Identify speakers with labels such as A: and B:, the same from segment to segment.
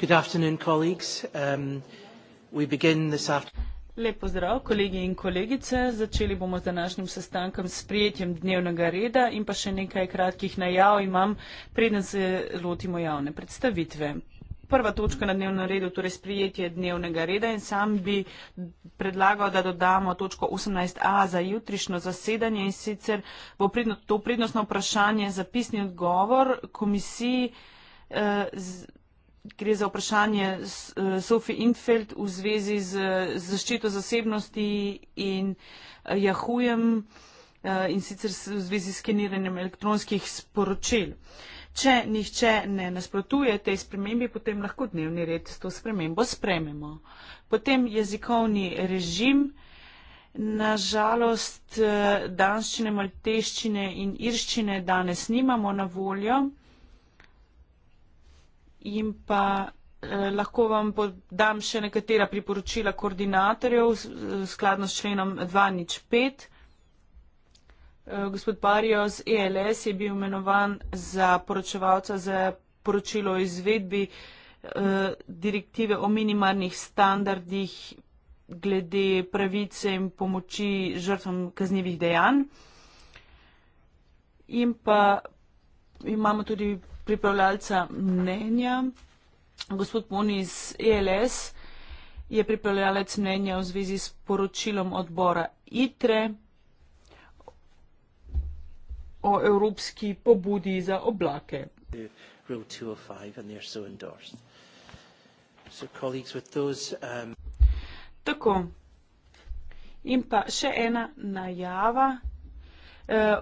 A: Good afternoon, colleagues. Um, we begin this afternoon.
B: Lepo zdrav, kolegi in kolegice. Začeli bomo z današnjim sestankom s prijetjem dnevnega reda in pa še nekaj kratkih najav imam, preden se lotimo javne predstavitve. Prva točka na dnevnem redu, torej sprijetje dnevnega reda in sam bi predlagal, da dodamo točko 18a za jutrišnjo zasedanje in sicer bo to prednostno vprašanje zapisni odgovor komisiji. Eh, z, gre za vprašanje eh, Sofi Infeld v zvezi z zaščito zasebnosti in Jahujem eh, eh, in sicer v zvezi s skeniranjem elektronskih sporočil. Če nihče ne nasprotuje tej spremembi, potem lahko dnevni red s to spremembo sprememo. Potem jezikovni režim. Nažalost, danščine, malteščine in irščine danes nimamo na voljo in pa eh, lahko vam podam še nekatera priporočila koordinatorjev eh, skladno s členom 205. Eh, gospod Parijos e ELS je bil imenovan za poročevalca za poročilo o izvedbi eh, direktive o minimalnih standardih glede pravice in pomoči žrtvam kaznjivih dejanj. In pa imamo tudi pripravljalca mnenja. Gospod Moni iz ELS je pripravljalec mnenja v zvezi s poročilom odbora ITRE o evropski pobudi za oblake.
A: Oh um, Tako.
B: In pa še ena najava. Eh,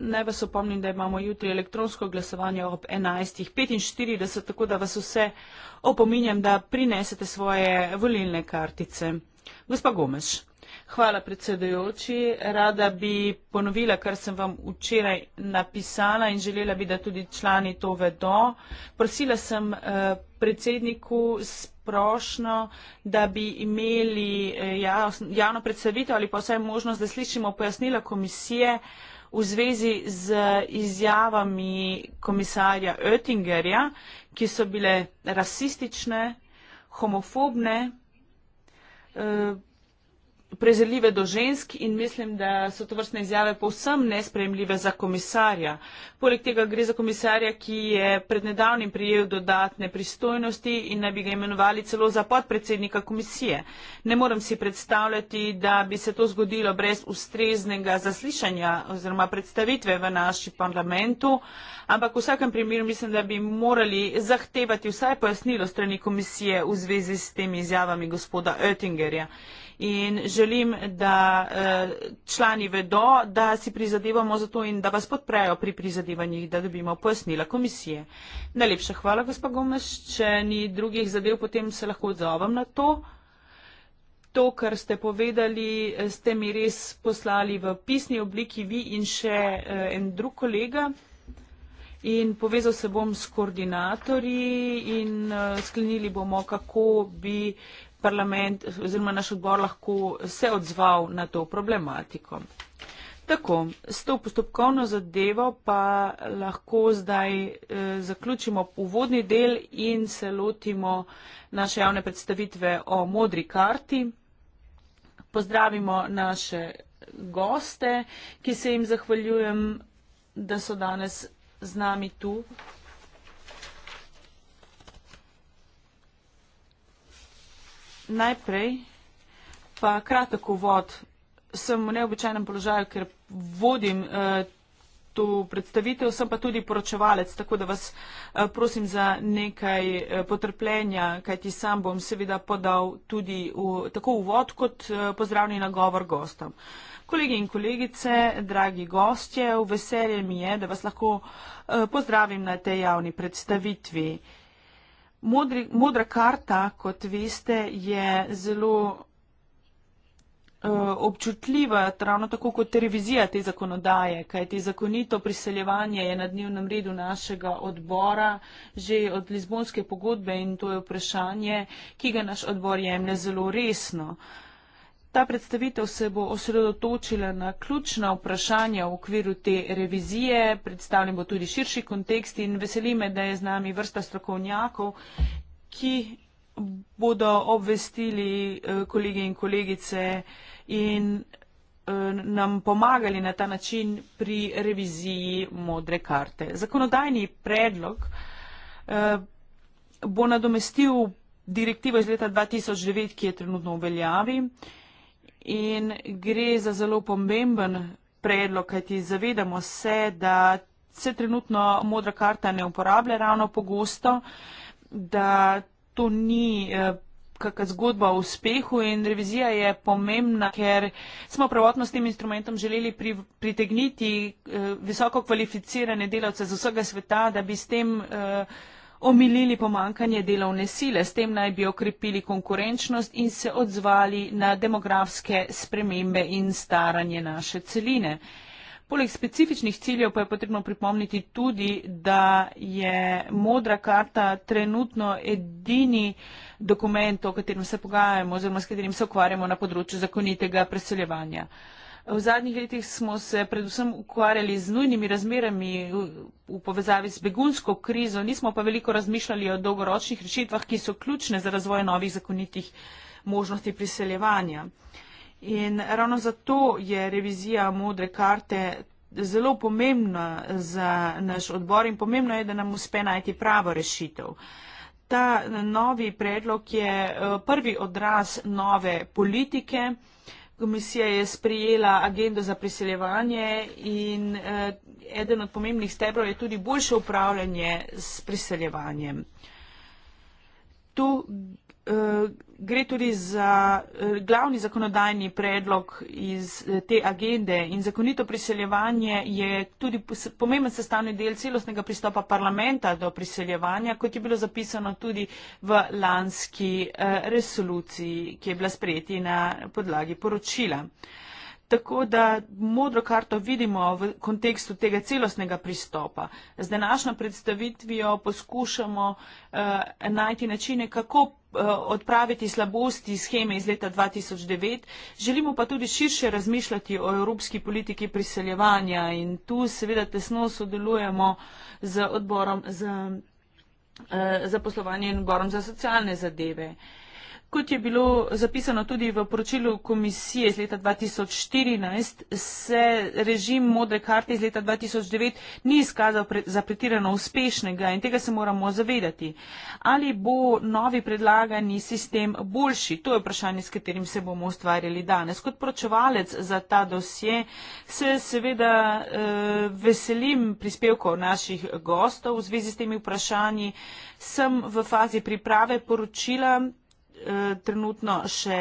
B: Naj vas opomnim, da imamo jutri elektronsko glasovanje ob 11.45, tako da vas vse opominjam, da prinesete svoje volilne kartice. Gospa Gomeš, hvala predsedujoči. Rada bi ponovila, kar sem vam včeraj napisala in želela bi, da tudi člani to vedo. Prosila sem eh, predsedniku sprošno, da bi imeli eh, javno predstavitev ali pa vsaj možnost, da slišimo pojasnila komisije v zvezi z izjavami komisarja Oettingerja, ki so bile rasistične, homofobne, eh, prezirljive do žensk in mislim, da so to vrstne izjave povsem nespremljive za komisarja. Poleg tega gre za komisarja, ki je pred nedavnim prijel dodatne pristojnosti in naj bi ga imenovali celo za podpredsednika komisije. Ne morem si predstavljati, da bi se to zgodilo brez ustreznega zaslišanja oziroma predstavitve v naši parlamentu, ampak v vsakem primeru mislim, da bi morali zahtevati vsaj pojasnilo strani komisije v zvezi s temi izjavami gospoda Oettingerja in želim, da eh, člani vedo, da si prizadevamo za to in da vas podprejo pri prizadevanjih, da dobimo pojasnila komisije. Najlepša hvala, gospod Gomes, če ni drugih zadev, potem se lahko odzovem na to. To, kar ste povedali, eh, ste mi res poslali v pisni obliki vi in še eh, en drug kolega. In povezal se bom s koordinatorji in sklenili bomo, kako bi parlament oziroma naš odbor lahko se odzval na to problematiko. Tako, s to postopkovno zadevo pa lahko zdaj eh, zaključimo uvodni del in se lotimo naše javne predstavitve o modri karti. Pozdravimo naše goste, ki se jim zahvaljujem, da so danes z nami tu. najprej pa kratek uvod. Sem v neobičajnem položaju, ker vodim eh, to predstavitev, sem pa tudi poročevalec, tako da vas eh, prosim za nekaj eh, potrpljenja, kajti sam bom seveda podal tudi v, tako uvod kot eh, pozdravni nagovor gostom. Kolegi in kolegice, dragi gostje, veselje mi je, da vas lahko eh, pozdravim na tej javni predstavitvi. Eh, Modri, modra karta, kot veste, je zelo uh, občutljiva, ravno tako kot revizija te zakonodaje, kajti zakonito priseljevanje je na dnevnem redu našega odbora že od Lizbonske pogodbe in to je vprašanje, ki ga naš odbor jemlja zelo resno. Uh, Ta predstavitev se bo osredotočila na ključna vprašanja v okviru te revizije, predstavljen bo tudi širši kontekst in veseli me, da je z nami vrsta strokovnjakov, ki bodo obvestili eh, kolege in kolegice in eh, nam pomagali na ta način pri reviziji modre karte. Zakonodajni predlog eh, bo nadomestil direktivo iz leta 2009, ki je trenutno v veljavi in gre za zelo pomemben predlog, kajti zavedamo se, da se trenutno modra karta ne uporablja ravno pogosto, da to ni eh, kakšna zgodba o uspehu in revizija je pomembna, ker smo pravotno s tem instrumentom želeli pri, pritegniti eh, visoko kvalificirane delavce z vsega sveta, da bi s tem uh, omilili pomankanje delovne sile, s tem naj bi okrepili konkurenčnost in se odzvali na demografske spremembe in staranje naše celine. Poleg specifičnih ciljev pa je potrebno pripomniti tudi, da je modra karta trenutno edini dokument, o katerem se pogajamo oziroma s katerim se ukvarjamo na področju zakonitega preseljevanja. V zadnjih letih smo se predvsem ukvarjali z nujnimi razmerami v povezavi s begunsko krizo, nismo pa veliko razmišljali o dolgoročnih rešitvah, ki so ključne za razvoj novih zakonitih možnosti priseljevanja. In ravno zato je revizija modre karte zelo pomembna za naš odbor in pomembno je, da nam uspe najti pravo rešitev. Ta novi predlog je eh, prvi odraz nove politike. Komisija je sprijela agendo za priseljevanje in eh, eden od pomembnih stebrov je tudi boljše upravljanje s priseljevanjem. Tu Eh, gre tudi za eh, glavni zakonodajni predlog iz eh, te agende in zakonito priseljevanje je tudi pomemben sestavni del celostnega pristopa parlamenta do priseljevanja, kot je bilo zapisano tudi v lanski resoluciji, ki je bila sprejeti na podlagi poročila. Tako da modro karto vidimo v kontekstu tega celostnega pristopa. Z današnjo predstavitvijo poskušamo eh, najti načine, kako eh, odpraviti slabosti scheme iz leta 2009. Želimo pa tudi širše razmišljati o evropski politiki priseljevanja in tu seveda tesno sodelujemo z odborom za, eh, za poslovanje in odborom za socialne zadeve. Eh, Kot je bilo zapisano tudi v poročilu komisije iz leta 2014, se režim modre karte iz leta 2009 ni izkazal pre, za pretirano uspešnega in tega se moramo zavedati. Ali bo novi predlagani sistem boljši? To je vprašanje, s katerim se bomo ustvarjali danes. Kot pročevalec za ta dosje se seveda eh, veselim prispevkov naših gostov v zvezi s temi vprašanji. Sem v fazi priprave poročila Eh, trenutno še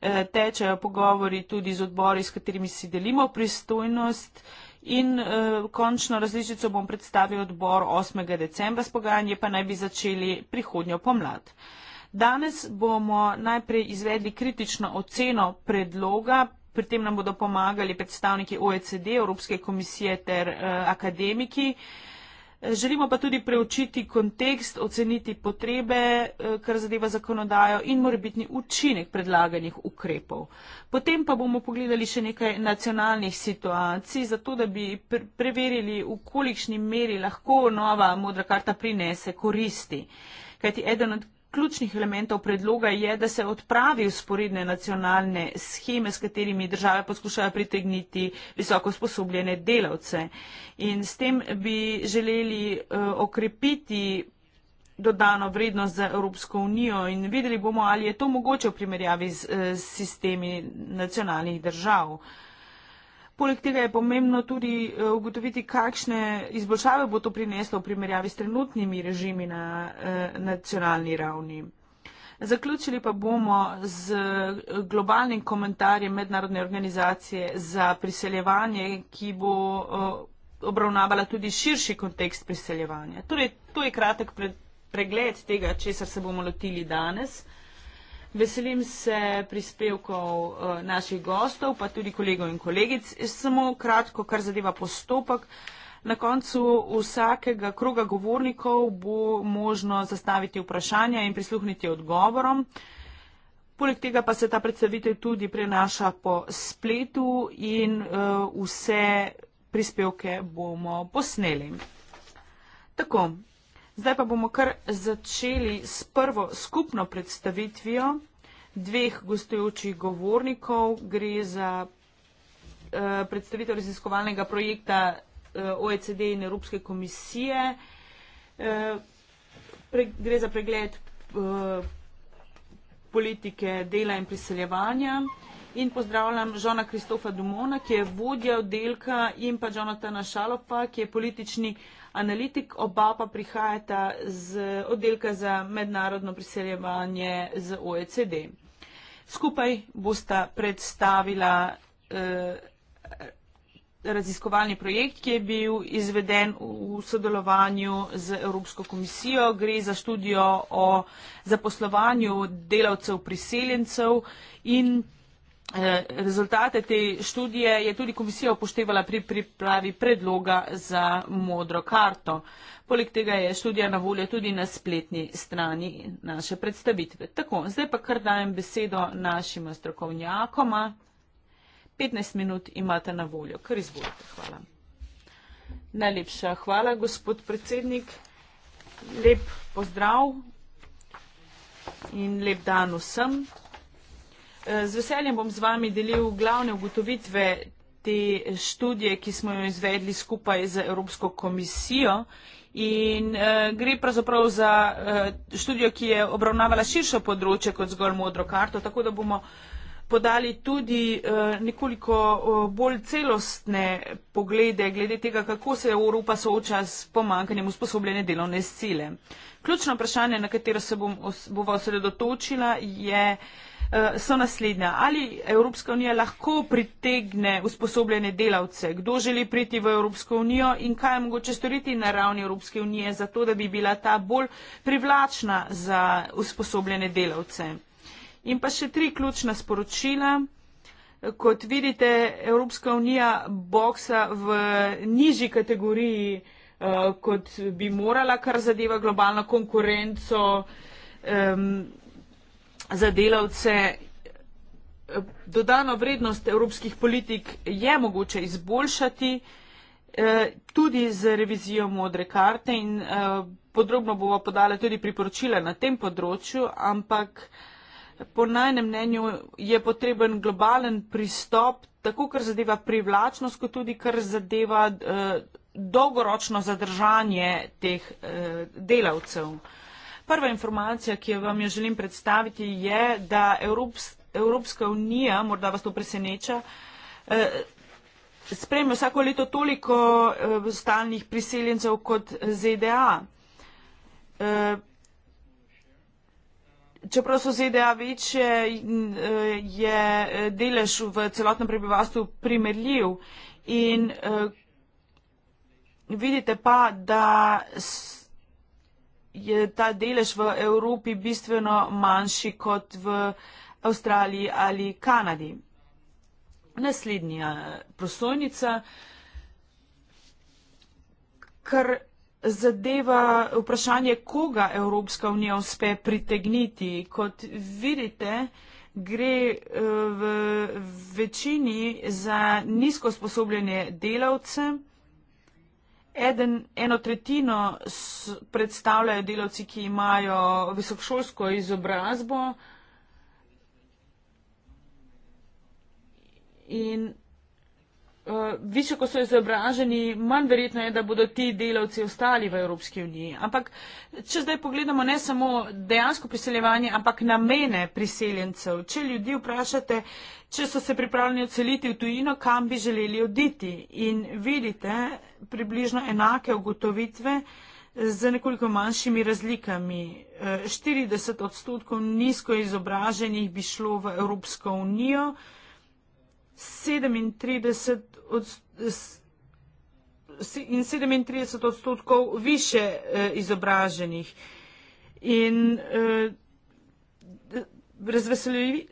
B: eh, tečejo pogovori tudi z odbori, s katerimi si delimo pristojnost. In uh, končno različico bom predstavil odbor 8. decembra, spogajanje pa naj bi začeli prihodnjo pomlad. Danes bomo najprej izvedli kritično oceno predloga, pri tem nam bodo pomagali predstavniki OECD, Evropske komisije ter uh, akademiki. Uh, Želimo pa tudi preučiti kontekst, oceniti potrebe, eh, kar zadeva zakonodajo in morebitni učinek predlaganih ukrepov. Potem pa bomo pogledali še nekaj nacionalnih situacij, zato da bi preverili, v kolikšni meri lahko nova modra karta prinese koristi. Kajti eden od ključnih elementov predloga je, da se odpravi usporedne nacionalne scheme, s katerimi države poskušajo pritegniti visoko sposobljene delavce. In s tem bi želeli uh, okrepiti dodano vrednost za Evropsko unijo in videli bomo, ali je to mogoče v primerjavi z, z eh, sistemi nacionalnih držav. Uh, Poleg tega je pomembno tudi eh, ugotoviti, kakšne izboljšave bo to prineslo v primerjavi s trenutnimi režimi na eh, nacionalni ravni. Zaključili pa bomo z eh, globalnim komentarjem Mednarodne organizacije za priseljevanje, ki bo eh, obravnavala tudi širši kontekst priseljevanja. Torej, to je kratek pregled tega, česar se bomo lotili danes. Veselim se prispevkov uh, naših gostov, pa tudi kolegov in kolegic. Samo kratko, kar zadeva postopek. Na koncu vsakega kroga govornikov bo možno zastaviti vprašanja in prisluhniti odgovorom. Poleg tega pa se ta predstavitev tudi prenaša po spletu in uh, vse prispevke bomo posneli. Tako, Zdaj pa bomo kar začeli s prvo skupno predstavitvijo dveh gostujočih govornikov. Gre za eh, predstavitev raziskovalnega projekta eh, OECD in Evropske komisije. Eh, pre, gre za pregled eh, politike dela in priseljevanja. In pozdravljam Žona Kristofa Dumona, ki je vodja oddelka, in pa Jonatana Šalopa, ki je politični analitik, oba pa prihajata z oddelka za mednarodno priseljevanje z OECD. Skupaj bosta predstavila eh, raziskovalni projekt, ki je bil izveden v sodelovanju z Evropsko komisijo. Gre za študijo o zaposlovanju delavcev priseljencev in priseljencev Eh, rezultate te študije je tudi komisija upoštevala pri pripravi predloga za modro karto. Poleg tega je študija na voljo tudi na spletni strani naše predstavitve. Tako, zdaj pa kar dajem besedo našim strokovnjakoma. 15 minut imate na voljo, kar izvolite. Hvala. Najlepša hvala, gospod predsednik. Lep pozdrav in lep dan vsem. Eh, z veseljem bom z vami delil glavne ugotovitve te študije, ki smo jo izvedli skupaj z Evropsko komisijo. In eh, gre pravzaprav za eh, študijo, ki je obravnavala širše področje kot zgolj modro karto, tako da bomo podali tudi eh, nekoliko eh, bolj celostne poglede glede tega, kako se Evropa sooča s pomankanjem usposobljene delovne sile. Ključno vprašanje, na katero se bom os bova osredotočila, je eh, Eh, so naslednja. Ali Evropska unija lahko pritegne usposobljene delavce? Kdo želi priti v Evropsko unijo in kaj je mogoče storiti na ravni Evropske unije za to, da bi bila ta bolj privlačna za usposobljene delavce? In pa še tri ključna sporočila. Kot vidite, Evropska unija boksa v nižji kategoriji, eh, kot bi morala, kar zadeva globalno konkurenco za delavce. Dodano vrednost evropskih politik je mogoče izboljšati eh, tudi z revizijo modre karte in eh, podrobno bova podala tudi priporočila na tem področju, ampak eh, po najnem mnenju je potreben globalen pristop, tako kar zadeva privlačnost, kot tudi kar zadeva dolgoročno zadržanje teh delavcev. Prva informacija, ki jo vam jo želim predstaviti, je, da Evrops, Evropska unija, morda vas to preseneča, eh, spremlja vsako leto toliko eh, stalnih priseljencev kot ZDA. Eh, čeprav so ZDA večje, je delež v celotnem prebivalstvu primerljiv in vidite pa, da je ta delež v Evropi bistveno manjši kot v Avstraliji ali Kanadi. Naslednja ja, prosojnica, kar zadeva vprašanje, koga Evropska unija uspe pritegniti. Kot vidite, gre eh, v večini za nizkosposobljene delavce eden, eno tretjino predstavljajo delavci, ki imajo visokošolsko izobrazbo. In uh, eh, više, ko so izobraženi, manj verjetno je, da bodo ti delavci ostali v Evropski uniji. Ampak, če zdaj pogledamo ne samo dejansko priseljevanje, ampak namene priseljencev, če ljudi vprašate, če so se pripravljeni odseliti v tujino, kam bi želeli oditi in vidite približno enake ugotovitve z nekoliko manjšimi razlikami. 40 eh, odstotkov nizko izobraženih bi šlo v Evropsko unijo, 37 in 37 odstotkov više eh, izobraženih. In eh,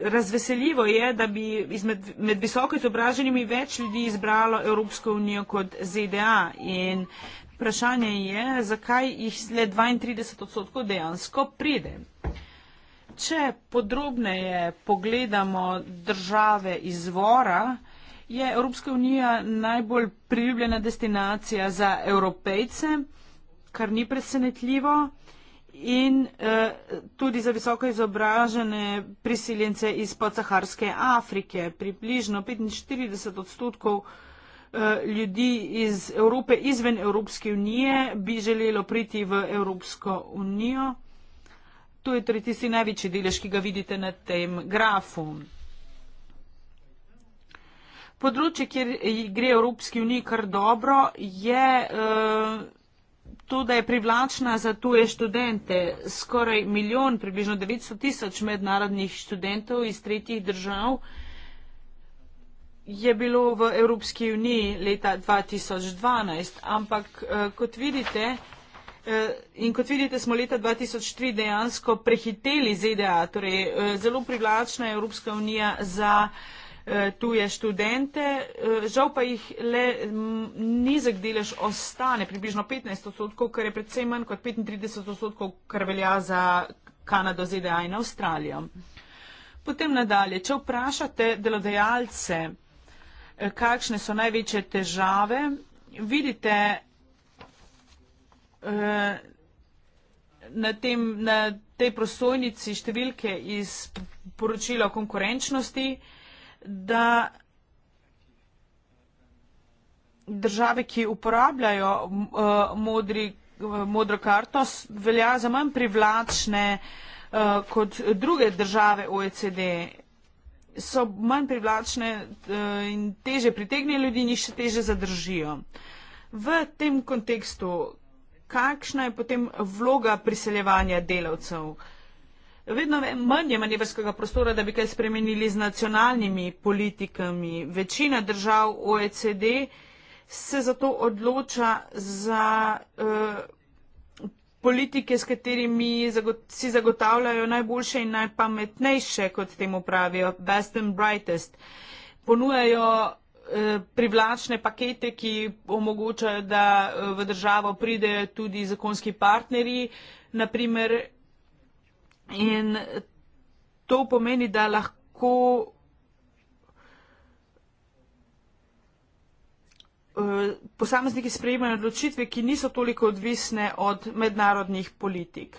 B: razveseljivo je, da bi izmed, med visoko izobraženimi več ljudi izbralo Evropsko unijo kot ZDA. In vprašanje je, zakaj jih le 32 odstotkov dejansko pride. Če podrobneje pogledamo države izvora, je Evropska unija najbolj priljubljena destinacija za evropejce, kar ni presenetljivo, in eh, tudi za visoko izobražene prisiljence iz podsaharske Afrike. Približno 45 odstotkov eh, ljudi iz Evrope, izven Evropske unije, bi želelo priti v Evropsko unijo. To je tretji največji delež, ki ga vidite na tem grafu. Področje, kjer gre Evropski uniji kar dobro, je eh, to, da je privlačna za tuje študente. Skoraj milijon, približno 900 tisoč mednarodnih študentov iz tretjih držav je bilo v Evropski uniji leta 2012. Ampak, eh, kot vidite, eh, In kot vidite, smo leta 2003 dejansko prehiteli ZDA, torej zelo privlačna je Evropska unija za uh, Eh, tuje študente, eh, žal pa jih le nizek delež ostane, približno 15 odstotkov, kar je predvsem manj kot 35 odstotkov, kar velja za Kanado, ZDA in Avstralijo. Potem nadalje, če vprašate delodajalce, eh, kakšne so največje težave, vidite na, tem, na tej prosojnici številke iz poročila o konkurenčnosti, da države, ki uporabljajo eh, modri, eh, modro karto, velja za manj privlačne eh, kot druge države OECD. So manj privlačne in teže pritegnejo ljudi in jih še teže zadržijo. V tem kontekstu, kakšna je potem vloga priseljevanja delavcev? vedno manj je manevrskega prostora, da bi kaj spremenili z nacionalnimi politikami. Večina držav OECD se zato odloča za eh, politike, s katerimi zagot, si zagotavljajo najboljše in najpametnejše, kot temu pravijo, best and brightest. Ponujajo eh, privlačne pakete, ki omogočajo, da eh, v državo pridejo tudi zakonski partnerji, naprimer In to pomeni, da lahko eh, posamezniki sprejemajo odločitve, ki niso toliko odvisne od mednarodnih politik.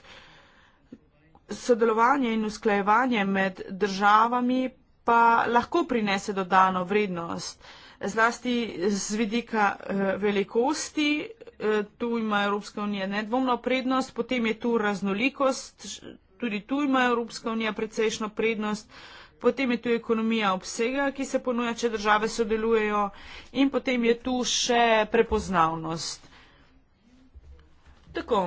B: Sodelovanje in usklajevanje med državami pa lahko prinese dodano vrednost. Zlasti z vidika eh, velikosti, eh, tu ima Evropska unija nedvomno prednost, potem je tu raznolikost Tudi tu ima Evropska unija precejšno prednost. Potem je tu ekonomija obsega, ki se ponuja, če države sodelujejo. In potem je tu še prepoznavnost. Tako,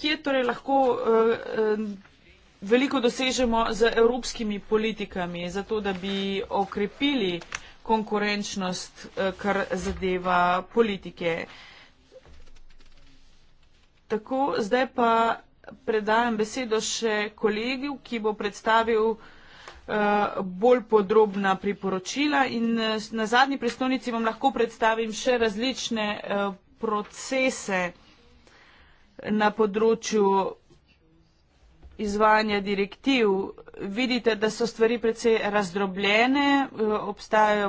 B: kje torej lahko eh, eh, veliko dosežemo z evropskimi politikami, zato da bi okrepili konkurenčnost, eh, kar zadeva politike. Tako, zdaj pa predajam besedo še kolegiju, ki bo predstavil eh, bolj podrobna priporočila in eh, na zadnji prestolnici vam lahko predstavim še različne eh, procese na področju izvajanja direktiv. Vidite, da so stvari predvsej razdrobljene, obstaja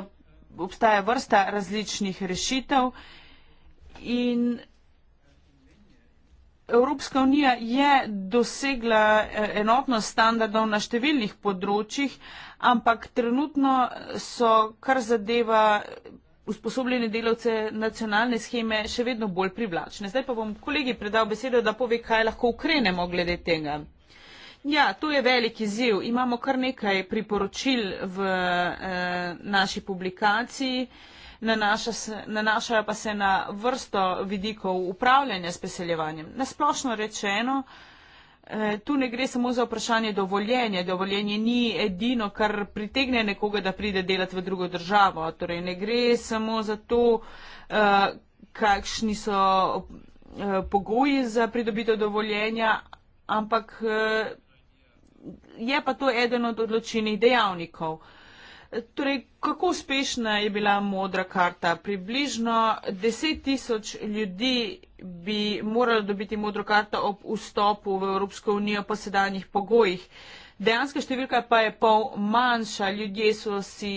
B: vrsta različnih rešitev in Evropska unija je dosegla eh, enotnost standardov na številnih področjih, ampak trenutno so, kar zadeva usposobljene delavce nacionalne scheme, še vedno bolj privlačne. Zdaj pa bom kolegi predal besedo, da pove, kaj lahko ukrenemo glede tega. Ja, to je velik izziv. Imamo kar nekaj priporočil v eh, naši publikaciji. Eh, nanaša se, nanašajo pa se na vrsto vidikov upravljanja s preseljevanjem. Nasplošno rečeno, eh, tu ne gre samo za vprašanje dovoljenja. Dovoljenje ni edino, kar pritegne nekoga, da pride delati v drugo državo. Torej, ne gre samo za to, eh, kakšni so eh, pogoji za pridobitev dovoljenja, ampak je pa to eden od odločilnih dejavnikov. Torej, kako uspešna je bila modra karta? Približno 10 tisoč ljudi bi moralo dobiti modro karto ob vstopu v Evropsko unijo po sedanjih pogojih. Dejanska številka pa je pol manjša. Ljudje so, si,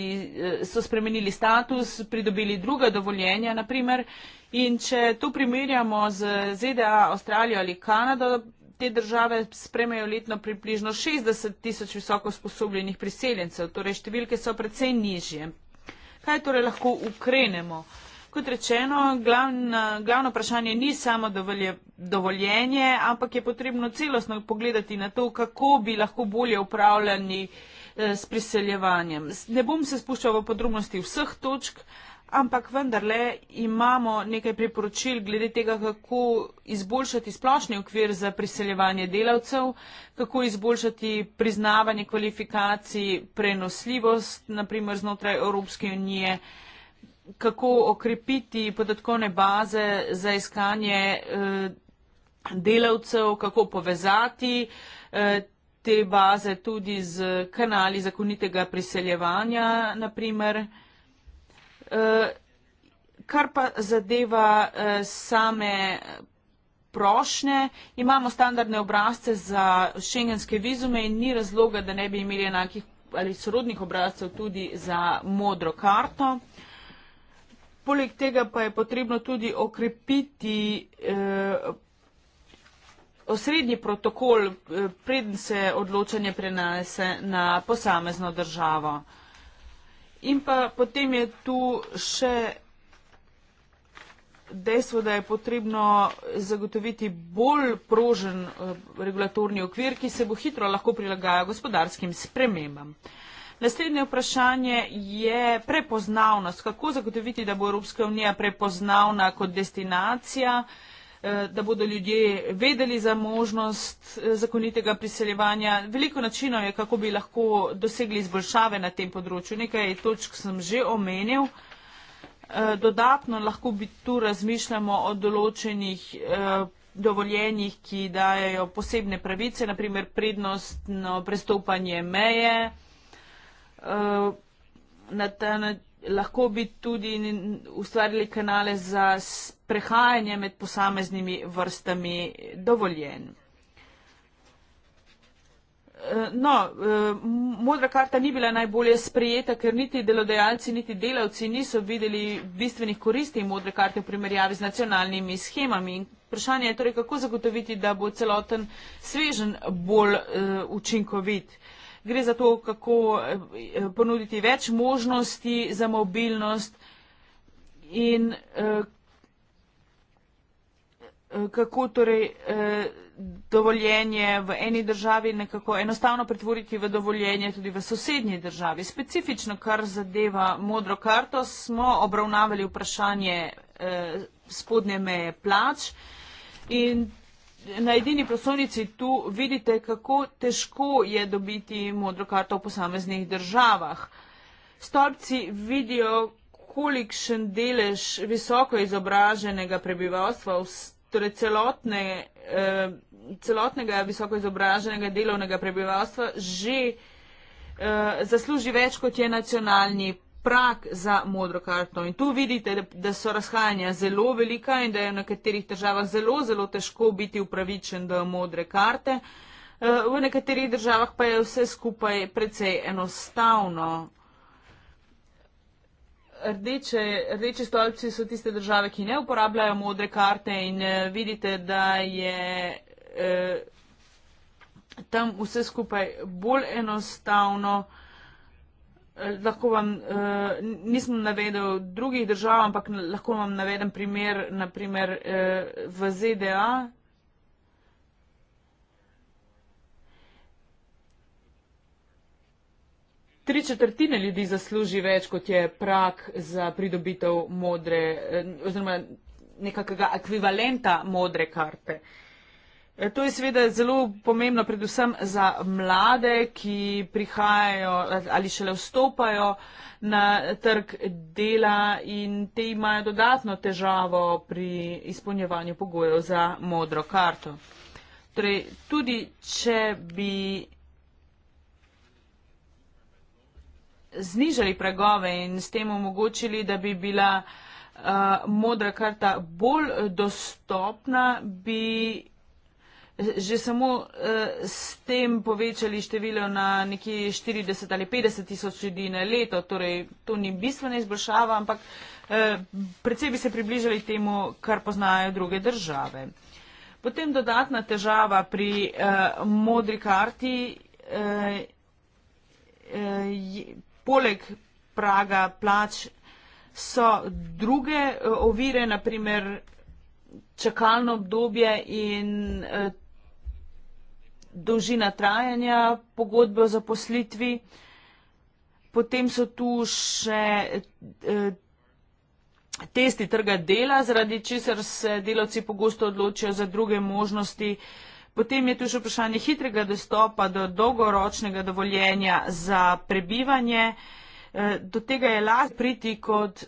B: eh, so spremenili status, pridobili druga dovoljenja, naprimer. In če to primerjamo z ZDA, Avstralijo ali Kanado, te države spremejo letno približno 60 tisoč visoko sposobljenih priseljencev, torej številke so precej nižje. Kaj torej lahko ukrenemo? Kot rečeno, glavno, glavno vprašanje ni samo dovolje, dovoljenje, ampak je potrebno celostno pogledati na to, kako bi lahko bolje upravljali eh, s priseljevanjem. Ne bom se spuščal v podrobnosti vseh točk, ampak vendarle imamo nekaj priporočil glede tega, kako izboljšati splošni okvir za priseljevanje delavcev, kako izboljšati priznavanje kvalifikacij, prenosljivost, naprimer znotraj Evropske unije, kako okrepiti podatkovne baze za iskanje eh, delavcev, kako povezati. Eh, te baze tudi z kanali zakonitega priseljevanja, naprimer. Eh, kar pa zadeva eh, same prošnje, imamo standardne obrazce za šengenske vizume in ni razloga, da ne bi imeli enakih ali sorodnih obrazcev tudi za modro karto. Poleg tega pa je potrebno tudi okrepiti eh, osrednji protokol, eh, preden se odločanje prenese na posamezno državo. Eh, In pa potem je tu še dejstvo, da je potrebno zagotoviti bolj prožen eh, regulatorni okvir, ki se bo hitro lahko prilagajal gospodarskim spremembam. Naslednje vprašanje je prepoznavnost. Kako zagotoviti, da bo Evropska unija prepoznavna kot destinacija? Uh, Eh, da bodo ljudje vedeli za možnost eh, zakonitega priseljevanja. Veliko načinov je, kako bi lahko dosegli izboljšave na tem področju. Nekaj točk sem že omenil. Eh, dodatno lahko bi tu razmišljamo o določenih dovoljenjih, ki dajo posebne pravice, naprimer prednostno prestopanje meje. Na ta način lahko bi tudi ustvarili kanale za prehajanje med posameznimi vrstami dovoljen. Eh, no, eh, modra karta ni bila najbolje sprejeta, ker niti delodajalci, niti delavci niso videli bistvenih koristi modre karte v primerjavi z nacionalnimi schemami. Vprašanje je torej, kako zagotoviti, da bo celoten svežen bolj eh, učinkovit gre za to, kako eh, eh, ponuditi več možnosti za mobilnost in eh, kako torej dovoljenje v eni državi nekako enostavno pretvoriti v dovoljenje tudi v sosednji državi. Specifično, kar zadeva modro karto, smo obravnavali vprašanje spodnje meje plač in na edini prosovnici tu vidite, kako težko je dobiti modro karto v posameznih državah. Stolpci vidijo, kolikšen delež visoko izobraženega prebivalstva, torej celotne, eh, celotnega visoko izobraženega delovnega prebivalstva, že eh, zasluži več, kot je nacionalni prak za modro karto. In tu vidite, da so razhajanja zelo velika in da je v nekaterih državah zelo, zelo težko biti upravičen do modre karte. Eh, v nekaterih državah pa je vse skupaj precej enostavno. Rdeče, rdeče stolpci so tiste države, ki ne uporabljajo modre karte in eh, vidite, da je eh, tam vse skupaj bolj enostavno. Eh, lahko vam, eh, nisem navedel drugih držav, ampak lahko vam navedem primer, naprimer eh, v ZDA. Tri četrtine ljudi zasluži več, kot je prak za pridobitev modre, eh, oziroma nekakega ekvivalenta modre karte. Eh, E, to je seveda zelo pomembno, predvsem za mlade, ki prihajajo ali šele vstopajo na trg dela in te imajo dodatno težavo pri izpolnjevanju pogojev za modro karto. Torej, tudi če bi znižali pregove in s tem omogočili, da bi bila uh, modra karta bolj dostopna, bi že samo eh, s tem povečali število na nekje 40 ali 50 tisoč ljudi na leto. Torej, to ni bistvena izboljšava, ampak eh, predvsej bi se približali temu, kar poznajo druge države. Potem dodatna težava pri uh, modri karti, uh, uh, je, poleg praga plač, so druge uh, ovire, naprimer čakalno obdobje in uh, dolžina trajanja pogodbe o zaposlitvi. Potem so tu še eh, testi trga dela, zaradi česar se delavci pogosto odločijo za druge možnosti. Potem je tu še vprašanje hitrega dostopa do dolgoročnega dovoljenja za prebivanje. Eh, do tega je lahko priti kot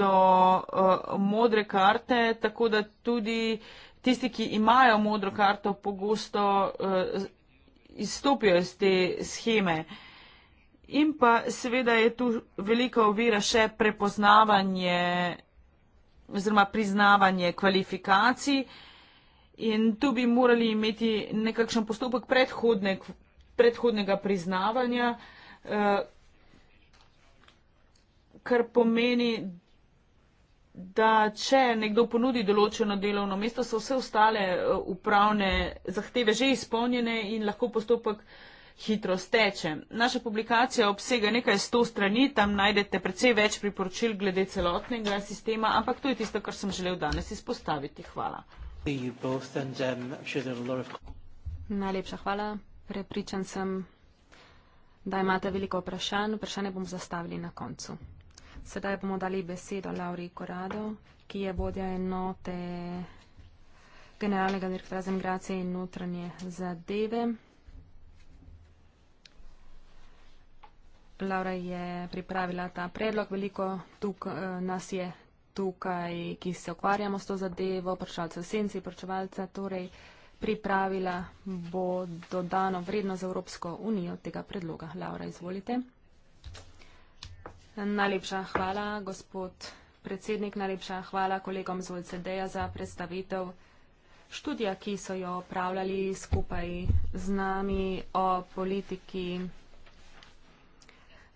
B: do eh, modre karte, tako da tudi tisti, ki imajo modro karto, pogosto uh, izstopijo iz te scheme. In pa seveda je tu velika ovira še prepoznavanje oziroma priznavanje kvalifikacij in tu bi morali imeti nekakšen postopek predhodne, predhodnega priznavanja, uh, kar pomeni, da če nekdo ponudi določeno delovno mesto, so vse ostale eh, upravne zahteve že izpolnjene in lahko postopek hitro steče. Naša publikacija obsega nekaj sto strani, tam najdete precej več priporočil glede celotnega sistema, ampak to je tisto, kar sem želel danes izpostaviti. Hvala.
C: Najlepša hvala. Prepričan sem, da imate veliko vprašanj. Vprašanje bom zastavili na koncu. Sedaj bomo dali besedo Lauri Korado, ki je vodja enote generalnega direktora za migracije in notranje zadeve. Laura je pripravila ta predlog, veliko tuk, eh, nas je tukaj, ki se ukvarjamo s to zadevo, pršalce v senci, pršalce, torej pripravila bo dodano vredno za Evropsko unijo tega predloga. Laura, izvolite. Najlepša hvala, gospod predsednik. Najlepša hvala kolegom z OECD-ja za predstavitev študija, ki so jo opravljali skupaj z nami o politiki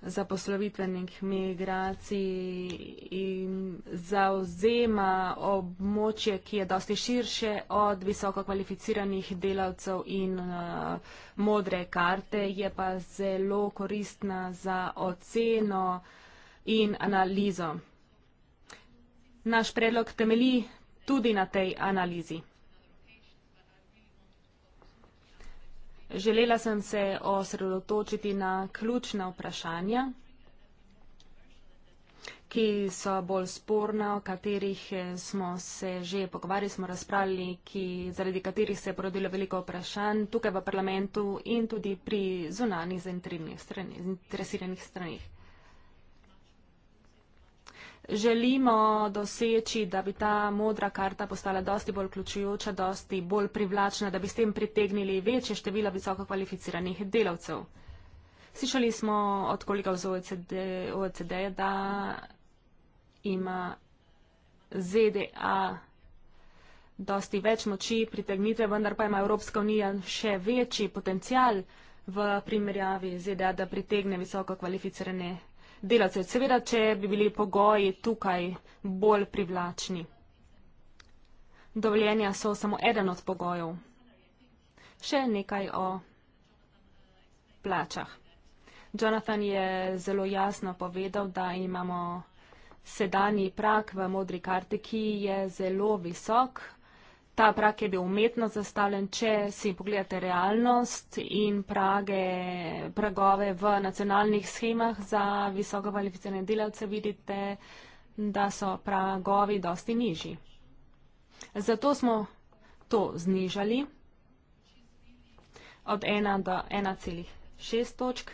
C: zaposlovitvenih migracij in zauzema območje, ki je dosti širše od visoko kvalificiranih delavcev in uh, modre karte, je pa zelo koristna za oceno uh, in analizo. Naš predlog temelji tudi na tej analizi. Želela sem se osredotočiti na ključna vprašanja, ki so bolj sporna, o katerih eh, smo se že pogovarjali, smo razpravljali, ki, zaradi katerih se je porodilo veliko vprašanj tukaj v parlamentu in tudi pri zunanih zainteresiranih stranih želimo doseči, da bi ta modra karta postala dosti bolj vključujoča, dosti bolj privlačna, da bi s tem pritegnili večje število visoko kvalificiranih delavcev. Slišali smo od kolega v OECD, OECD, da ima ZDA dosti več moči pritegnitve, vendar pa ima Evropska unija še večji potencial v primerjavi ZDA, da pritegne visoko kvalificirane delavcev. Seveda, če bi bili pogoji tukaj bolj privlačni. Dovoljenja so samo eden od pogojev. Še nekaj o plačah. Jonathan je zelo jasno povedal, da imamo sedanji prak v modri karti, ki je zelo visok, Ta prag je bil umetno zastavljen, če si pogledate realnost in prage, pragove v nacionalnih schemah za visoko kvalificirane delavce, vidite, da so pragovi dosti nižji. Zato smo to znižali od 1 do 1,6 točk.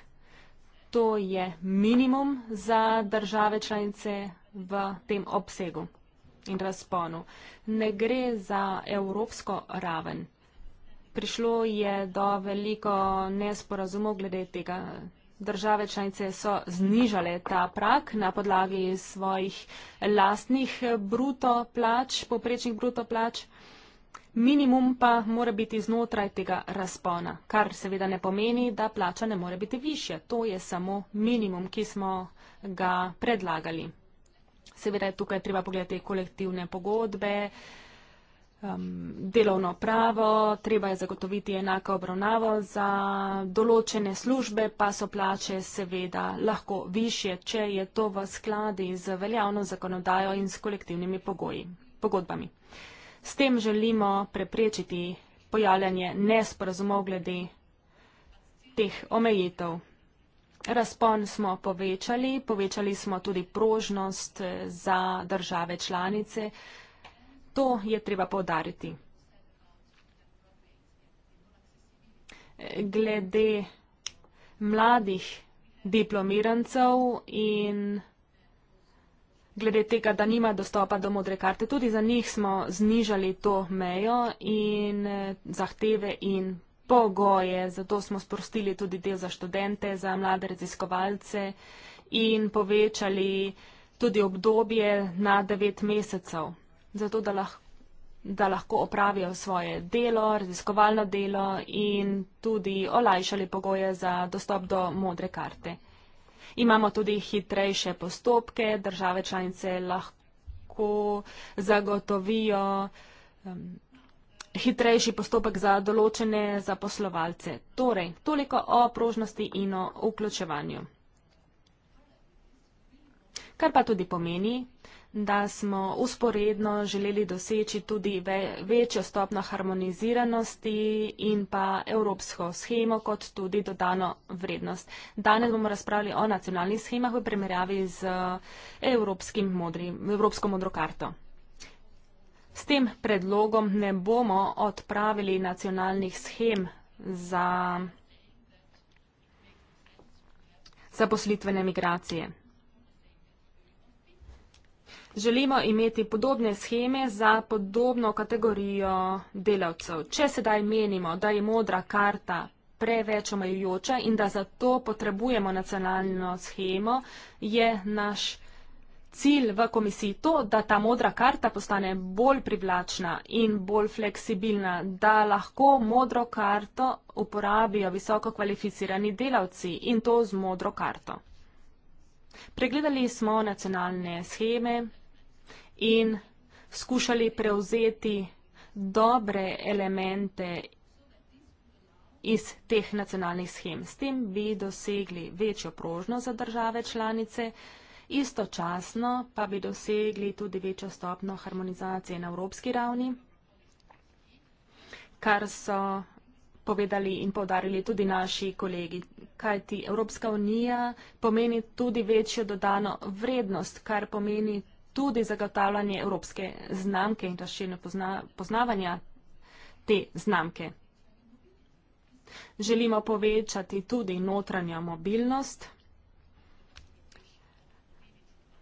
C: To je minimum za države članice v tem obsegu in razponu. Ne gre za evropsko raven. Prišlo je do veliko nesporazumov glede tega. Države članice so znižale ta prak na podlagi svojih lastnih bruto plač, poprečnih bruto plač. Minimum pa mora biti znotraj tega razpona, kar seveda ne pomeni, da plača ne more biti višja. To je samo minimum, ki smo ga predlagali. Seveda je tukaj treba pogledati kolektivne pogodbe, um, delovno pravo, treba je zagotoviti enako obravnavo za določene službe, pa so plače seveda lahko više, če je to v skladi z veljavno zakonodajo in s kolektivnimi pogoji, pogodbami. S tem želimo preprečiti pojavljanje nesporazumov glede teh omejitev. Razpon smo povečali, povečali smo tudi prožnost eh, za države članice. To je treba povdariti. Glede mladih diplomirancev in glede tega, da nima dostopa do modre karte, tudi za njih smo znižali to mejo in eh, zahteve in pogoje, zato smo sprostili tudi del za študente, za mlade raziskovalce in povečali tudi obdobje na 9 mesecev, zato da, lah, da lahko opravijo svoje delo, raziskovalno delo in tudi olajšali pogoje za dostop do modre karte. Imamo tudi hitrejše postopke, države članice lahko zagotovijo um, hitrejši postopek za določene zaposlovalce. Torej, toliko o prožnosti in o vključevanju. Kar pa tudi pomeni, da smo usporedno želeli doseči tudi ve večjo stopno harmoniziranosti in pa evropsko schemo kot tudi dodano vrednost. Danes bomo razpravljali o nacionalnih schemah v primerjavi z eh, evropskim modrim, evropsko modro karto. S tem predlogom ne bomo odpravili nacionalnih schem za zaposlitvene migracije. Želimo imeti podobne scheme za podobno kategorijo delavcev. Če sedaj menimo, da je modra karta preveč omejujoča in da zato potrebujemo nacionalno schemo, je naš predlog cilj v komisiji to, da ta modra karta postane bolj privlačna in bolj fleksibilna, da lahko modro karto uporabijo visoko kvalificirani delavci in to z modro karto. Pregledali smo nacionalne scheme in skušali prevzeti dobre elemente iz teh nacionalnih schem. S tem bi dosegli večjo prožnost za države članice in istočasno pa bi dosegli tudi večjo stopno harmonizacije na evropski ravni, kar so povedali in povdarili tudi naši kolegi, kajti Evropska unija pomeni tudi večjo dodano vrednost, kar pomeni tudi zagotavljanje evropske znamke in razširjeno pozna, poznavanja te znamke. Želimo povečati tudi notranjo mobilnost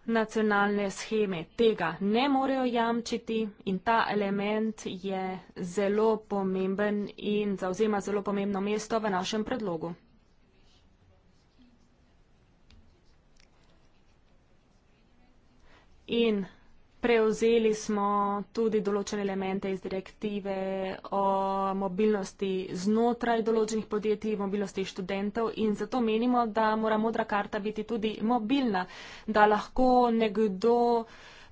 C: nacionalne scheme tega ne morejo jamčiti in ta element je zelo pomemben in zauzema zelo pomembno mesto v našem predlogu. In Preuzeli smo tudi določene elemente iz direktive o mobilnosti znotraj določenih podjetij, mobilnosti študentov in zato menimo, da mora modra karta biti tudi mobilna, da lahko nekdo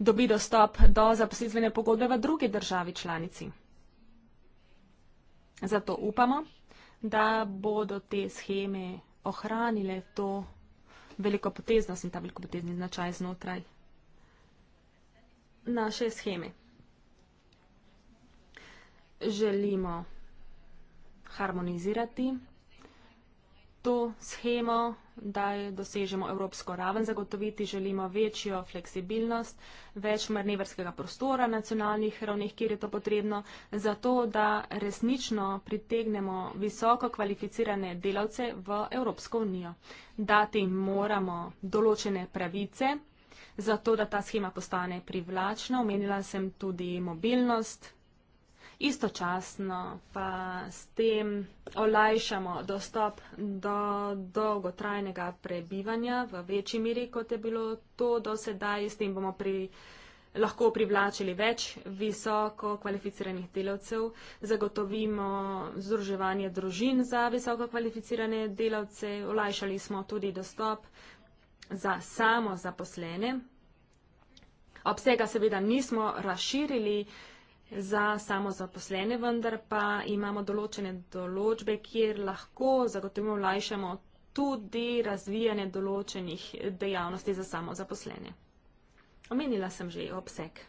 C: dobi dostop do zaposlitvene pogodbe v drugi državi članici. Zato upamo, da bodo te scheme ohranile to velikopoteznost in ta velikopotezni značaj znotraj naše scheme. Želimo harmonizirati to schemo, da dosežemo evropsko raven zagotoviti, želimo večjo fleksibilnost, več manevrskega prostora na nacionalnih ravneh, kjer je to potrebno, zato da resnično pritegnemo visoko kvalificirane delavce v Evropsko unijo. Dati moramo določene pravice, zato da ta schema postane privlačna. Omenila sem tudi mobilnost. Istočasno pa s tem olajšamo dostop do dolgotrajnega prebivanja v večji miri, kot je bilo to do sedaj. S tem bomo pri, lahko privlačili več visoko kvalificiranih delavcev, zagotovimo združevanje družin za visoko kvalificirane delavce, olajšali smo tudi dostop za samo zaposlene. Obsega seveda nismo razširili za samo zaposlene, vendar pa imamo določene določbe, kjer lahko zagotovimo lajšamo tudi razvijanje določenih dejavnosti za samo zaposlene. Omenila sem že obseg.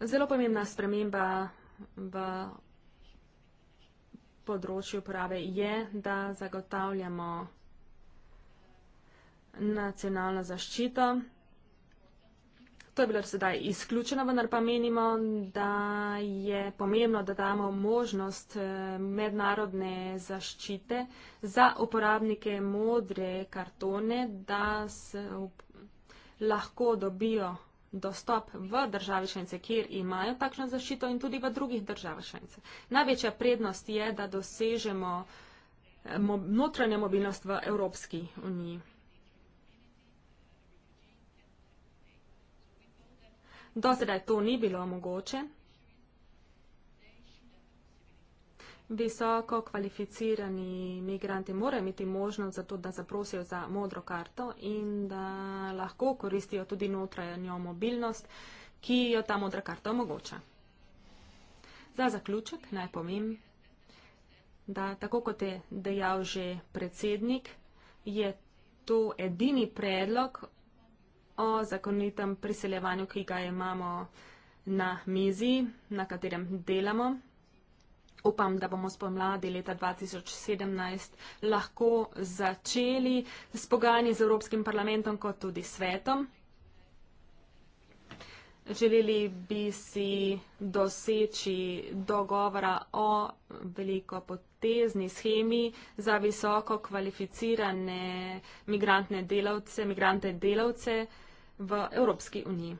C: Zelo pomembna sprememba v področju uprave je, da zagotavljamo nacionalno zaščito. To je bilo sedaj izključeno, vendar pa menimo, da je pomembno, da damo možnost eh, mednarodne zaščite za uporabnike modre kartone, da lahko dobijo dostop v države članice, kjer imajo takšno zaščito in tudi v drugih državah članice. Največja prednost je, da dosežemo eh, notranjo mobilnost v Evropski uniji. Do sedaj to ni bilo mogoče. Visoko kvalificirani imigranti morajo imeti možnost za to, da zaprosijo za modro karto in da lahko koristijo tudi notranjo mobilnost, ki jo ta modra karta omogoča. Za zaključek naj povem, da tako kot je dejal že predsednik, je to edini predlog o zakonitem priseljevanju, ki ga imamo na mizi, na katerem delamo. Upam, da bomo spomladi leta 2017 lahko začeli s pogajanji z Evropskim parlamentom kot tudi svetom. Želeli bi si doseči dogovora o veliko potezni schemi za visoko kvalificirane migrante delavce, migrante delavce v Evropski uniji.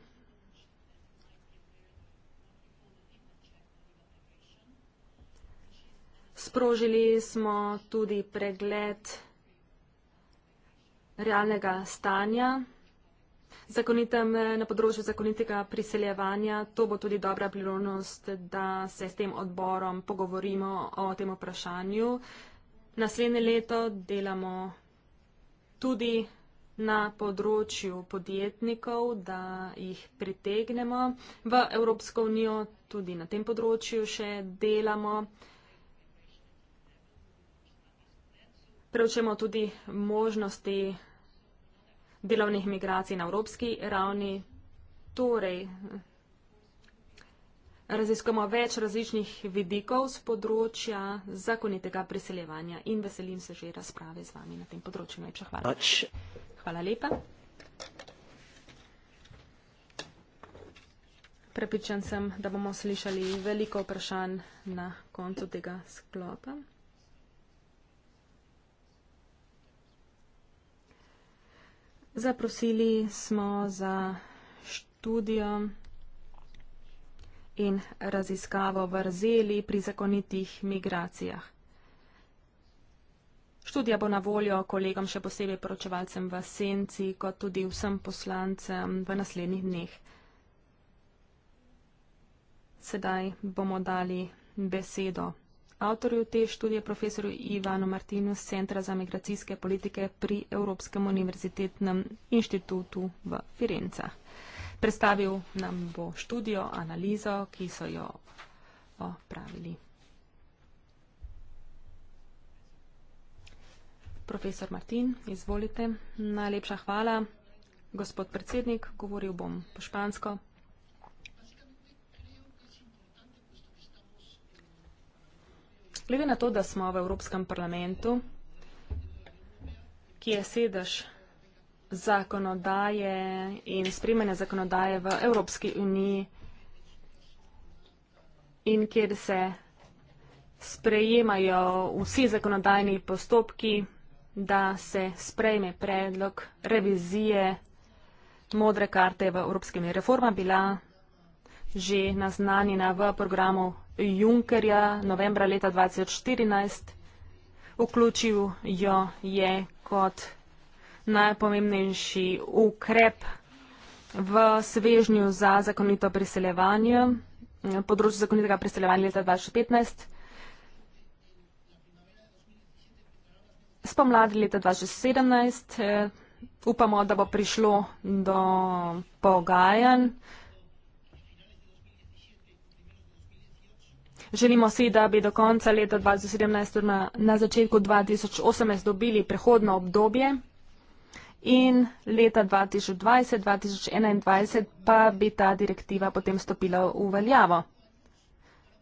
C: Sprožili smo tudi pregled realnega stanja na področju zakonitega priseljevanja. To bo tudi dobra priložnost, da se s tem odborom pogovorimo o tem vprašanju. Naslednje leto delamo tudi na področju podjetnikov, da jih pritegnemo. V Evropsko unijo tudi na tem področju še delamo. preučimo tudi možnosti delovnih migracij na evropski ravni. Torej, raziskamo več različnih vidikov z področja zakonitega priseljevanja in veselim se že razprave z vami na tem področju. Najprej hvala. Hvala lepa. Prepričan sem, da bomo slišali veliko vprašanj na koncu tega sklopa. Zaprosili smo za študijo in raziskavo vrzeli pri zakonitih migracijah. Študija bo na voljo kolegom, še posebej poročevalcem v Senci, kot tudi vsem poslancem v naslednjih dneh. Sedaj bomo dali besedo Avtorju te študije profesorju Ivanu Martinu z Centra za migracijske politike pri Evropskem univerzitetnem inštitutu v Firenca. Predstavil nam bo študijo, analizo, ki so jo opravili. Profesor Martin, izvolite. Najlepša hvala. Gospod predsednik, govoril bom po špansko. Glede na to, da smo v Evropskem parlamentu, ki je sedež zakonodaje in spremene zakonodaje v Evropski uniji in kjer se sprejemajo vsi zakonodajni postopki, da se sprejme predlog revizije modre karte v Evropskem. Reforma bila že naznanjena v programu Junckerja novembra leta 2014. Vključil jo je kot najpomembnejši ukrep v svežnju za zakonito priseljevanje, področju zakonitega priseljevanja leta 2015. Spomladi leta 2017 eh, upamo, da bo prišlo do pogajanj. Želimo si, da bi do konca leta 2017 na, na začetku 2018 dobili prehodno obdobje in leta 2020-2021 pa bi ta direktiva potem stopila v veljavo.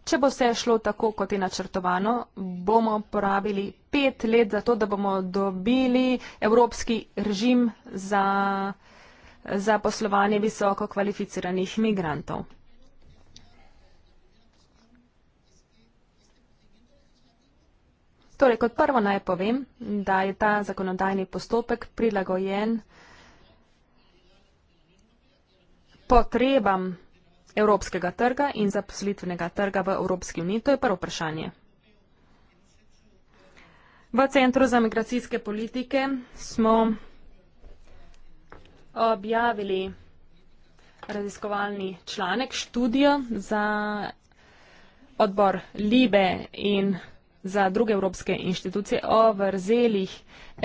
C: Če bo vse šlo tako, kot je načrtovano, bomo porabili pet let za to, da bomo dobili evropski režim za, za poslovanje visoko kvalificiranih migrantov. Torej, kot prvo naj povem, da je ta zakonodajni postopek prilagojen potrebam evropskega trga in zaposlitvenega trga v Evropski uniji. To je prvo vprašanje. V Centru za migracijske politike smo objavili raziskovalni članek, študijo za odbor Libe in Hrvatske za druge evropske inštitucije o vrzelih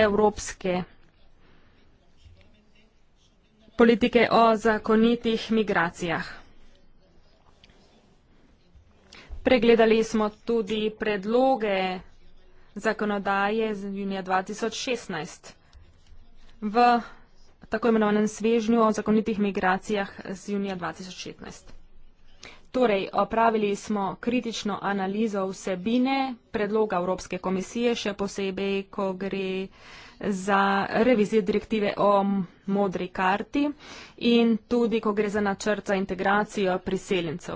C: evropske politike o zakonitih migracijah. Pregledali smo tudi predloge zakonodaje z junija 2016. V tako imenovanem svežnju o zakonitih migracijah z junija 2016. Torej, opravili smo kritično analizo vsebine predloga Evropske komisije, še posebej, ko gre za revizijo direktive o modri karti in tudi, ko gre za načrt za integracijo priseljencev.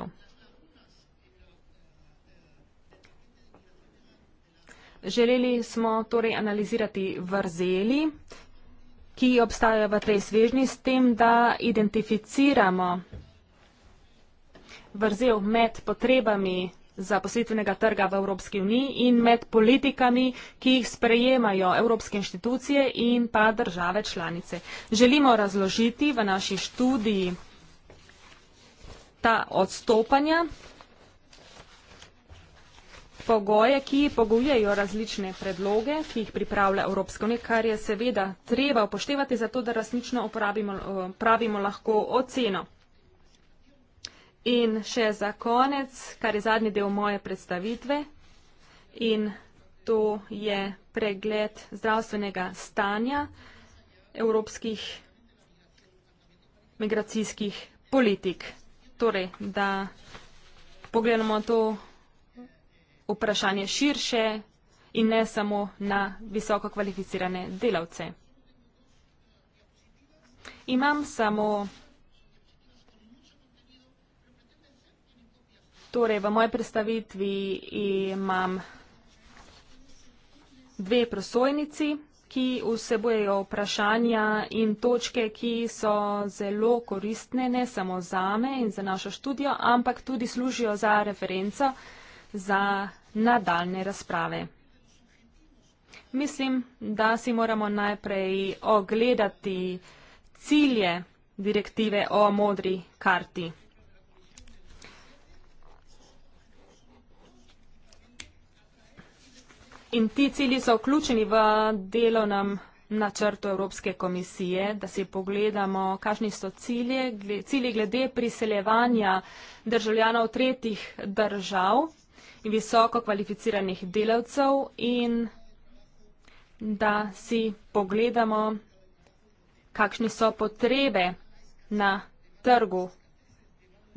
C: Želeli smo torej analizirati vrzeli, ki obstajajo v tej svežni, s tem, da identificiramo vrzeli, vrzel med potrebami zaposlitvenega trga v Evropski uniji in med politikami, ki jih sprejemajo evropske inštitucije in pa države članice. Želimo razložiti v naši študiji ta odstopanja, pogoje, ki pogojujejo različne predloge, ki jih pripravlja Evropska unija, kar je seveda treba upoštevati, zato da resnično pravimo eh, lahko oceno. In še za konec, kar je zadnji del moje predstavitve in to je pregled zdravstvenega stanja evropskih migracijskih politik. Torej, da pogledamo to vprašanje širše in ne samo na visoko kvalificirane delavce. Imam samo Torej, v moji predstavitvi imam dve prosojnici, ki vsebojejo vprašanja in točke, ki so zelo koristne ne samo za me in za našo študijo, ampak tudi služijo za referenco za nadaljne razprave. Mislim, da si moramo najprej ogledati cilje direktive o modri karti. In ti cilji so vključeni v delovnem načrtu Evropske komisije, da si pogledamo, kakšni so cilje, cilji glede priseljevanja državljanov tretjih držav in visoko kvalificiranih delavcev in da si pogledamo, kakšne so potrebe na trgu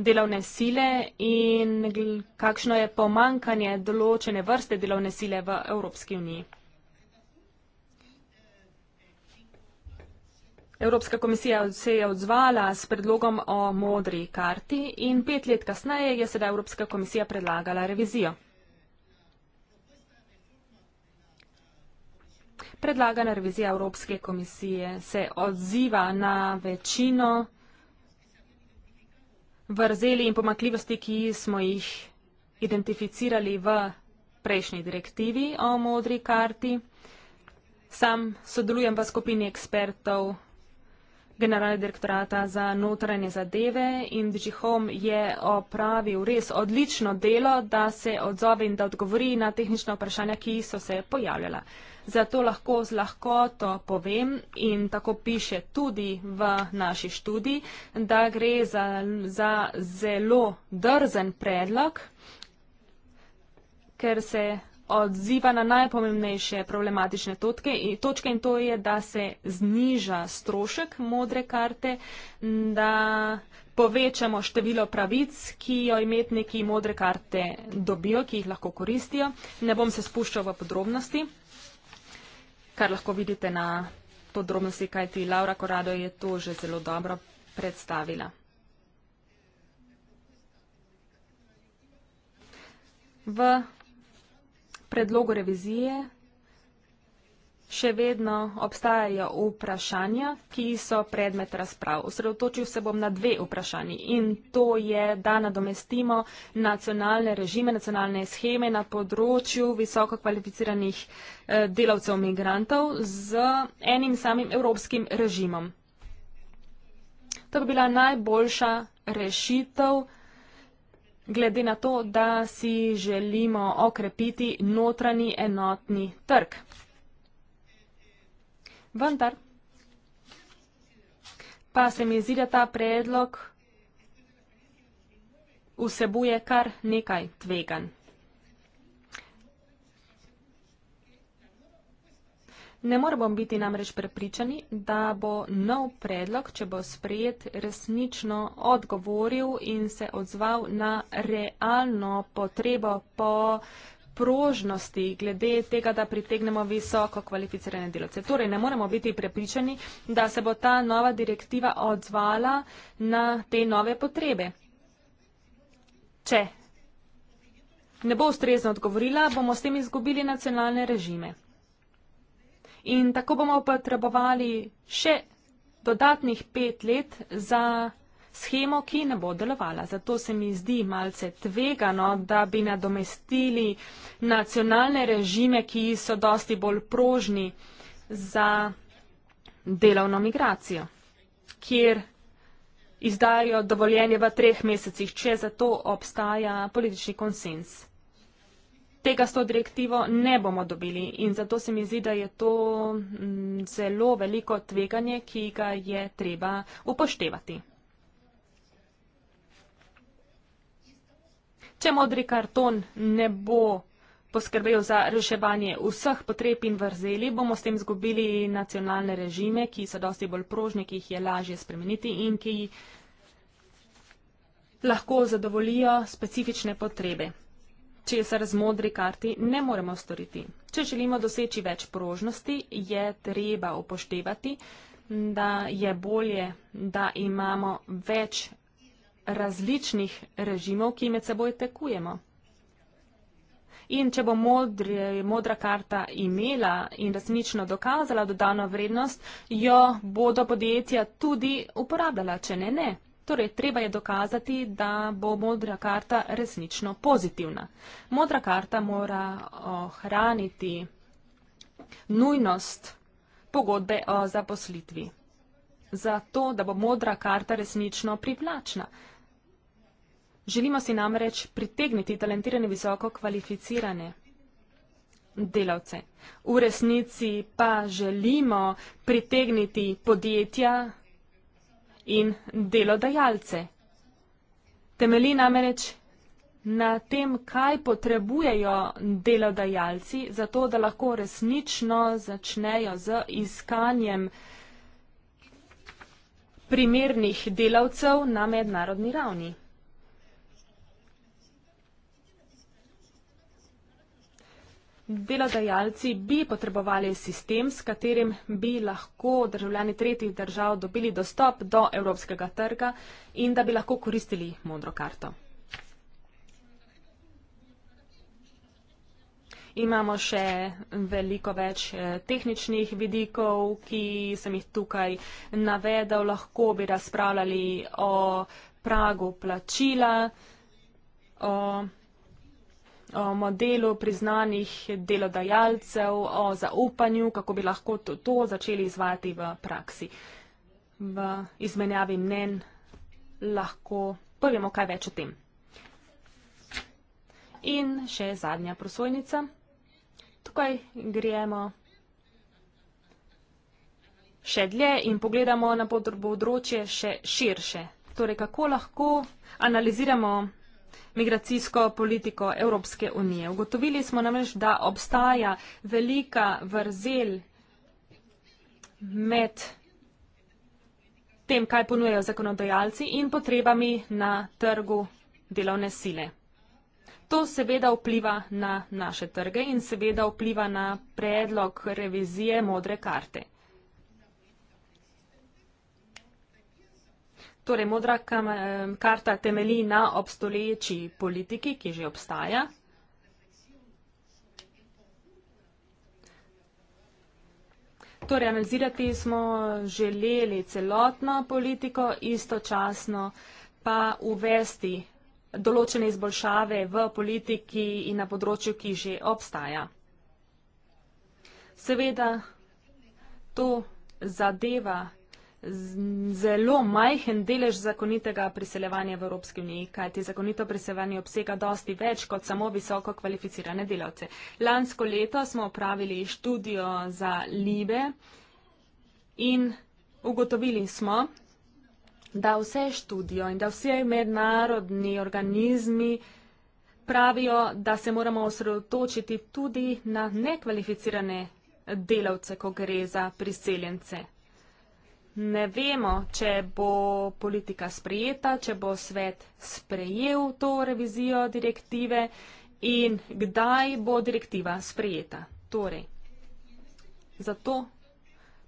C: delovne sile in kakšno je pomankanje določene vrste delovne sile v Evropski uniji. Evropska komisija se je odzvala s predlogom o modri karti in pet let kasneje je sedaj Evropska komisija predlagala revizijo. Predlagana revizija Evropske komisije se odziva na večino vrzeli in pomakljivosti, ki smo jih identificirali v prejšnji direktivi o modri karti. Sam sodelujem v skupini ekspertov Generalnega direktorata za notranje zadeve in Džihom je opravil res odlično delo, da se odzove in da odgovori na tehnična vprašanja, ki so se pojavljala. Zato lahko z lahkoto povem in tako piše tudi v naši študiji, da gre za, za zelo drzen predlog, ker se odziva na najpomembnejše problematične totke, točke in to je, da se zniža strošek modre karte, da povečamo število pravic, ki jo imetniki modre karte dobijo, ki jih lahko koristijo. Ne bom se spuščal v podrobnosti kar lahko vidite na podrobnosti, kaj ti Laura Korado je to že zelo dobro predstavila. V predlogu revizije še vedno obstajajo vprašanja, ki so predmet razprav. Osredotočil se bom na dve vprašanji in to je, da nadomestimo nacionalne režime, nacionalne scheme na področju visoko kvalificiranih eh, delavcev migrantov z enim samim evropskim režimom. To bi bila najboljša rešitev. Glede na to, da si želimo okrepiti notranji enotni trg. Vendar pa se mi zdi, da ta predlog vsebuje kar nekaj tvegan. Ne moramo biti namreč prepričani, da bo nov predlog, če bo sprejet, resnično odgovoril in se odzval na realno potrebo po prožnosti glede tega, da pritegnemo visoko kvalificirane delovce. Torej, ne moremo biti prepričani, da se bo ta nova direktiva odzvala na te nove potrebe. Če ne bo ustrezno odgovorila, bomo s tem izgubili nacionalne režime. In tako bomo potrebovali še dodatnih pet let za schemo, ki ne bo delovala. Zato se mi zdi malce tvegano, da bi nadomestili nacionalne režime, ki so dosti bolj prožni za delovno migracijo, kjer izdajo dovoljenje v treh mesecih, če zato obstaja politični konsens. Tega s to direktivo ne bomo dobili in zato se mi zdi, da je to mm, zelo veliko tveganje, ki ga je treba upoštevati. če modri karton ne bo poskrbel za reševanje vseh potreb in vrzeli, bomo s tem zgubili nacionalne režime, ki so dosti bolj prožni, ki jih je lažje spremeniti in ki lahko zadovolijo specifične potrebe, česar z modri karti ne moremo storiti. Če želimo doseči več prožnosti, je treba upoštevati, da je bolje, da imamo več različnih režimov, ki med seboj tekujemo. In če bo modre, modra karta imela in resnično dokazala dodano vrednost, jo bodo podjetja tudi uporabljala, če ne ne. Torej, treba je dokazati, da bo modra karta resnično pozitivna. Modra karta mora ohraniti nujnost pogodbe o zaposlitvi. Zato, da bo modra karta resnično privlačna. Želimo si namreč pritegniti talentirane, visoko kvalificirane delavce. V resnici pa želimo pritegniti podjetja in delodajalce. Temeli namreč na tem, kaj potrebujejo delodajalci, zato da lahko resnično začnejo z iskanjem primernih delavcev na mednarodni ravni. delodajalci bi potrebovali sistem, s katerim bi lahko državljani tretjih držav dobili dostop do evropskega trga in da bi lahko koristili modro karto. Imamo še veliko več eh, tehničnih vidikov, ki sem jih tukaj navedel. Lahko bi razpravljali o pragu plačila, o o modelu priznanih delodajalcev, o zaupanju, kako bi lahko to, to začeli izvajati v praksi. V izmenjavi mnen lahko povemo kaj več o tem. In še zadnja prosojnica. Tukaj gremo še dlje in pogledamo na področje še širše. Torej, kako lahko analiziramo migracijsko politiko Evropske unije. Ugotovili smo namreč, da obstaja velika vrzel med tem, kaj ponujejo zakonodajalci in potrebami na trgu delovne sile. To seveda vpliva na naše trge in seveda vpliva na predlog revizije modre karte. Torej, modra kam, karta temelji na obstoječi politiki, ki že obstaja. Torej, analizirati smo želeli celotno politiko, istočasno pa uvesti določene izboljšave v politiki in na področju, ki že obstaja. Seveda, to zadeva zelo majhen delež zakonitega priseljevanja v Evropski uniji, kajti zakonito priseljevanje obsega dosti več kot samo visoko kvalificirane delavce. Lansko leto smo opravili študijo za Libe in ugotovili smo, da vse študijo in da vse mednarodni organizmi pravijo, da se moramo osredotočiti tudi na nekvalificirane delavce, ko gre za priseljence ne vemo, če bo politika sprejeta, če bo svet sprejel to revizijo direktive in kdaj bo direktiva sprejeta. Torej, zato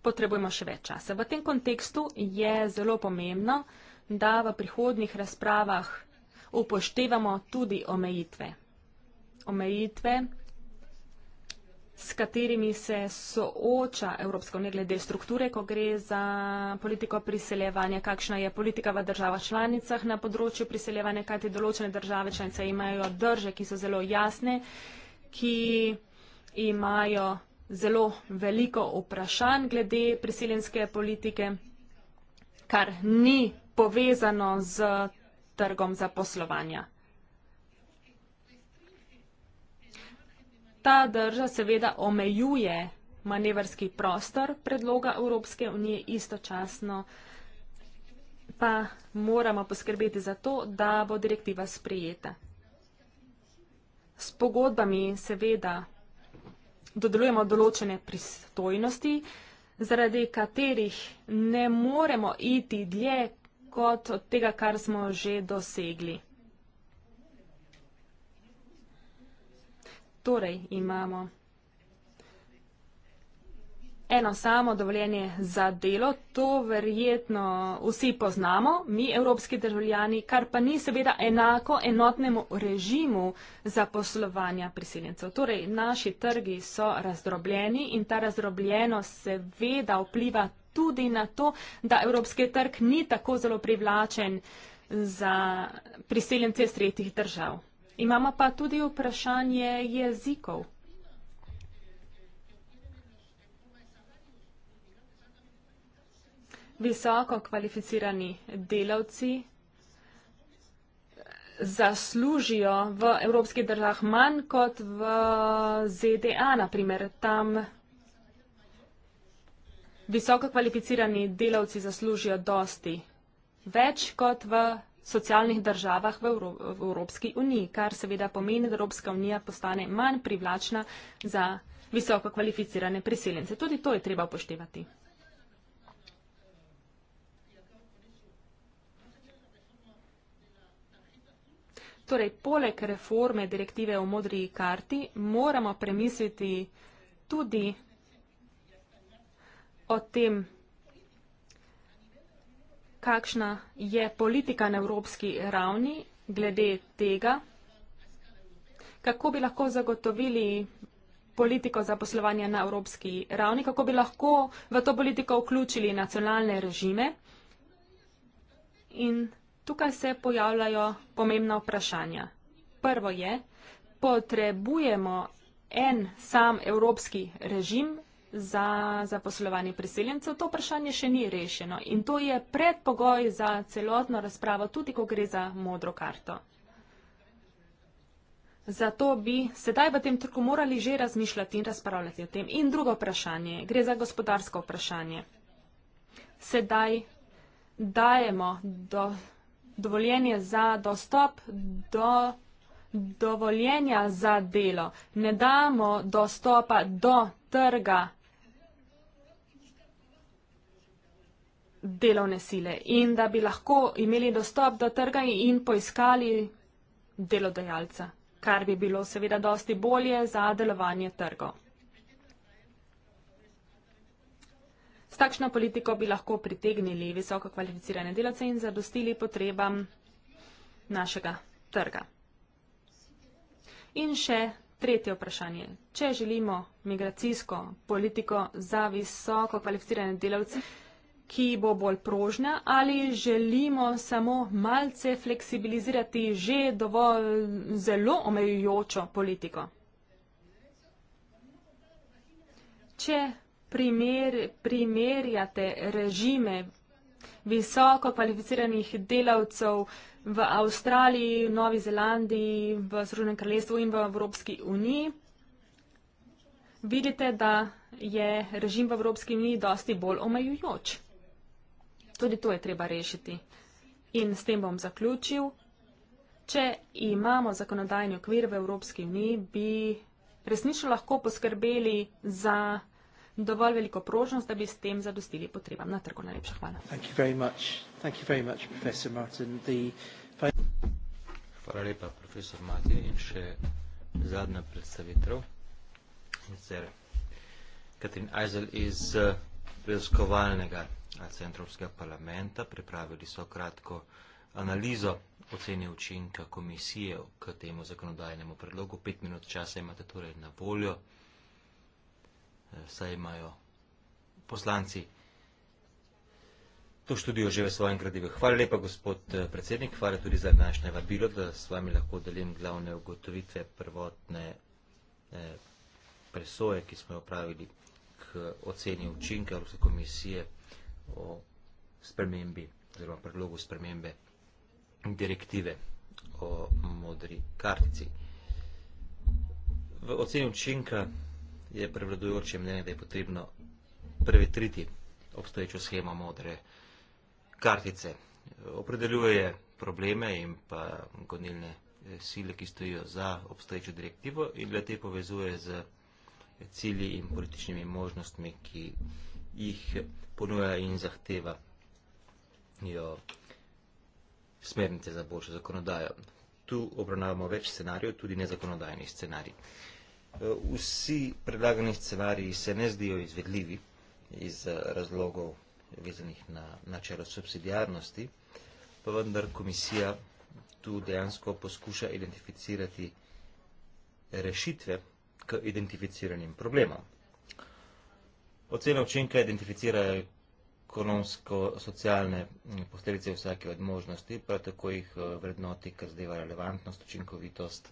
C: potrebujemo še več časa. V tem kontekstu je zelo pomembno, da v prihodnih razpravah upoštevamo tudi omejitve. Omejitve s katerimi se sooča Evropska unija glede strukture, ko gre za politiko priseljevanja, kakšna je politika v državah članicah na področju priseljevanja, kajti določene države članice imajo drže, ki so zelo jasne, ki imajo zelo veliko vprašanj glede priseljenske politike, kar ni povezano z trgom za poslovanja. ta drža seveda omejuje manevrski prostor predloga Evropske unije istočasno pa moramo poskrbeti za to, da bo direktiva sprejeta. S pogodbami seveda dodelujemo določene pristojnosti, zaradi katerih ne moremo iti dlje kot od tega, kar smo že dosegli. Torej imamo eno samo dovoljenje za delo, to verjetno vsi poznamo, mi evropski državljani, kar pa ni seveda enako enotnemu režimu za poslovanja priseljencev. Torej, naši trgi so razdrobljeni in ta razdrobljenost seveda vpliva tudi na to, da evropski trg ni tako zelo privlačen za priseljence iz tretjih držav. Imamo pa tudi vprašanje jezikov. Visoko kvalificirani delavci zaslužijo v evropskih državah manj kot v ZDA, naprimer. Tam visoko kvalificirani delavci zaslužijo dosti več kot v socialnih državah v, Evro v Evropski uniji, kar seveda pomeni, da Evropska unija postane manj privlačna za visoko kvalificirane priseljence. Tudi to je treba upoštevati. Torej, poleg reforme direktive o modri karti moramo premisliti tudi o tem, kakšna je politika na evropski ravni glede tega, kako bi lahko zagotovili politiko za poslovanje na evropski ravni, kako bi lahko v to politiko vključili nacionalne režime. In tukaj se pojavljajo pomembna vprašanja. Prvo je, potrebujemo en sam evropski režim za zaposlovanje priseljencev, to vprašanje še ni rešeno in to je predpogoj za celotno razpravo, tudi ko gre za modro karto. Zato bi sedaj v tem trku morali že razmišljati in razpravljati o tem. In drugo vprašanje, gre za gospodarsko vprašanje. Sedaj dajemo do, dovoljenje za dostop do dovoljenja za delo. Ne damo dostopa do trga delovne sile in da bi lahko imeli dostop do trga in poiskali delodajalca, kar bi bilo seveda dosti bolje za delovanje trgo. S takšno politiko bi lahko pritegnili visoko kvalificirane delavce in zadostili potrebam našega trga. In še tretje vprašanje. Če želimo migracijsko politiko za visoko kvalificirane delavce, ki bo bolj prožna ali želimo samo malce fleksibilizirati že dovolj zelo omejujočo politiko. Če primer, primerjate režime visoko kvalificiranih delavcev v Avstraliji, Novi Zelandiji, v Združenem kraljestvu in v Evropski uniji, vidite, da je režim v Evropski uniji dosti bolj omejujoč. Tudi to je treba rešiti. In s tem bom zaključil. Če imamo zakonodajni okvir v Evropski uniji, bi resnično lahko poskrbeli za dovolj veliko prožnost, da bi s tem zadostili potrebam na trgu. Najlepša hvala.
A: Hvala lepa, profesor Matija. In še zadnja predstavitev. Katrin Eisel iz uh, preiskovalnega centrovskega parlamenta. Pripravili so kratko analizo ocene učinka komisije k temu zakonodajnemu predlogu. Pet minut časa imate torej na voljo, eh, saj imajo poslanci to študijo že v svojem gradivu. Hvala lepa, gospod eh, predsednik. Hvala tudi za današnje vabilo, da s vami lahko delim glavne ugotovitve prvotne eh, presoje, ki smo jo opravili Eh, oceni učinke Evropske komisije o spremembi oziroma predlogu spremembe direktive o modri kartici. V oceni učinka je prevladujoče mnenje, da je potrebno prevetriti obstoječo schemo modre kartice. Opredeljuje probleme in pa gonilne sile, ki stojijo za obstoječo direktivo in le te povezuje z cilji in političnimi možnostmi, ki jih ponuja in zahteva jo smernice za boljšo zakonodajo. Tu obravnavamo več scenarijev, tudi nezakonodajni scenarij. Vsi predlagani scenariji se ne zdijo izvedljivi iz razlogov vezanih na načelo subsidijarnosti, pa vendar komisija tu dejansko poskuša identificirati rešitve k identificiranim problemom. Ocene učinka identificirajo ekonomsko-socialne mm, posledice vsake od možnosti, prav tako jih eh, vrednoti, kar zdeva relevantnost, učinkovitost,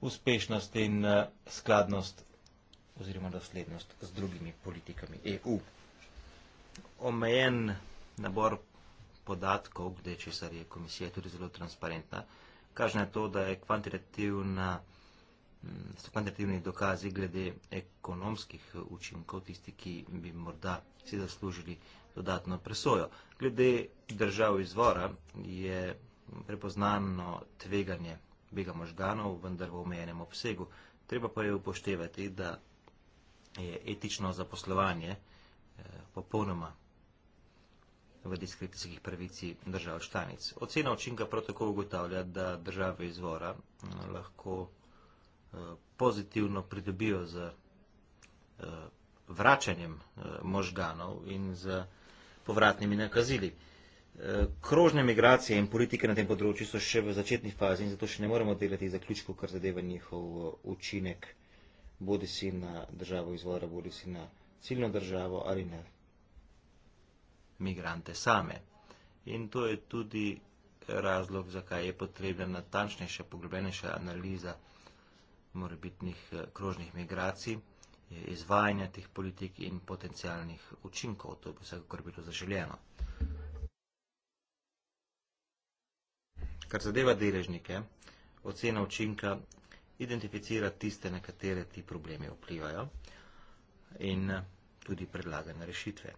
A: uspešnost in eh, skladnost oziroma doslednost z drugimi politikami EU. Omejen nabor podatkov, kde česar je komisija tudi zelo transparentna, kaže na to, da je kvantitativna so kvantitativni dokazi glede ekonomskih učinkov, tisti, ki bi morda si zaslužili dodatno presojo. Glede držav izvora je prepoznano tveganje bega možganov, vendar v omejenem obsegu. Treba pa je upoštevati, da je etično zaposlovanje eh, popolnoma v diskrecijskih pravici držav članic. Ocena učinka prav tako ugotavlja, da države izvora eh, lahko Eh, pozitivno pridobijo z eh, vračanjem eh, možganov in z povratnimi nakazili. Krožne migracije in politike na tem področju so še v začetni fazi in zato še ne moremo delati zaključkov, kar zadeva njihov učinek bodi si na državo izvora, bodi si na ciljno državo ali na migrante same. In to je tudi razlog, zakaj je potrebna natančnejša, poglobenejša analiza morebitnih eh, krožnih migracij, izvajanja teh politik in potencijalnih učinkov. To bi vsekakor bilo zaželjeno. Kar zadeva deležnike, ocena učinka identificira tiste, na katere ti problemi vplivajo in eh, tudi predlagane rešitve.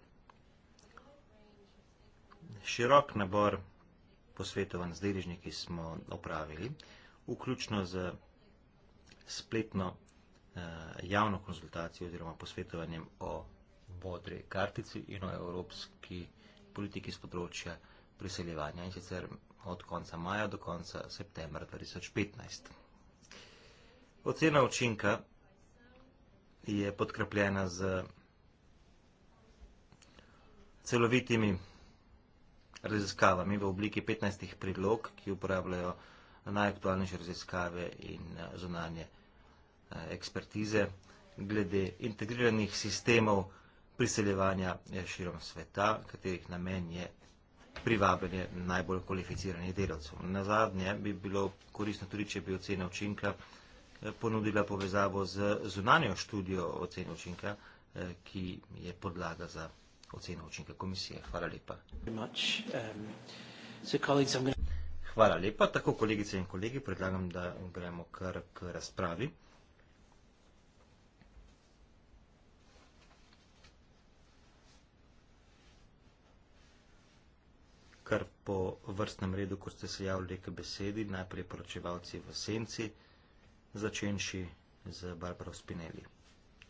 A: Širok nabor posvetovanj z deležniki smo opravili, vključno z spletno eh, javno konzultacijo oziroma posvetovanjem o modri kartici in o evropski politiki z področja priseljevanja in sicer od konca maja do konca septembra 2015. Ocena učinka je podkrepljena z celovitimi raziskavami v obliki 15 prilog, ki uporabljajo najaktualnejše raziskave in eh, zunanje eh, ekspertize glede integriranih sistemov priseljevanja eh, širom sveta, katerih namen je privabljanje najbolj kvalificiranih delavcev. Na zadnje bi bilo koristno tudi, če bi ocena učinka ponudila povezavo z zunanjo študijo ocene učinka, ki je podlaga za oceno učinka komisije. Hvala lepa. Thank you very much. Um, so colleagues, I'm gonna... Hvala lepa. Tako, kolegice in kolegi, predlagam, da gremo kar k razpravi. Kar po vrstnem redu, ko ste se javili k besedi, najprej poročevalci v senci, začenši z Barbaro Spinelli,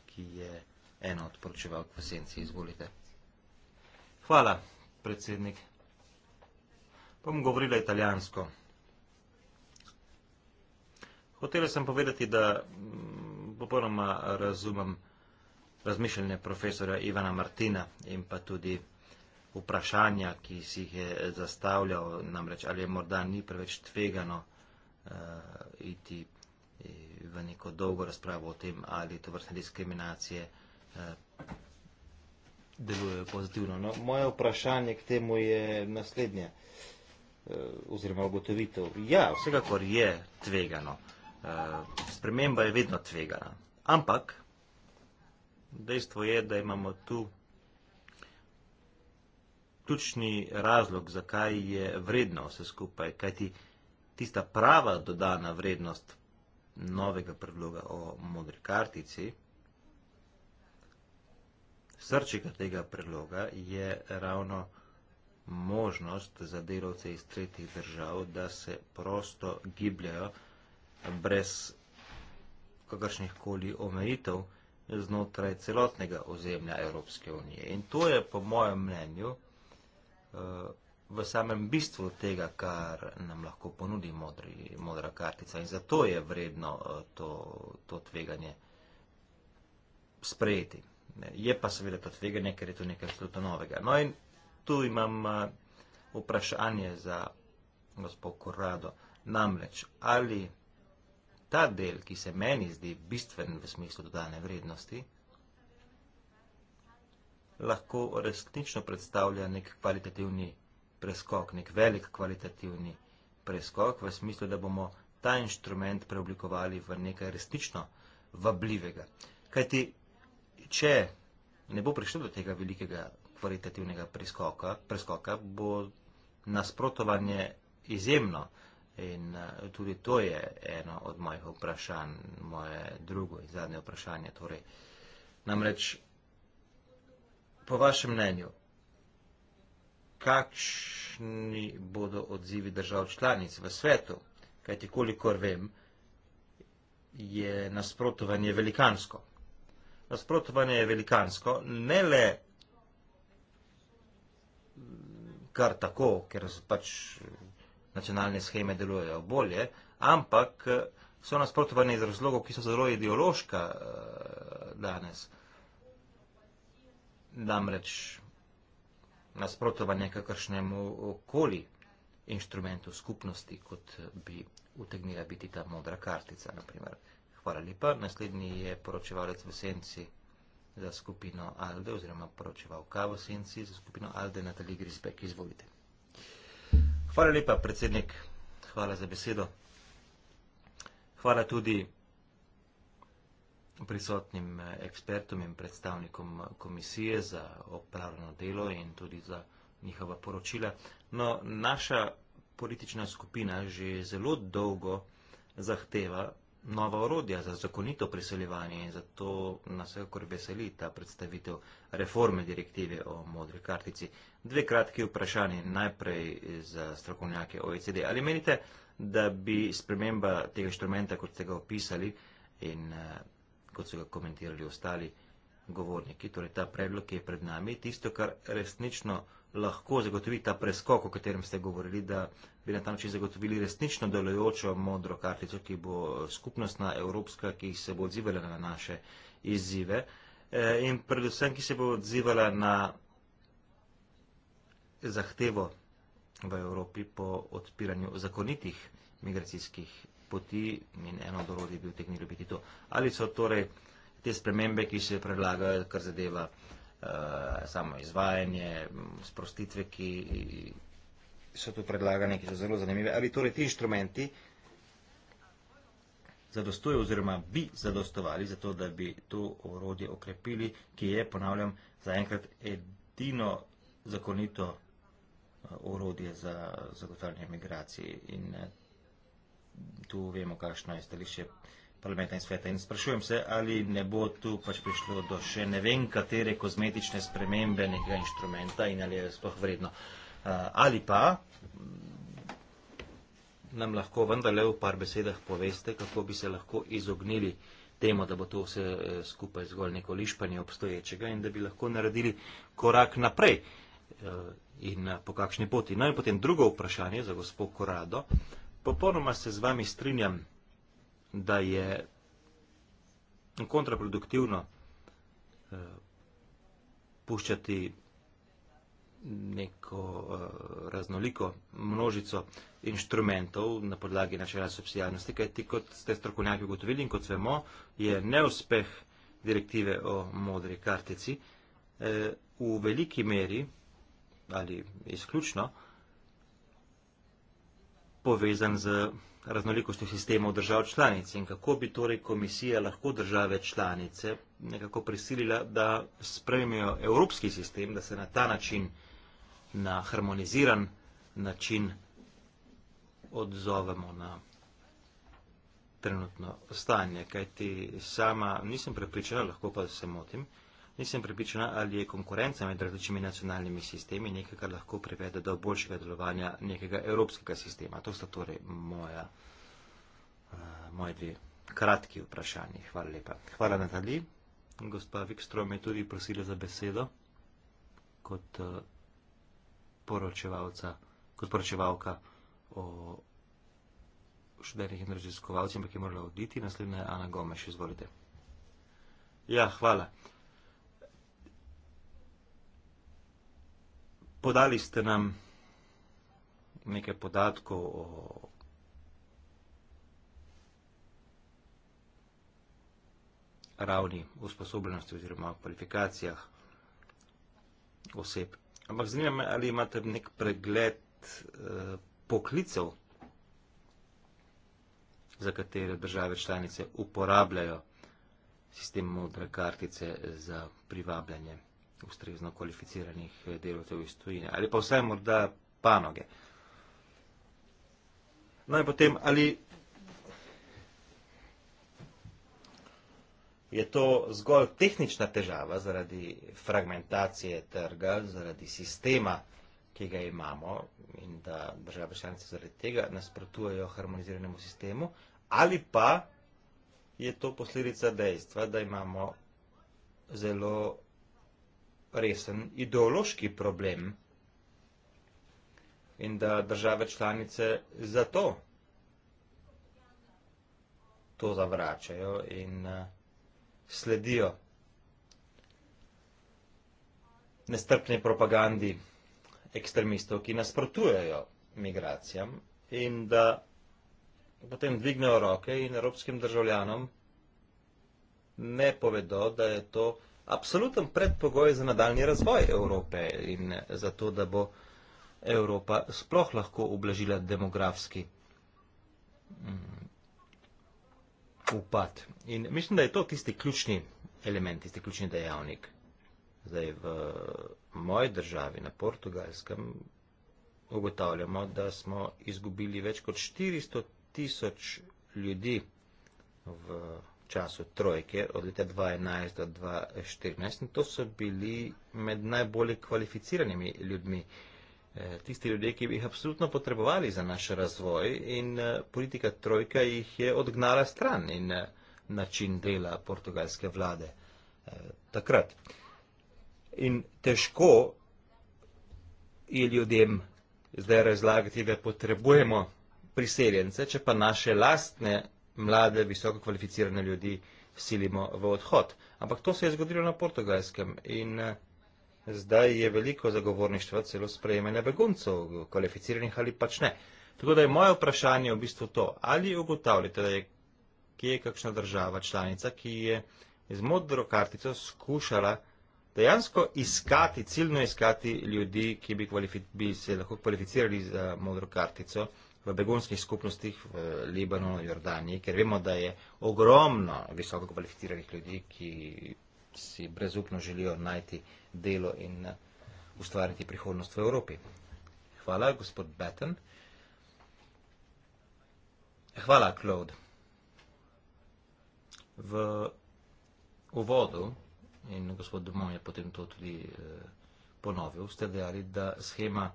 A: ki je ena od poročevalk v senci. Izvolite. Hvala, predsednik. Bom govorila italijansko. Hotela sem povedati, da mm, popolnoma razumem razmišljanje profesora Ivana Martina in pa tudi vprašanja, ki si jih je zastavljal, namreč ali je morda ni preveč tvegano uh, iti eh, v neko dolgo razpravo o tem, ali to vrstne diskriminacije uh, delujejo pozitivno. No, moje vprašanje k temu je naslednje. Uh, Eh, oziroma ugotovitev. Ja, vsekakor je tvegano. Eh, sprememba je vedno tvegana. Ampak dejstvo je, da imamo tu ključni razlog, zakaj je vredno vse skupaj, kajti tista prava dodana vrednost novega predloga o modri kartici, srčika tega predloga je ravno vrednost, možnost za delavce iz tretjih držav, da se prosto gibljajo brez kakršnih koli omejitev znotraj celotnega ozemlja Evropske unije. In to je po mojem mnenju eh, v samem bistvu tega, kar nam lahko ponudi modri, modra kartica. In zato je vredno eh, to, to tveganje sprejeti. Je pa seveda to tveganje, ker je to nekaj absolutno novega. No in tu imam vprašanje za gospod Korado. Namreč, ali ta del, ki se meni zdi bistven v smislu dodane vrednosti, lahko resnično predstavlja nek kvalitativni preskok, nek velik kvalitativni preskok, v smislu, da bomo ta inštrument preoblikovali v nekaj resnično vabljivega. Kajti, če ne bo prišlo do tega velikega kvalitativnega priskoka, preskoka, bo nasprotovanje izjemno. In eh, tudi to je eno od mojih vprašanj, moje drugo in zadnje vprašanje. Torej, namreč, po vašem mnenju, kakšni bodo odzivi držav članic v svetu, kajti kolikor vem, je nasprotovanje velikansko. Nasprotovanje je velikansko, ne le kar tako, ker pač nacionalne scheme delujejo bolje, ampak eh, so nasprotovane iz razlogov, ki so zelo ideološka eh, danes. Namreč nasprotovanje kakršnemu koli inštrumentu skupnosti, kot bi utegnila biti ta modra kartica, naprimer. Hvala lepa. Naslednji je poročevalec v senci za skupino Alde oziroma poročeval Kavo Senci za skupino Alde Natalij Grisbek. Izvolite. Hvala lepa, predsednik. Hvala za besedo. Hvala tudi prisotnim eh, ekspertom in predstavnikom eh, komisije za opravljeno delo in tudi za njihova poročila. No, naša politična skupina že zelo dolgo zahteva nova orodja za zakonito priseljevanje in zato nas vsekakor veseli ta predstavitev reforme direktive o modri kartici. Dve kratki vprašanje najprej za strokovnjake OECD. Ali menite, da bi sprememba tega inštrumenta, kot ste ga opisali in eh, kot so ga komentirali ostali govorniki, torej ta predlog, ki je pred nami, tisto, kar resnično lahko zagotovi ta preskok, o katerem ste govorili, da bi na ta način zagotovili resnično delojočo modro kartico, ki bo skupnostna evropska, ki se bo odzivala na naše izzive eh, in predvsem, ki se bo odzivala na zahtevo v Evropi po odpiranju zakonitih migracijskih poti in eno od orodij bi utegnili biti to. Ali so torej te spremembe, ki se predlagajo, kar zadeva Eh, samo izvajanje, sprostitve, ki so tu predlagane, ki so zelo zanimive. Ali torej ti inštrumenti zadostujejo oziroma bi zadostovali za to, da bi to orodje okrepili, ki je, ponavljam, zaenkrat edino zakonito eh, orodje za zagotavljanje migracij. In eh, tu vemo, kakšno je stališče parlamenta in sveta. In sprašujem se, ali ne bo tu pač prišlo do še ne vem katere kozmetične spremembe nekega inštrumenta in ali je sploh vredno. Eh, ali pa mm, nam lahko vendarle v par besedah poveste, kako bi se lahko izognili temu, da bo to vse eh, skupaj zgolj neko lišpanje obstoječega in da bi lahko naredili korak naprej eh, in po kakšni poti. No in potem drugo vprašanje za gospod Korado. Popolnoma se z vami strinjam da je kontraproduktivno eh, puščati neko eh, raznoliko množico inštrumentov na podlagi načela subsidijarnosti, kajti kot ste strokovnjaki ugotovili in kot vemo, je neuspeh direktive o modri kartici eh, v veliki meri ali izključno, povezan z raznolikostjo sistemov držav članic in kako bi torej komisija lahko države članice nekako prisilila, da spremijo evropski sistem, da se na ta način, na harmoniziran način odzovemo na trenutno stanje, kajti sama nisem prepričana, lahko pa se motim, Nisem pripričana, ali je konkurenca med različnimi nacionalnimi sistemi nekaj, kar lahko privede do boljšega delovanja nekega evropskega sistema. To sta torej moja, uh, eh, moje dve kratki vprašanji. Hvala lepa. Hvala, Natali. Gospa Vikstrom je tudi prosila za besedo kot, uh, kot poročevalka o študentih in raziskovalcih, ampak je morala oditi. Naslednja je Ana Gomeš, izvolite. Ja, hvala. podali ste nam nekaj podatkov o ravni usposobljenosti oziroma kvalifikacijah oseb. Ampak zanima me, ali imate nek pregled eh, poklicev, za katere države članice uporabljajo sistem modre kartice za privabljanje ustrezno kvalificiranih eh, delovcev iz tujine ali pa vsaj morda panoge. No in potem, ali je to zgolj tehnična težava zaradi fragmentacije trga, zaradi sistema, ki ga imamo in da države članice zaradi tega nasprotujejo harmoniziranemu sistemu, ali pa je to posledica dejstva, da imamo zelo resen ideološki problem in da države članice zato to zavračajo in eh, sledijo nestrpni propagandi ekstremistov, ki nasprotujejo migracijam in da potem dvignejo roke in evropskim državljanom ne povedo, da je to absoluten predpogoj za nadaljni razvoj Evrope in za to, da bo Evropa sploh lahko ublažila demografski mm, upad. In mislim, da je to tisti ključni element, tisti ključni dejavnik. Zdaj v moji državi na Portugalskem ugotavljamo, da smo izgubili več kot 400 tisoč ljudi v času trojke, od leta 2011 do 2014. In to so bili med najbolj kvalificiranimi ljudmi, eh, tisti ljudje, ki bi jih absolutno potrebovali za naš razvoj. In eh, politika trojka jih je odgnala stran in eh, način dela portugalske vlade takrat. In težko je ljudem zdaj razlagati, da potrebujemo priseljence, če pa naše lastne mlade, visoko kvalificirane ljudi silimo v odhod. Ampak to se je zgodilo na portugalskem in eh, zdaj je veliko zagovorništva celo sprejemanja beguncev, kvalificiranih ali pač ne. Tako da je moje vprašanje v bistvu to, ali ugotavljate, da je kje je kakšna država članica, ki je z modro kartico skušala dejansko iskati, ciljno iskati ljudi, ki bi, bi se lahko kvalificirali za modro kartico v begunskih skupnostih v Libanonu, Jordaniji, ker vemo, da je ogromno visoko kvalificiranih ljudi, ki si brezupno želijo najti delo in eh, ustvariti prihodnost v Evropi. Hvala, gospod Batten. Hvala, Claude. V uvodu, in gospod Domov je potem to tudi eh, ponovil, ste dejali, da schema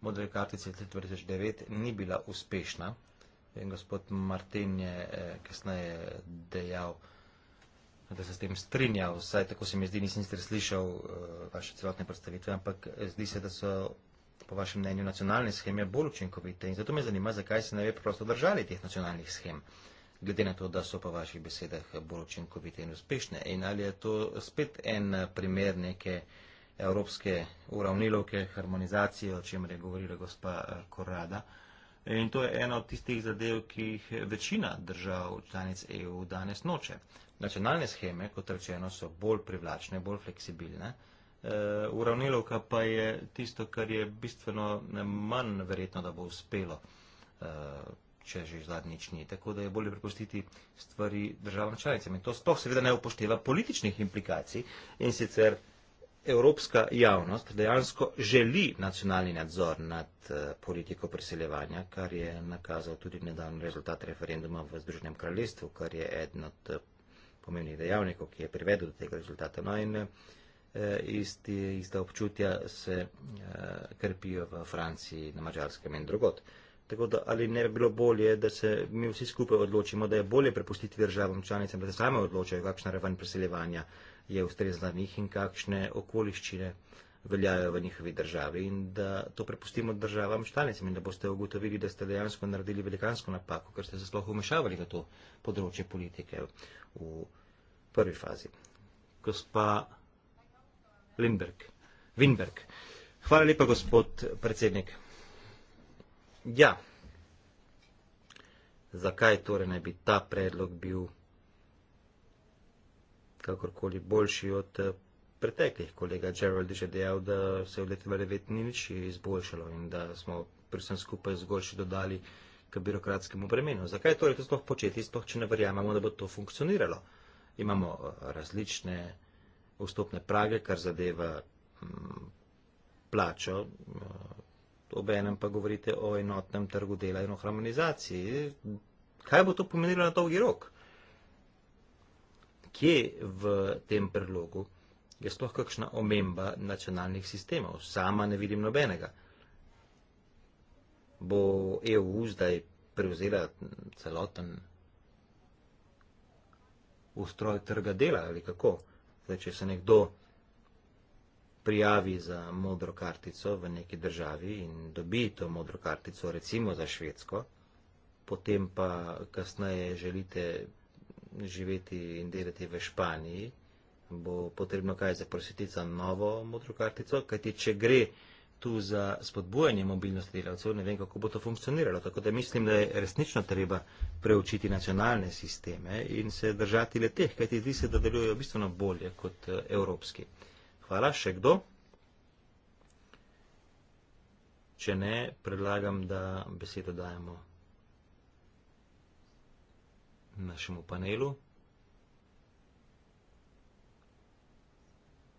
A: modre kartice leta 2009 ni bila uspešna. In gospod Martin je eh, kasneje dejal, da se s tem strinjal, vsaj tako se mi zdi, nisem ste slišal eh, vaše celotne predstavitve, ampak eh, zdi se, da so po vašem mnenju nacionalne scheme bolj učinkovite. In zato me zanima, zakaj se ne bi prosto držali teh nacionalnih schem, glede na to, da so po vaših besedah bolj učinkovite in uspešne. In ali je to spet en eh, primer neke. Eh, evropske uravnilovke, harmonizacije, o čem je govorila gospa eh, Korada. In to je ena od tistih zadev, ki jih večina držav članic EU danes noče. Nacionalne scheme, kot rečeno, so bolj privlačne, bolj fleksibilne. Uh, uravnilovka pa je tisto, kar je bistveno manj verjetno, da bo uspelo, uh, če že zadnjič ni. Tako da je bolje prepustiti stvari državam članicam. In to sploh seveda ne upošteva političnih implikacij in sicer evropska javnost dejansko želi nacionalni nadzor nad eh, politiko priseljevanja, kar je nakazal tudi nedavni rezultat referenduma v Združenem kraljestvu, kar je eden od eh, pomembnih dejavnikov, ki je privedel do tega rezultata. No in eh, isti, ista občutja se krpijo v Franciji, na Mačarskem in drugod. Tako da ali ne bi bilo bolje, da se mi vsi skupaj odločimo, da je bolje prepustiti državam članicam, da se same odločajo, kakšna raven priseljevanja je ustrez za njih in kakšne okoliščine veljajo v njihovi državi in da to prepustimo državam članicam in da boste ugotovili, da ste dejansko naredili velikansko napako, ker ste se sploh umešavali v to področje politike v prvi fazi. Gospa Lindberg, Winberg. Hvala lepa, gospod predsednik. Ja, zakaj torej naj bi ta predlog bil kakorkoli boljši od eh, preteklih. Kolega Gerald je že dejal, da se je v letu 2009 nič izboljšalo in da smo pri vsem skupaj zgolj še dodali k birokratskemu bremenu. Zakaj torej to sploh početi, sploh če ne verjamemo, da bo to funkcioniralo? Imamo eh, različne vstopne prage, kar zadeva mm, plačo, eh, ob enem pa govorite o enotnem trgu dela in o harmonizaciji. Kaj bo to pomenilo na dolgi rok? kje v tem predlogu je sploh kakšna omemba nacionalnih sistemov. Sama ne vidim nobenega. Bo EU zdaj prevzela celoten ustroj trga dela ali kako? Zdaj, če se nekdo prijavi za modro kartico v neki državi in dobi to modro kartico, recimo za Švedsko, potem pa kasneje želite živeti in delati v Španiji, bo potrebno kaj zaprositi za novo modro kartico, kajti če gre tu za spodbujanje mobilnosti delavcev, ne vem, kako bo to funkcioniralo. Tako da mislim, da je resnično treba preučiti nacionalne sisteme in se držati le teh, kajti zdi se, da delujejo bistveno bolje kot eh, evropski. Hvala, še kdo? Če ne, predlagam, da besedo dajemo našemu panelu.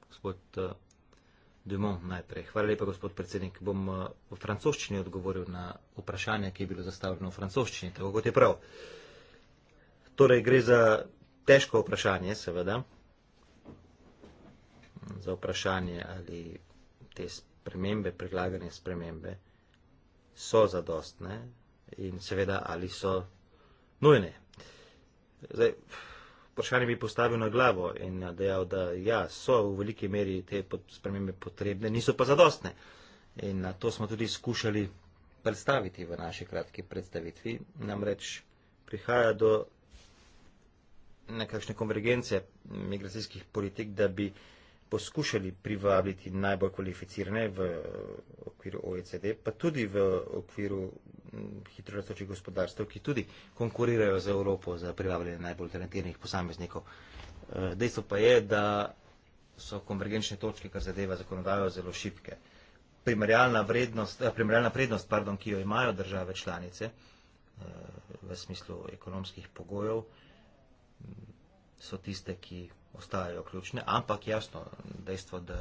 A: Gospod eh, Dumont najprej. Hvala lepa, gospod predsednik. Bom eh, v francoščini odgovoril na vprašanje, ki je bilo zastavljeno v francoščini, tako kot je prav. Torej, gre za težko vprašanje, seveda. Za vprašanje, ali te spremembe, predlagane spremembe, so zadostne in seveda, ali so nujne. Zdaj, vprašanje bi postavil na glavo in dejal, da ja, so v veliki meri te spremembe potrebne, niso pa zadostne. In to smo tudi skušali predstaviti v naši kratki predstavitvi. Namreč prihaja do nekakšne konvergence migracijskih politik, da bi poskušali privabiti najbolj kvalificirane v okviru OECD, pa tudi v okviru hitro razločih gospodarstv, ki tudi konkurirajo z Evropo za privabljanje najbolj talentiranih posameznikov. E, dejstvo pa je, da so konvergenčne točke, kar zadeva zakonodajo, zelo šipke. Primerjalna, vrednost, eh, primerjalna prednost, pardon, ki jo imajo države članice eh, v smislu ekonomskih pogojev, so tiste, ki ostajajo ključne, ampak jasno, dejstvo, da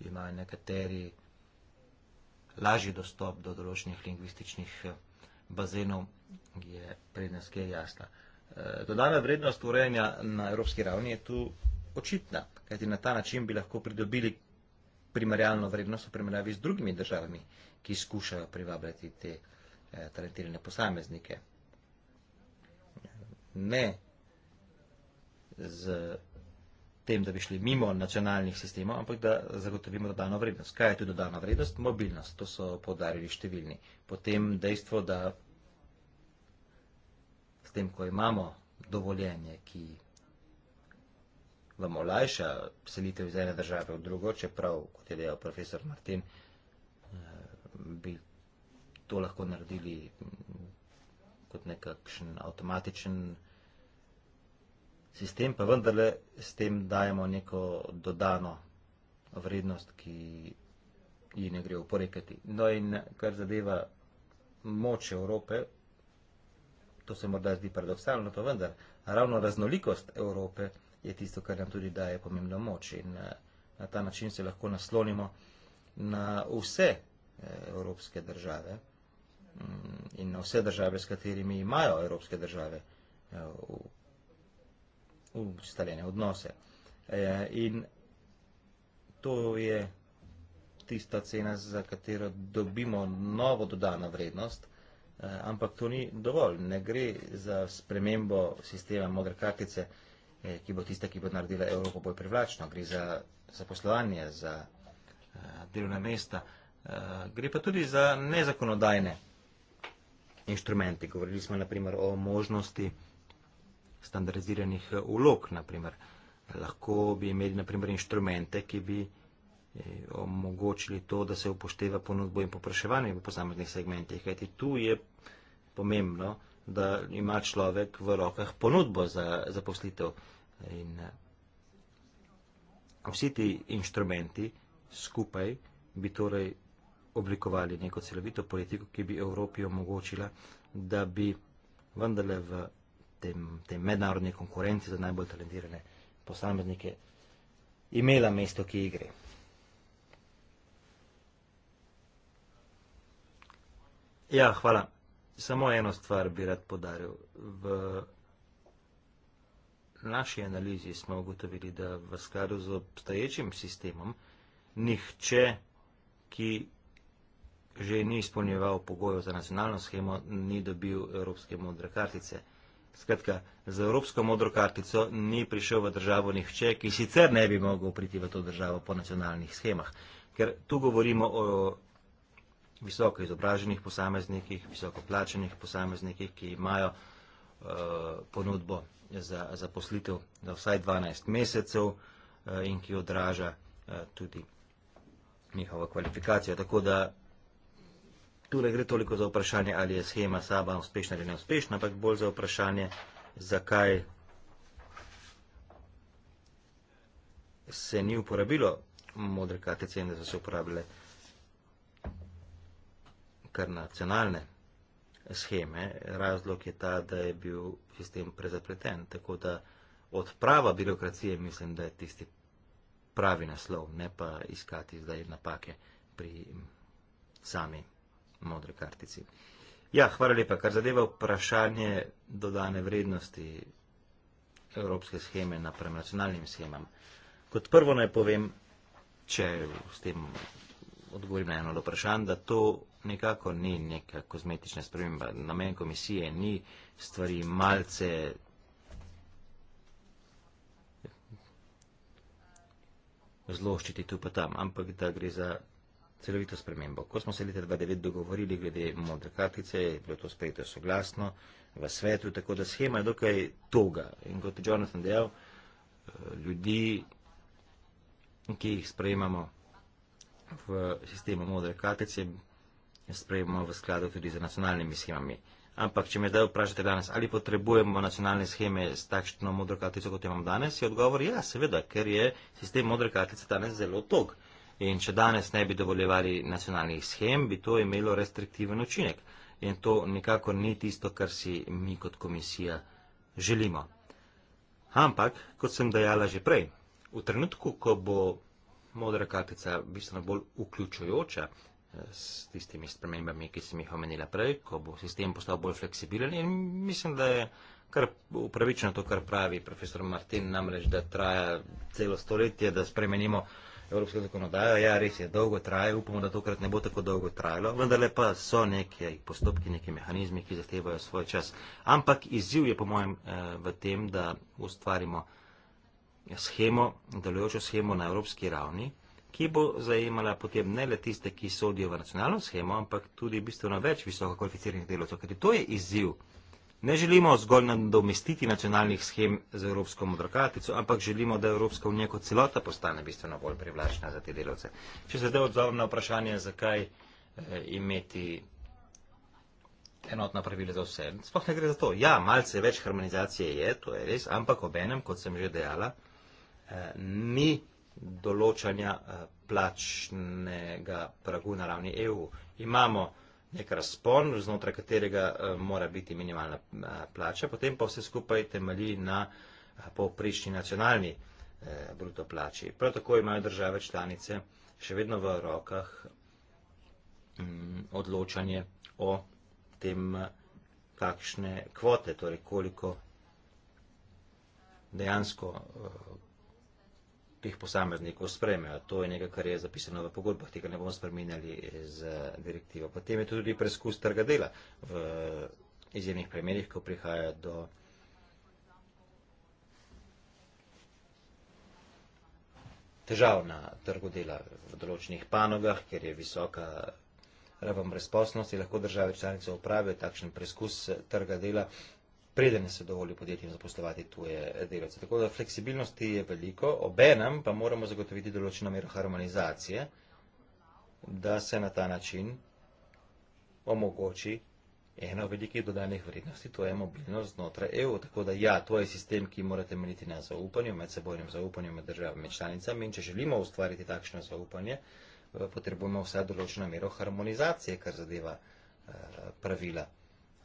A: imajo nekateri lažji dostop do določenih lingvističnih eh, bazenov, je prednost, ki je jasna. Eh, dodana vrednost urejanja na evropski ravni je tu očitna, kajti na ta način bi lahko pridobili primarjalno vrednost v primerjavi z drugimi državami, ki skušajo privabljati te eh, talentirane posameznike. Ne z tem, da bi šli mimo nacionalnih sistemov, ampak da zagotovimo dodano vrednost. Kaj je tu dodana vrednost? Mobilnost. To so podarili številni. Potem dejstvo, da s tem, ko imamo dovoljenje, ki vam olajša selitev iz ene države v drugo, čeprav, kot je dejal profesor Martin, eh, bi to lahko naredili kot nekakšen avtomatičen sistem, pa vendarle s tem dajemo neko dodano vrednost, ki ji ne gre uporekati. No in kar zadeva moč Evrope, to se morda zdi paradoksalno, pa vendar, ravno raznolikost Evrope je tisto, kar nam tudi daje pomembno moč in eh, na ta način se lahko naslonimo na vse eh, evropske države mm, in na vse države, s katerimi imajo evropske države eh, No, ustaljene odnose. E, in to je tista cena, za katero dobimo novo dodano vrednost, e, ampak to ni dovolj. Ne gre za spremembo sistema modre kartice, e, ki bo tista, ki bo naredila Evropo bolj privlačno. Gre za zaposlovanje, za delovna mesta. Gre pa tudi za nezakonodajne inštrumente. Govorili smo naprimer o možnosti standardiziranih ulog. Eh, naprimer. Lahko bi imeli naprimer, inštrumente, ki bi eh, omogočili to, da se upošteva ponudbo in popraševanje v posameznih segmentih. Kajti tu je pomembno, da ima človek v rokah ponudbo za zaposlitev. In eh, vsi ti inštrumenti skupaj bi torej oblikovali neko celovito politiko, ki bi Evropi omogočila, da bi vendarle v tem, tem mednarodni konkurenci za najbolj talentirane posameznike imela mesto, ki igre. Ja, hvala. Samo eno stvar bi rad podaril. V naši analizi smo ugotovili, da v skladu z obstoječim sistemom nihče, ki že ni izpolnjeval pogojev za nacionalno schemo, ni dobil evropske modre kartice. Skratka, z evropsko modro kartico ni prišel v državo nihče, ki sicer ne bi mogel priti v to državo po nacionalnih schemah. Ker tu govorimo o visoko izobraženih posameznikih, visoko plačenih posameznikih, ki imajo uh, ponudbo za, za poslitev za vsaj 12 mesecev uh, in ki odraža uh, tudi njihovo kvalifikacijo. Tako da Tukaj gre toliko za vprašanje, ali je schema sama uspešna ali neuspešna, ampak bolj za vprašanje, zakaj se ni uporabilo modre kartice in da so se uporabile kar nacionalne scheme. Razlog je ta, da je bil sistem prezapleten, tako da odprava birokracije mislim, da je tisti pravi naslov, ne pa iskati zdaj napake pri sami modri kartici. Ja, hvala lepa. Kar zadeva vprašanje dodane vrednosti evropske scheme naprem nacionalnim schemam. Kot prvo naj povem, če s tem odgovorim na eno od vprašanj, da to nekako ni neka kozmetična sprememba. Namen komisije ni stvari malce. zloščiti tu pa tam, ampak da gre za celovito spremembo. Ko smo se leta 2009 dogovorili glede modre kartice, je bilo to sprejeto soglasno v svetu, tako da schema je dokaj toga. In kot je Jonathan dejal, eh, ljudi, ki jih sprejemamo v sistemu modre kartice, sprejemamo v skladu tudi z nacionalnimi schemami. Ampak, če me zdaj vprašate danes, ali potrebujemo nacionalne scheme s takšno modro kartico, kot imamo danes, je odgovor ja, seveda, ker je sistem modre kartice danes zelo tog. In če danes ne bi dovoljevali nacionalnih schem, bi to imelo restriktiven učinek. In to nikakor ni tisto, kar si mi kot komisija želimo. Ampak, kot sem dejala že prej, v trenutku, ko bo modra kartica bistveno bolj vključujoča eh, s tistimi spremembami, ki sem jih omenila prej, ko bo sistem postal bolj fleksibilen in mislim, da je kar upravičeno to, kar pravi profesor Martin, namreč, da traja celo stoletje, da spremenimo evropska zakonodaja. Ja, res je, dolgo traje, upamo, da tokrat ne bo tako dolgo trajalo, vendar pa so neke postopki, neke mehanizme, ki zahtevajo svoj čas. Ampak izziv je, po mojem, eh, v tem, da ustvarimo schemo, delujočo schemo na evropski ravni, ki bo zajemala potem ne le tiste, ki sodijo v nacionalno schemo, ampak tudi bistveno več visoko kvalificiranih delovcev, ker to je izziv Ne želimo zgolj nadomestiti nacionalnih schem z evropsko modrokratico, ampak želimo, da Evropska unija kot celota postane bistveno bolj privlačna za te delovce. Če se zdaj odzovem na vprašanje, zakaj eh, imeti enotna pravila za vse, sploh ne gre za to. Ja, malce več harmonizacije je, to je res, ampak obenem, kot sem že dejala, eh, ni določanja eh, plačnega pragu na ravni EU. Imamo nek razpon, znotraj katerega eh, mora biti minimalna eh, plača, potem pa vse skupaj temelji na eh, povprišni nacionalni bruto plači. Prav tako imajo države članice še vedno v rokah mm, odločanje o tem, kakšne kvote, torej koliko dejansko teh posameznikov spremejo. To je nekaj, kar je zapisano v pogodbah, tega ne bomo spremenjali z direktivo. Potem je to tudi preskus trga dela v izjemnih primerjih, ko prihaja do. Težav na trgu dela v določenih panogah, kjer je visoka raven brezposnosti, lahko države članice upravijo takšen preskus trga dela preden se dovoli podjetjem zaposlovati tuje delavce. Tako da fleksibilnosti je veliko, obenem pa moramo zagotoviti določeno mero harmonizacije, da se na ta način omogoči ena od velikih dodanih vrednosti, to je mobilnost znotraj EU. Tako da ja, to je sistem, ki mora temeljiti na zaupanju, med sebojnem zaupanju med državami in članicami in če želimo ustvariti takšno zaupanje, eh, potrebujemo vsaj določeno mero harmonizacije, kar zadeva eh, pravila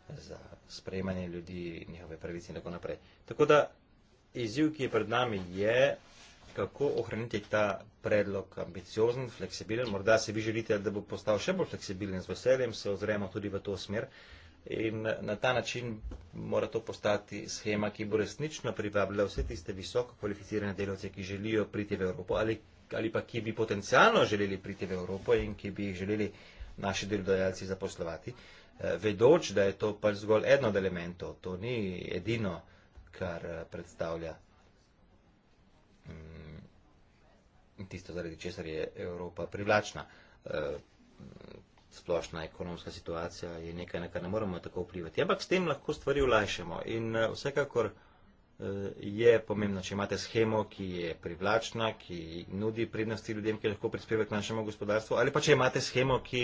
A: za sprejemanje ljudi, njihove pravice in tako naprej. Tako da izziv, ki je pred nami, je, kako ohraniti ta predlog ambiciozen, fleksibilen. Morda se vi želite, da bo postal še bolj fleksibilen z veseljem, se ozremo tudi v to smer. In na ta način mora to postati schema, ki bo resnično privabila vse tiste visoko kvalificirane delovce, ki želijo priti v Evropo ali, ali pa ki bi potencialno želeli priti v Evropo in ki bi jih želeli naši delodajalci zaposlovati. Uh, Eh, vedoč, da je to pač zgolj eno od elementov, to ni edino, kar eh, predstavlja mm, tisto, zaradi česar je Evropa privlačna. Eh, splošna ekonomska situacija je nekaj, na kar ne moremo tako vplivati. Ampak s tem lahko stvari ulajšamo in vsekakor je pomembno, če imate schemo, ki je privlačna, ki nudi prednosti ljudem, ki lahko prispevajo k našemu gospodarstvu, ali pa če imate schemo, ki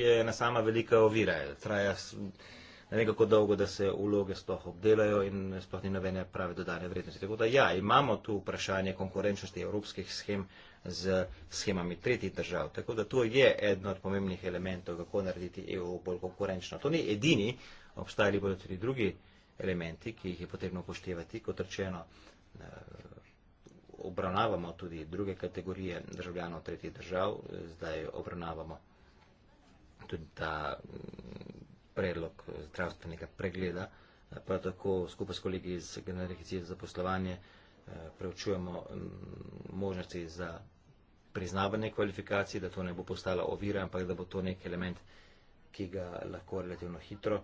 A: je na sama velika ovira, traja ne vem kako dolgo, da se vloge sploh obdelajo in sploh ni novene prave dodane vrednosti. Tako da ja, imamo tu vprašanje konkurenčnosti evropskih schem z schemami tretjih držav. Tako da to je eno od pomembnih elementov, kako narediti EU bolj konkurenčno. To ni edini, obstajali bodo tudi drugi elementi, ki jih je potrebno upoštevati. Kot rečeno, eh, obravnavamo tudi druge kategorije državljanov tretjih držav, zdaj obravnavamo tudi ta mm, predlog zdravstvenega pregleda, eh, pa tako skupaj s kolegi iz Generalizacije za poslovanje eh, preučujemo mm, možnosti za priznavanje kvalifikacij, da to ne bo postala ovira, ampak da bo to nek element, ki ga lahko relativno hitro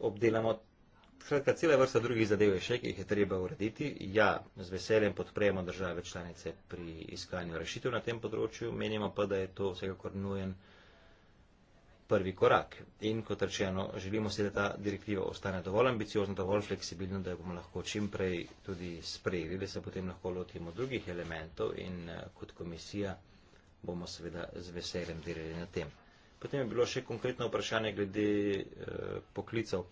A: obdelamo. Skratka, cela vrsta drugih zadev je še, ki jih je treba urediti. Ja, z veseljem podpremo države članice pri iskanju rešitev na tem področju, menimo pa, da je to vsekakor nujen prvi korak. In kot rečeno, želimo se, da ta direktiva ostane dovolj ambiciozna, dovolj fleksibilna, da jo bomo lahko čim prej tudi sprejeli, da se potem lahko lotimo drugih elementov in eh, kot komisija bomo seveda z veseljem delali na tem. Potem je bilo še konkretno vprašanje glede eh, poklicov.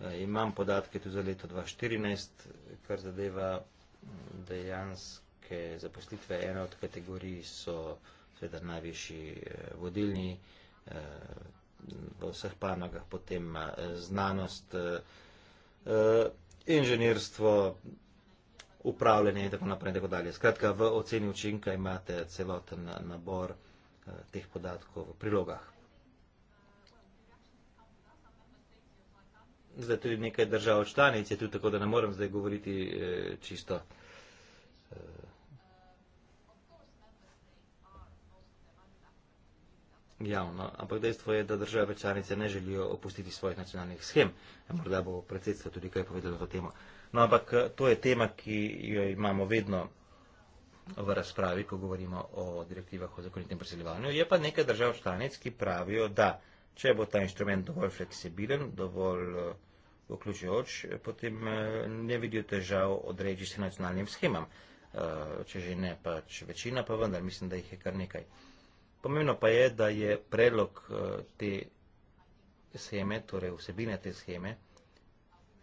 A: Eh, imam podatke tudi za leto 2014, kar zadeva dejanske zaposlitve. Ena od kategorij so seveda najvišji eh, vodilni eh, v vseh panogah, potem znanost, inženirstvo, upravljanje in tako naprej in tako dalje. Skratka, v oceni učinka imate celoten nabor teh podatkov v prilogah. zdaj tudi nekaj držav članic, je tudi tako, da ne morem zdaj govoriti eh, čisto. Eh. javno, ampak dejstvo je, da države članice ne želijo opustiti svojih nacionalnih schem. Ja, morda bo predsedstvo tudi kaj povedalo to temo. No, ampak eh, to je tema, ki jo imamo vedno v razpravi, ko govorimo o direktivah o zakonitem preseljevanju. Je pa nekaj držav članic, ki pravijo, da če bo ta inštrument dovolj fleksibilen, dovolj uh, vključujoč, potem eh, ne vidijo težav odreči se nacionalnim schemam. Eh, če že ne, pač večina, pa vendar mislim, da jih je kar nekaj. Pomembno pa je, da je predlog eh, te scheme, torej vsebine te scheme,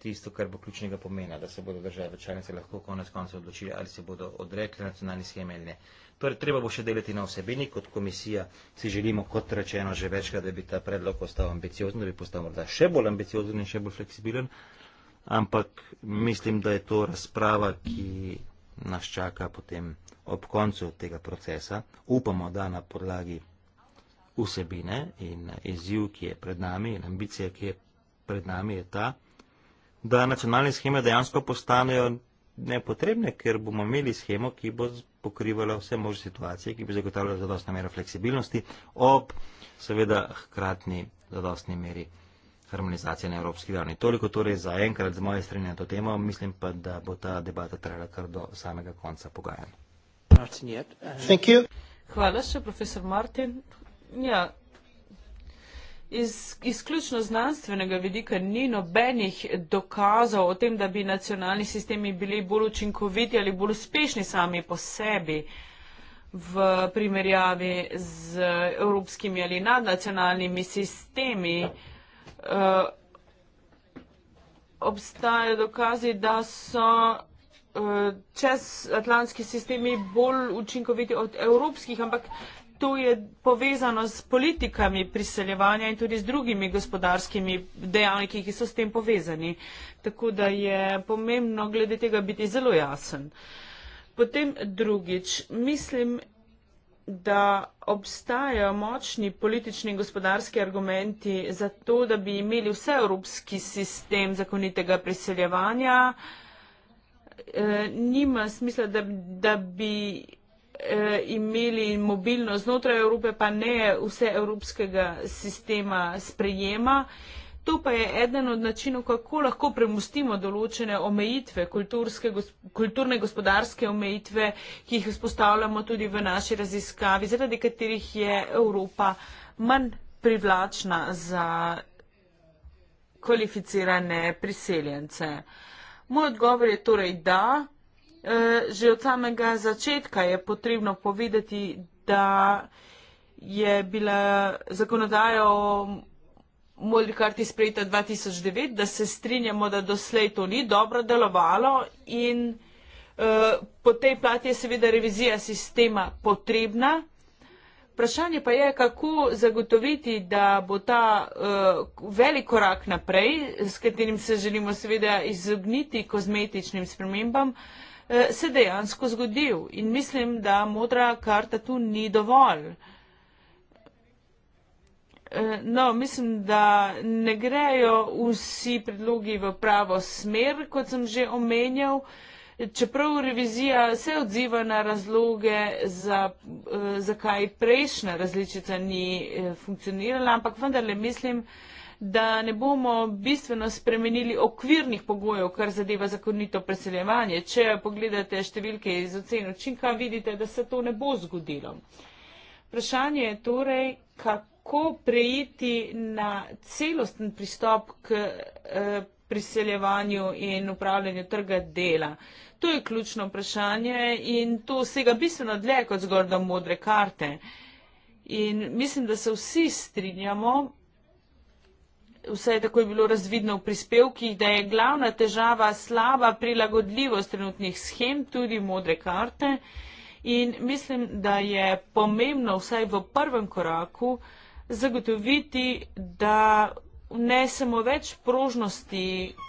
A: tisto, kar bo ključnega pomena, da se bodo države članice lahko konec koncev odločili, ali se bodo odrekli nacionalni scheme ali ne. Torej, treba bo še delati na osebini, kot komisija si želimo, kot rečeno, že večkrat, da bi ta predlog ostal ambiciozen, da bi postal morda še bolj ambiciozen in še bolj fleksibilen, ampak mislim, da je to razprava, ki nas čaka potem ob koncu tega procesa. Upamo, da na podlagi vsebine in izziv, ki je pred nami in ambicija, ki je pred nami, je ta, da nacionalne scheme dejansko postanejo nepotrebne, ker bomo imeli schemo, ki bo pokrivala vse možne situacije, ki bi zagotavljala zadostna mera fleksibilnosti, ob seveda hkratni zadostni meri harmonizacije na evropski ravni. Toliko torej za enkrat z moje strani na to temo, mislim pa, da bo ta debata trajala kar do samega konca pogajanja. Eh,
B: Hvala še, profesor Martin. Ja, Iz izključno znanstvenega vidika ni nobenih dokazov o tem, da bi nacionalni sistemi bili bolj učinkoviti ali bolj uspešni sami po sebi v primerjavi z evropskimi ali nadnacionalnimi sistemi. Uh, obstajajo dokazi, da so uh, eh, čez atlantski sistemi bolj učinkoviti od evropskih, ampak to je povezano s politikami priseljevanja in tudi z drugimi gospodarskimi dejavniki, ki so s tem povezani. Tako da je pomembno glede tega biti zelo jasen. Potem drugič, mislim, da obstajajo močni politični in gospodarski argumenti za to, da bi imeli vse evropski sistem zakonitega priseljevanja. E, nima smisla, da, da bi Eh, imeli mobilnost znotraj Evrope, pa ne vse evropskega sistema sprejema. To pa je eden od načinov, kako lahko premustimo določene omejitve, kulturske, kulturne, gospodarske omejitve, ki jih vzpostavljamo tudi v naši raziskavi, zaradi katerih je Evropa manj privlačna za kvalificirane priseljence. Moj odgovor je torej da, Eh, že od samega začetka je potrebno povedati, da je bila zakonodaja o modri karti sprejeta 2009, da se strinjamo, da doslej to ni dobro delovalo in eh, po tej plati je seveda revizija sistema potrebna. Vprašanje pa je, kako zagotoviti, da bo ta uh, velik korak naprej, s katerim se želimo seveda izogniti kozmetičnim spremembam, uh, Eh, se dejansko zgodil in mislim, da modra karta tu ni dovolj. Eh, no, mislim, da ne grejo vsi predlogi v pravo smer, kot sem že omenjal. Čeprav revizija se odziva na razloge, za, eh, zakaj prejšnja različica ni funkcionirala, ampak vendarle mislim, da ne bomo bistveno spremenili okvirnih pogojev, kar zadeva zakonito preseljevanje. Če pogledate številke iz ocen učinka, vidite, da se to ne bo zgodilo. Vprašanje je torej, kako prejeti na celosten pristop k eh, priseljevanju in upravljanju trga dela. To je ključno vprašanje in to vsega bistveno dlje kot zgorda modre karte. In mislim, da se vsi strinjamo, vse je tako je bilo razvidno v prispevkih, da je glavna težava slaba prilagodljivost trenutnih schem, tudi modre karte. In mislim, da je pomembno vsaj v prvem koraku zagotoviti, da vnesemo več prožnosti,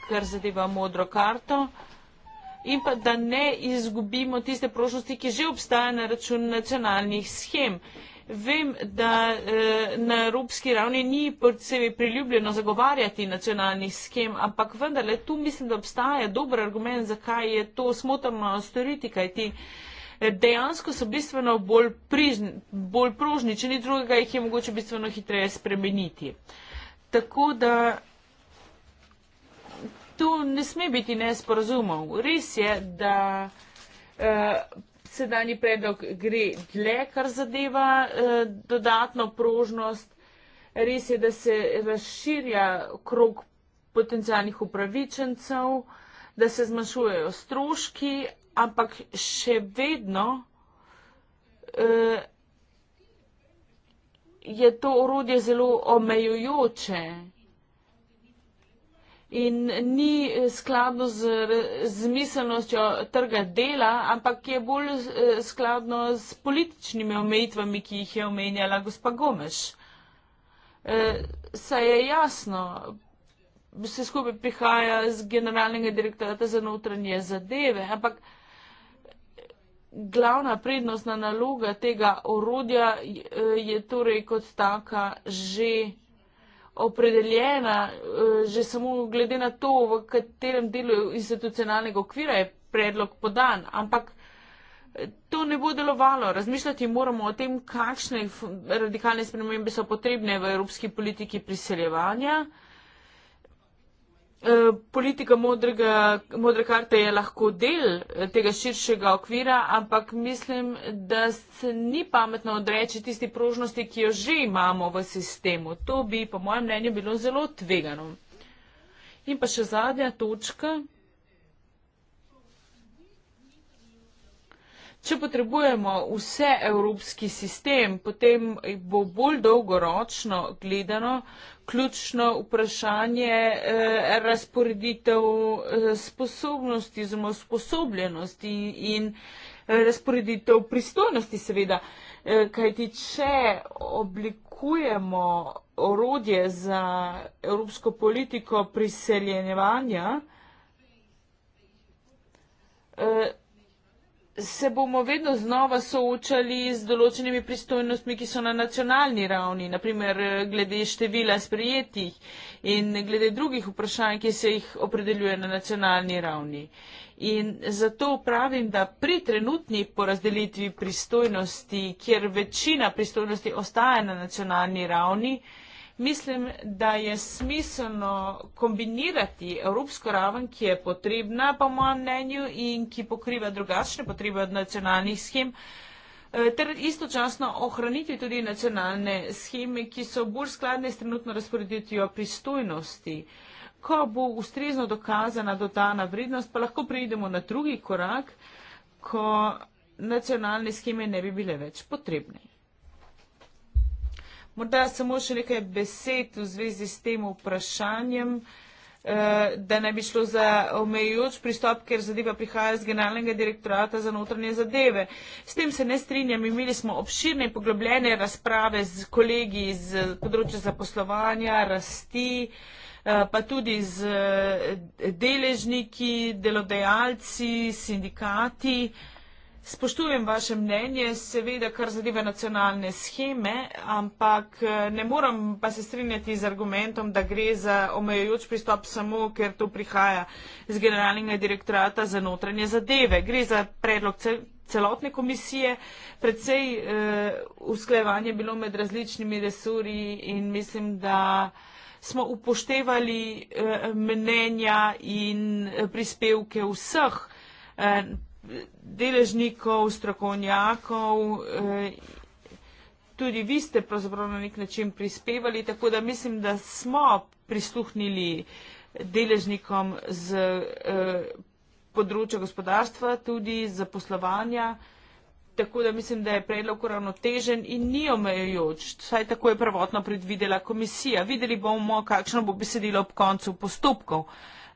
B: kar zadeva modro karto in pa da ne izgubimo tiste prožnosti, ki že obstaja na račun nacionalnih schem. Vem, da eh, na evropski ravni ni posebej priljubljeno zagovarjati nacionalnih skem, ampak vendarle tu mislim, da obstaja dober argument, zakaj je to smotrno storiti, kajti eh, dejansko so bistveno bolj, prižni, bolj prožni, če ni drugega, jih je mogoče bistveno hitreje spremeniti. Tako da tu ne sme biti nesporazumov. Res je, da. Eh, sedajni predlog gre dlje, kar zadeva eh, dodatno prožnost. Res je, da se razširja krog potencijalnih upravičencev, da se zmanjšujejo stroški, ampak še vedno eh, je to orodje zelo omejujoče in ni eh, skladno z, z miselnostjo trga dela, ampak je bolj eh, skladno s političnimi omejitvami, ki jih je omenjala gospa Gomeš. Eh, Se je jasno, vse skupaj prihaja z generalnega direktorata za notranje zadeve, ampak glavna prednostna naloga tega orodja je torej kot taka že opredeljena eh, že samo glede na to, v katerem delu institucionalnega okvira je predlog podan, ampak eh, to ne bo delovalo. Razmišljati moramo o tem, kakšne radikalne spremembe so potrebne v evropski politiki priseljevanja. Eh, politika modrega, modre karte je lahko del eh, tega širšega okvira, ampak mislim, da se ni pametno odreči tisti prožnosti, ki jo že imamo v sistemu. To bi, po mojem mnenju, bilo zelo tvegano. In pa še zadnja točka, Če potrebujemo vse evropski sistem, potem bo bolj dolgoročno gledano ključno vprašanje eh, razporeditev eh, sposobnosti, zelo sposobljenosti in eh, razporeditev pristojnosti, seveda. Eh, kajti, če oblikujemo orodje za evropsko politiko priseljenjevanja, eh, se bomo vedno znova soočali z določenimi pristojnostmi, ki so na nacionalni ravni, naprimer eh, glede števila sprijetih in glede drugih vprašanj, ki se jih opredeljuje na nacionalni ravni. In zato pravim, da pri trenutni porazdelitvi pristojnosti, kjer večina pristojnosti ostaja na nacionalni ravni, mislim, da je smiselno kombinirati evropsko raven, ki je potrebna, po mojem mnenju, in ki pokriva drugačne potrebe od nacionalnih schem, e, ter istočasno ohraniti tudi nacionalne scheme, ki so bolj skladne s trenutno razporeditvijo pristojnosti. Ko bo ustrezno dokazana dodana vrednost, pa lahko prejdemo na drugi korak, ko nacionalne scheme ne bi bile več potrebne. Morda samo še nekaj besed v zvezi s tem vprašanjem, eh, da ne bi šlo za omejujoč pristop, ker zadeva prihaja z Generalnega direktorata za notranje zadeve. S tem se ne strinjam. Imeli smo obširne in poglobljene razprave z kolegi iz eh, področja zaposlovanja, rasti, eh, pa tudi z deležniki, delodajalci, sindikati. Spoštujem vaše mnenje, seveda, kar zadeva nacionalne scheme, ampak eh, ne moram pa se strinjati z argumentom, da gre za omejujoč pristop samo, ker to prihaja z generalnega direktorata za notranje zadeve. Gre za predlog cel celotne komisije, predvsej eh, usklajevanje bilo med različnimi resuri in mislim, da smo upoštevali eh, mnenja in eh, prispevke vseh. Eh, deležnikov, strokovnjakov. Eh, tudi vi ste pravzaprav na nek način prispevali, tako da mislim, da smo prisluhnili deležnikom z eh, področja gospodarstva, tudi zaposlovanja. Tako da mislim, da je predlog uravnotežen in ni omejujoč. Vsaj tako je prvotno predvidela komisija. Videli bomo, kakšno bo besedilo ob koncu postopkov.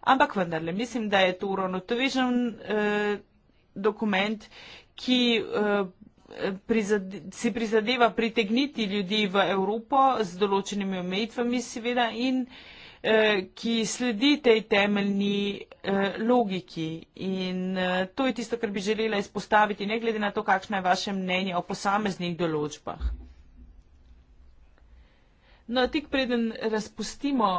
B: Ampak vendarle, mislim, da je to uravnotežen. Eh, dokument, ki eh, si prizadeva pritegniti ljudi v Evropo z določenimi omejitvami seveda in eh, ki sledi tej temeljni eh, logiki. In to je tisto, kar bi želela izpostaviti, ne glede na to, kakšno je vaše mnenje o posameznih določbah. No, tik preden razpustimo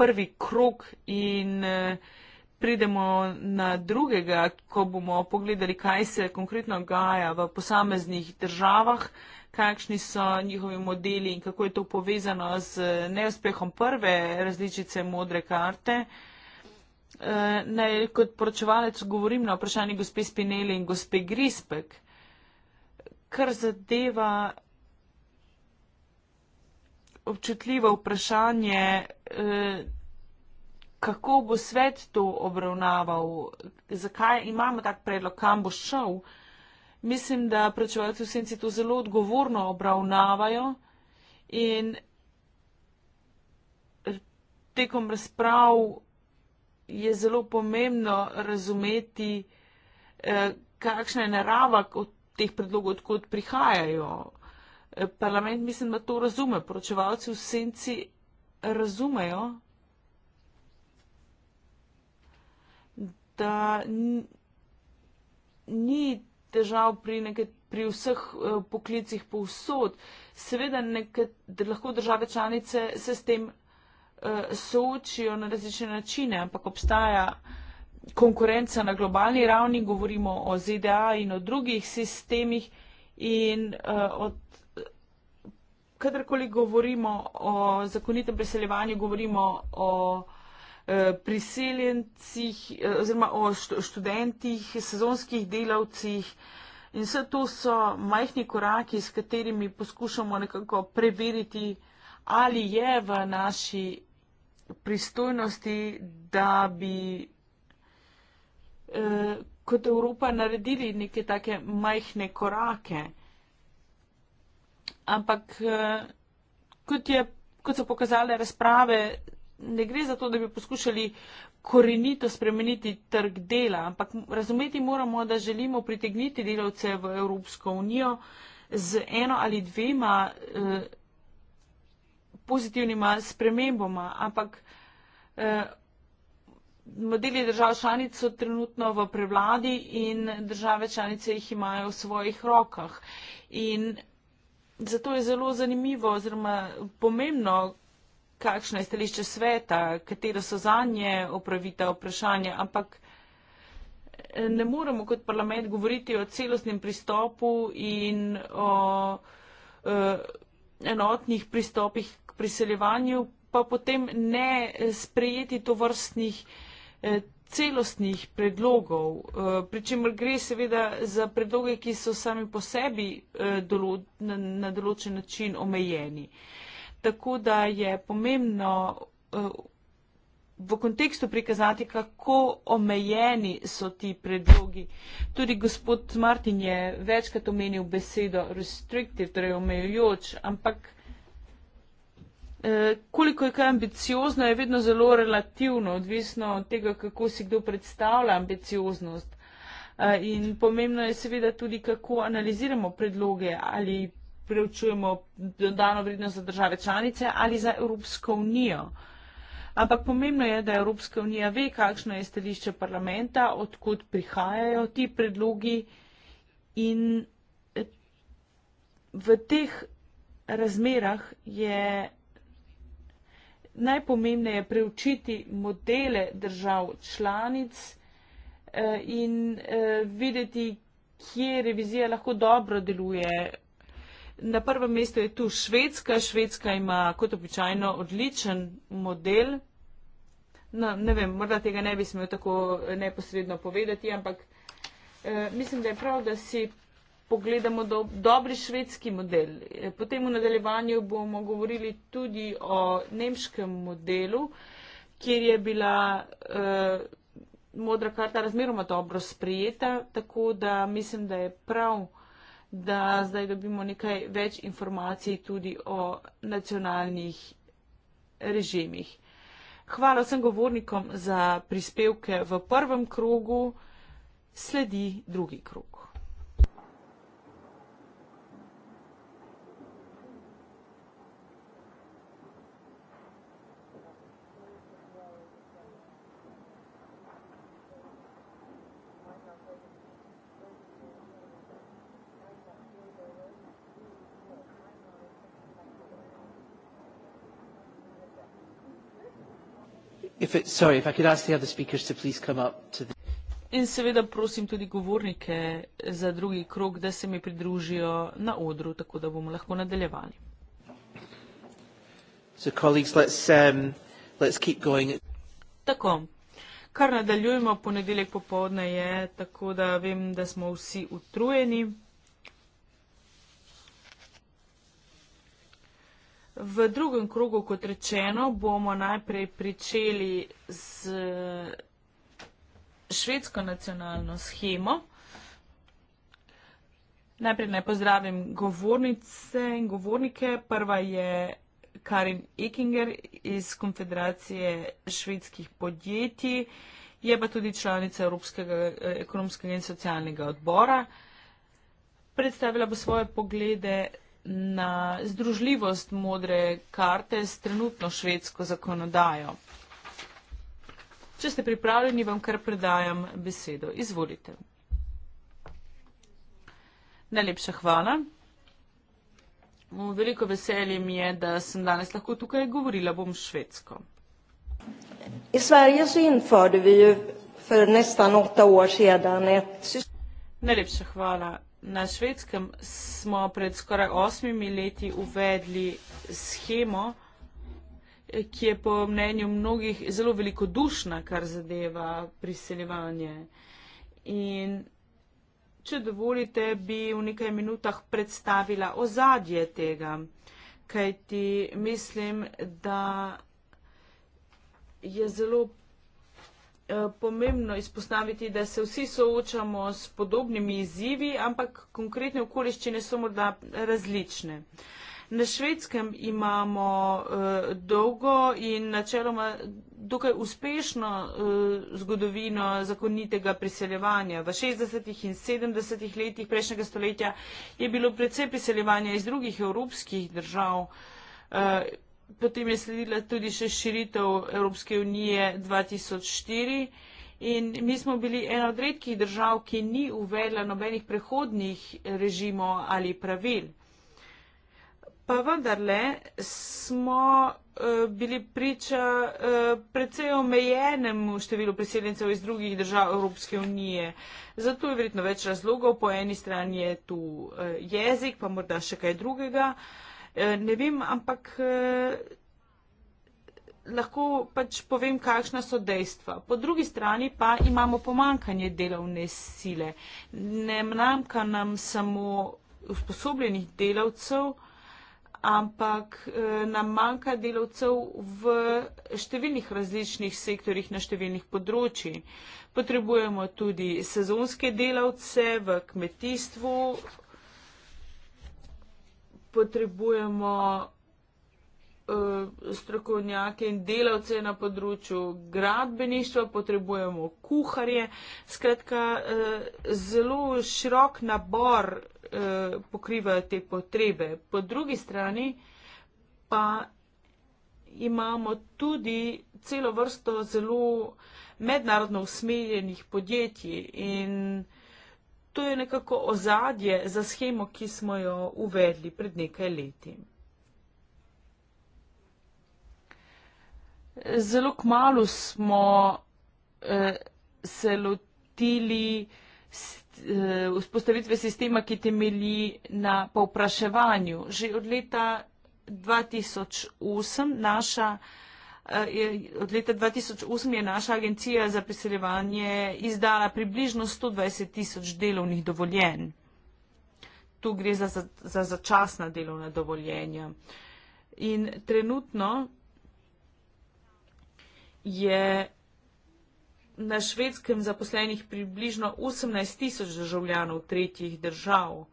B: prvi krok in razpustimo, pridemo na drugega, ko bomo pogledali, kaj se konkretno gaja v posameznih državah, kakšni so njihovi modeli in kako je to povezano z neuspehom prve različice modre karte. Eh, naj kot poročevalec govorim na vprašanje gospe Spinelli in gospe Grispek, kar zadeva občutljivo vprašanje. Eh, kako bo svet to obravnaval, zakaj imamo tak predlog, kam bo šel. Mislim, da prečevalci v senci to zelo odgovorno obravnavajo in tekom razprav je zelo pomembno razumeti, eh, kakšna je narava od teh predlogov, odkot prihajajo. Eh, parlament mislim, da to razume, poročevalci v senci razumejo, da ni težav pri, nekaj, pri vseh eh, poklicih povsod. Seveda nekaj, da lahko države članice se s tem eh, soočijo na različne načine, ampak obstaja konkurenca na globalni ravni, govorimo o ZDA in o drugih sistemih in eh, od, kadarkoli govorimo o zakonitem preseljevanju, govorimo o Eh, priseljencih eh, oziroma o študentih, sezonskih delavcih. In vse to so majhni koraki, s katerimi poskušamo nekako preveriti, ali je v naši pristojnosti, da bi eh, kot Evropa naredili neke take majhne korake. Ampak kot, je, kot so pokazale razprave, ne gre za to, da bi poskušali korenito spremeniti trg dela, ampak razumeti moramo, da želimo pritegniti delavce v Evropsko unijo z eno ali dvema eh, pozitivnima spremembama, ampak eh, modeli držav članic so trenutno v prevladi in države članice jih imajo v svojih rokah. In zato je zelo zanimivo oziroma pomembno, kakšno je stališče sveta, katero so zanje opravita vprašanja, ampak eh, ne moremo kot parlament govoriti o celostnem pristopu in o eh, enotnih pristopih k priseljevanju, pa potem ne sprejeti to vrstnih eh, celostnih predlogov, pričemer gre seveda za predloge, ki so sami po sebi na določen način omejeni tako da je pomembno eh, v kontekstu prikazati, kako omejeni so ti predlogi. Tudi gospod Martin je večkrat omenil besedo restrictive, torej omejujoč, ampak eh, koliko je kaj ambiciozno, je vedno zelo relativno, odvisno od tega, kako si kdo predstavlja ambicioznost. Eh, in pomembno je seveda tudi, kako analiziramo predloge ali preučujemo dodano vrednost za države članice ali za Evropsko unijo. Ampak pomembno je, da Evropska unija ve, kakšno je stališče parlamenta, odkud prihajajo ti predlogi in eh, v teh razmerah je najpomembneje preučiti modele držav članic eh, in eh, videti, kje revizija lahko dobro deluje Na prvem mestu je tu Švedska. Švedska ima kot običajno odličen model. No, ne vem, morda tega ne bi smel tako eh, neposredno povedati, ampak eh, mislim, da je prav, da si pogledamo do, dobri švedski model. Eh, Potem v nadaljevanju bomo govorili tudi o nemškem modelu, kjer je bila eh, modra karta razmeroma dobro sprijeta, tako da mislim, da je prav da zdaj dobimo nekaj več informacij tudi o nacionalnih režimih. Hvala vsem govornikom za prispevke v prvem krogu, sledi drugi krog. In seveda prosim tudi govornike za drugi krok, da se mi pridružijo na odru, tako da bomo lahko nadaljevali. Um, tako, kar nadaljujemo, ponedeljek popovdne je, tako da vem, da smo vsi utrujeni. V drugem krogu, kot rečeno, bomo najprej pričeli z švedsko nacionalno schemo. Najprej naj pozdravim govornice in govornike. Prva je Karin Ekinger iz Konfederacije švedskih podjetij, je pa tudi članica Evropskega ekonomskega in socialnega odbora. Predstavila bo svoje poglede na združljivost modre karte s trenutno švedsko zakonodajo. Če ste pripravljeni, vam kar predajam besedo. Izvolite. Najlepša hvala. Veliko veselje mi je, da sem danes lahko tukaj govorila bom švedsko. Najlepša hvala. Na švedskem smo pred skoraj osmimi leti uvedli schemo, ki je po mnenju mnogih zelo velikodušna, kar zadeva priseljevanje. In če dovolite, bi v nekaj minutah predstavila ozadje tega, kajti mislim, da je zelo Eh, pomembno izpostaviti, da se vsi soočamo s podobnimi izzivi, ampak konkretne okoliščine so morda različne. Na švedskem imamo uh, dolgo in načeloma dokaj uspešno uh, zgodovino zakonitega priseljevanja. V 60-ih in 70-ih letih prejšnjega stoletja je bilo predvsej priseljevanja iz drugih evropskih držav. Uh, potem je sledila tudi še širitev Evropske unije 2004 in mi smo bili ena od redkih držav, ki ni uvedla nobenih prehodnih režimov ali pravil. Pa vendarle smo eh, bili priča eh, precej omejenemu številu priseljencev iz drugih držav Evropske unije. Zato je verjetno več razlogov. Po eni strani je tu eh, jezik, pa morda še kaj drugega. Eh, ne vem, ampak eh, lahko pač povem, kakšna so dejstva. Po drugi strani pa imamo pomankanje delovne sile. Ne manjka nam samo usposobljenih delavcev, ampak eh, nam manjka delavcev v številnih različnih sektorjih na številnih področjih. Potrebujemo tudi sezonske delavce v kmetijstvu, potrebujemo uh, strokovnjake in delavce na področju gradbeništva, potrebujemo kuharje. Skratka, uh, zelo širok nabor uh, pokrivajo te potrebe. Po drugi strani pa imamo tudi celo vrsto zelo mednarodno usmerjenih podjetij in uh, To je nekako ozadje za schemo, ki smo jo uvedli pred nekaj leti. Zelo k malu smo eh, se lotili eh, vzpostavitve sistema, ki temelji na povpraševanju. Že od leta 2008 naša je od leta 2008 je naša agencija za priseljevanje izdala približno 120 tisoč delovnih dovoljenj. Tu gre za, za, za začasna delovna dovoljenja. In trenutno je na švedskem zaposlenih približno 18 tisoč državljanov tretjih držav.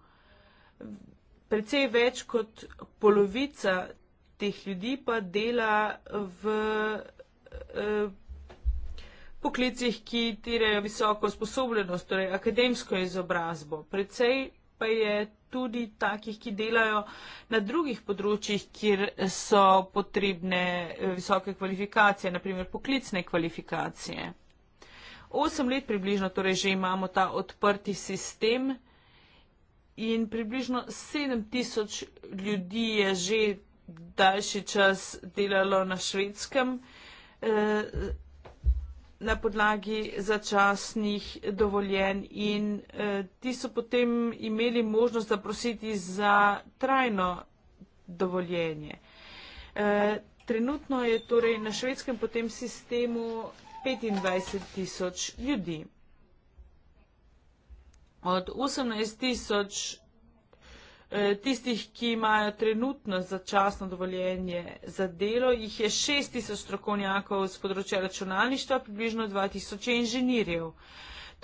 B: Predvsej več kot polovica teh ljudi pa dela v eh, poklicih, ki tirejo visoko sposobljenost, torej akademsko izobrazbo. Predvsej pa je tudi takih, ki delajo na drugih področjih, kjer so potrebne eh, visoke kvalifikacije, naprimer poklicne kvalifikacije. Osem let približno torej že imamo ta odprti sistem in približno 7 tisoč ljudi je že daljši čas delalo na švedskem eh, na podlagi začasnih dovoljen in eh, ti so potem imeli možnost zaprositi za trajno dovoljenje. Eh, trenutno je torej na švedskem potem sistemu 25 tisoč ljudi. Od 18 tisoč ljudi Eh, tistih, ki imajo trenutno začasno dovoljenje za delo, jih je 6000 strokovnjakov z področja računalništva, približno 2000 inženirjev.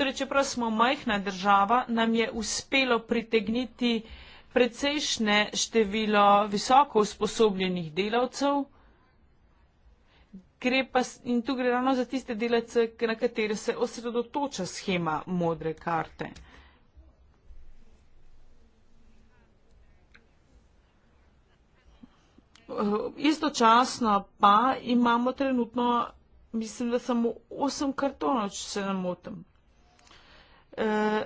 B: Torej, čeprav smo majhna država, nam je uspelo pritegniti precejšnje število visoko usposobljenih delavcev. Gre pa, in tu gre ravno za tiste delavce, na katere se osredotoča schema modre karte. istočasno pa imamo trenutno, mislim, da samo 8 kartonov, če se ne motim. E,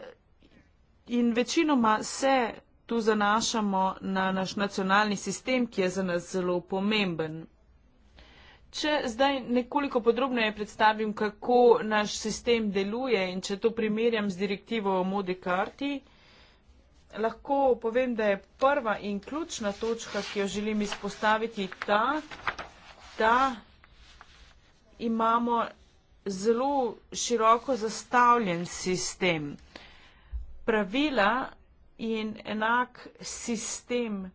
B: in večinoma se tu zanašamo na naš nacionalni sistem, ki je za nas zelo pomemben. Če zdaj nekoliko podrobneje predstavim, kako naš sistem deluje in če to primerjam z direktivo o modi karti, lahko povem, da je prva in ključna točka, ki jo želim izpostaviti, ta, da imamo zelo široko zastavljen sistem. Pravila in enak sistem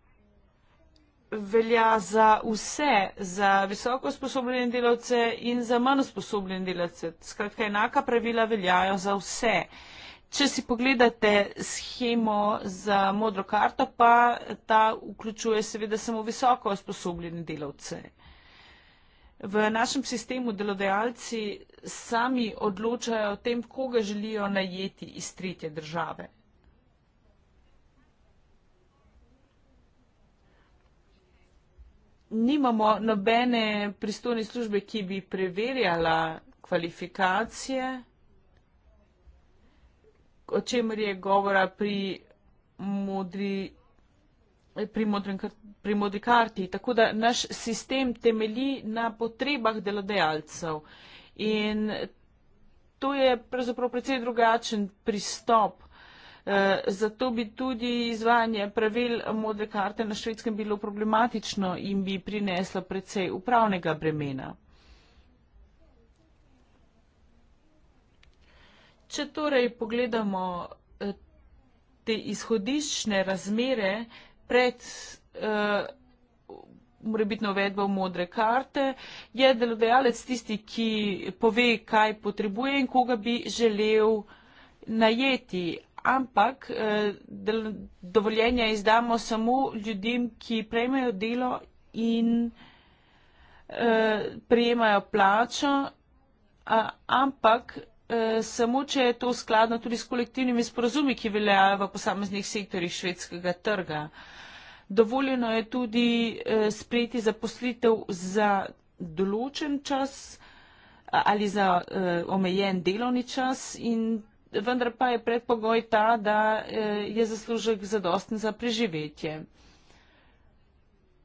B: velja za vse, za visoko sposobljene delavce in za manj sposobljene delavce. Skratka, enaka pravila veljajo za vse. Uh, če si pogledate schemo za modro karto, pa ta vključuje seveda samo visoko osposobljene delavce. V našem sistemu delodajalci sami odločajo o tem, koga želijo najeti iz tretje države. Nimamo nobene pristojne službe, ki bi preverjala kvalifikacije o čemer je govora pri modri. Pri, modrem, pri modri karti. Tako da naš sistem temelji na potrebah delodajalcev. In to je pravzaprav precej drugačen pristop. Eh, zato bi tudi izvajanje pravil modre karte na švedskem bilo problematično in bi prineslo precej upravnega bremena. če torej pogledamo eh, te izhodiščne razmere pred eh, morebitno uvedbo modre karte, je delodajalec tisti, ki pove, kaj potrebuje in koga bi želel najeti. Ampak eh, dovoljenja izdamo samo ljudem, ki prejmejo delo in prejemajo plačo, ampak Eh, samo če je to skladno tudi s kolektivnimi sporozumi, ki veljajo v posameznih sektorjih švedskega trga. Dovoljeno je tudi eh, sprejeti zaposlitev za določen čas ali za eh, omejen delovni čas, vendar pa je predpogoj ta, da je zaslužek zadosten za preživetje.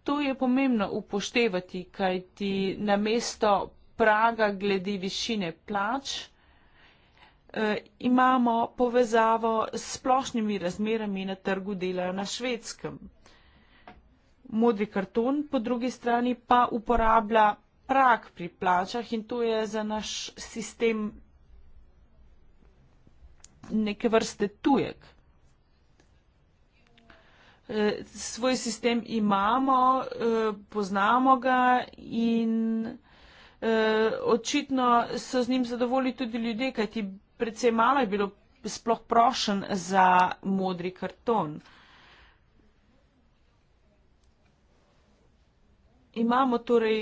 B: To je pomembno upoštevati, kaj ti na mesto praga glede višine plač, eh, imamo povezavo s splošnimi razmerami na trgu dela na švedskem. Modri karton po drugi strani pa uporablja prak pri plačah in to je za naš sistem neke vrste tujek. E, svoj sistem imamo, e, poznamo ga in e, očitno so z njim zadovoljni tudi ljudje, kajti precej malo je bilo sploh prošen za modri karton. Imamo torej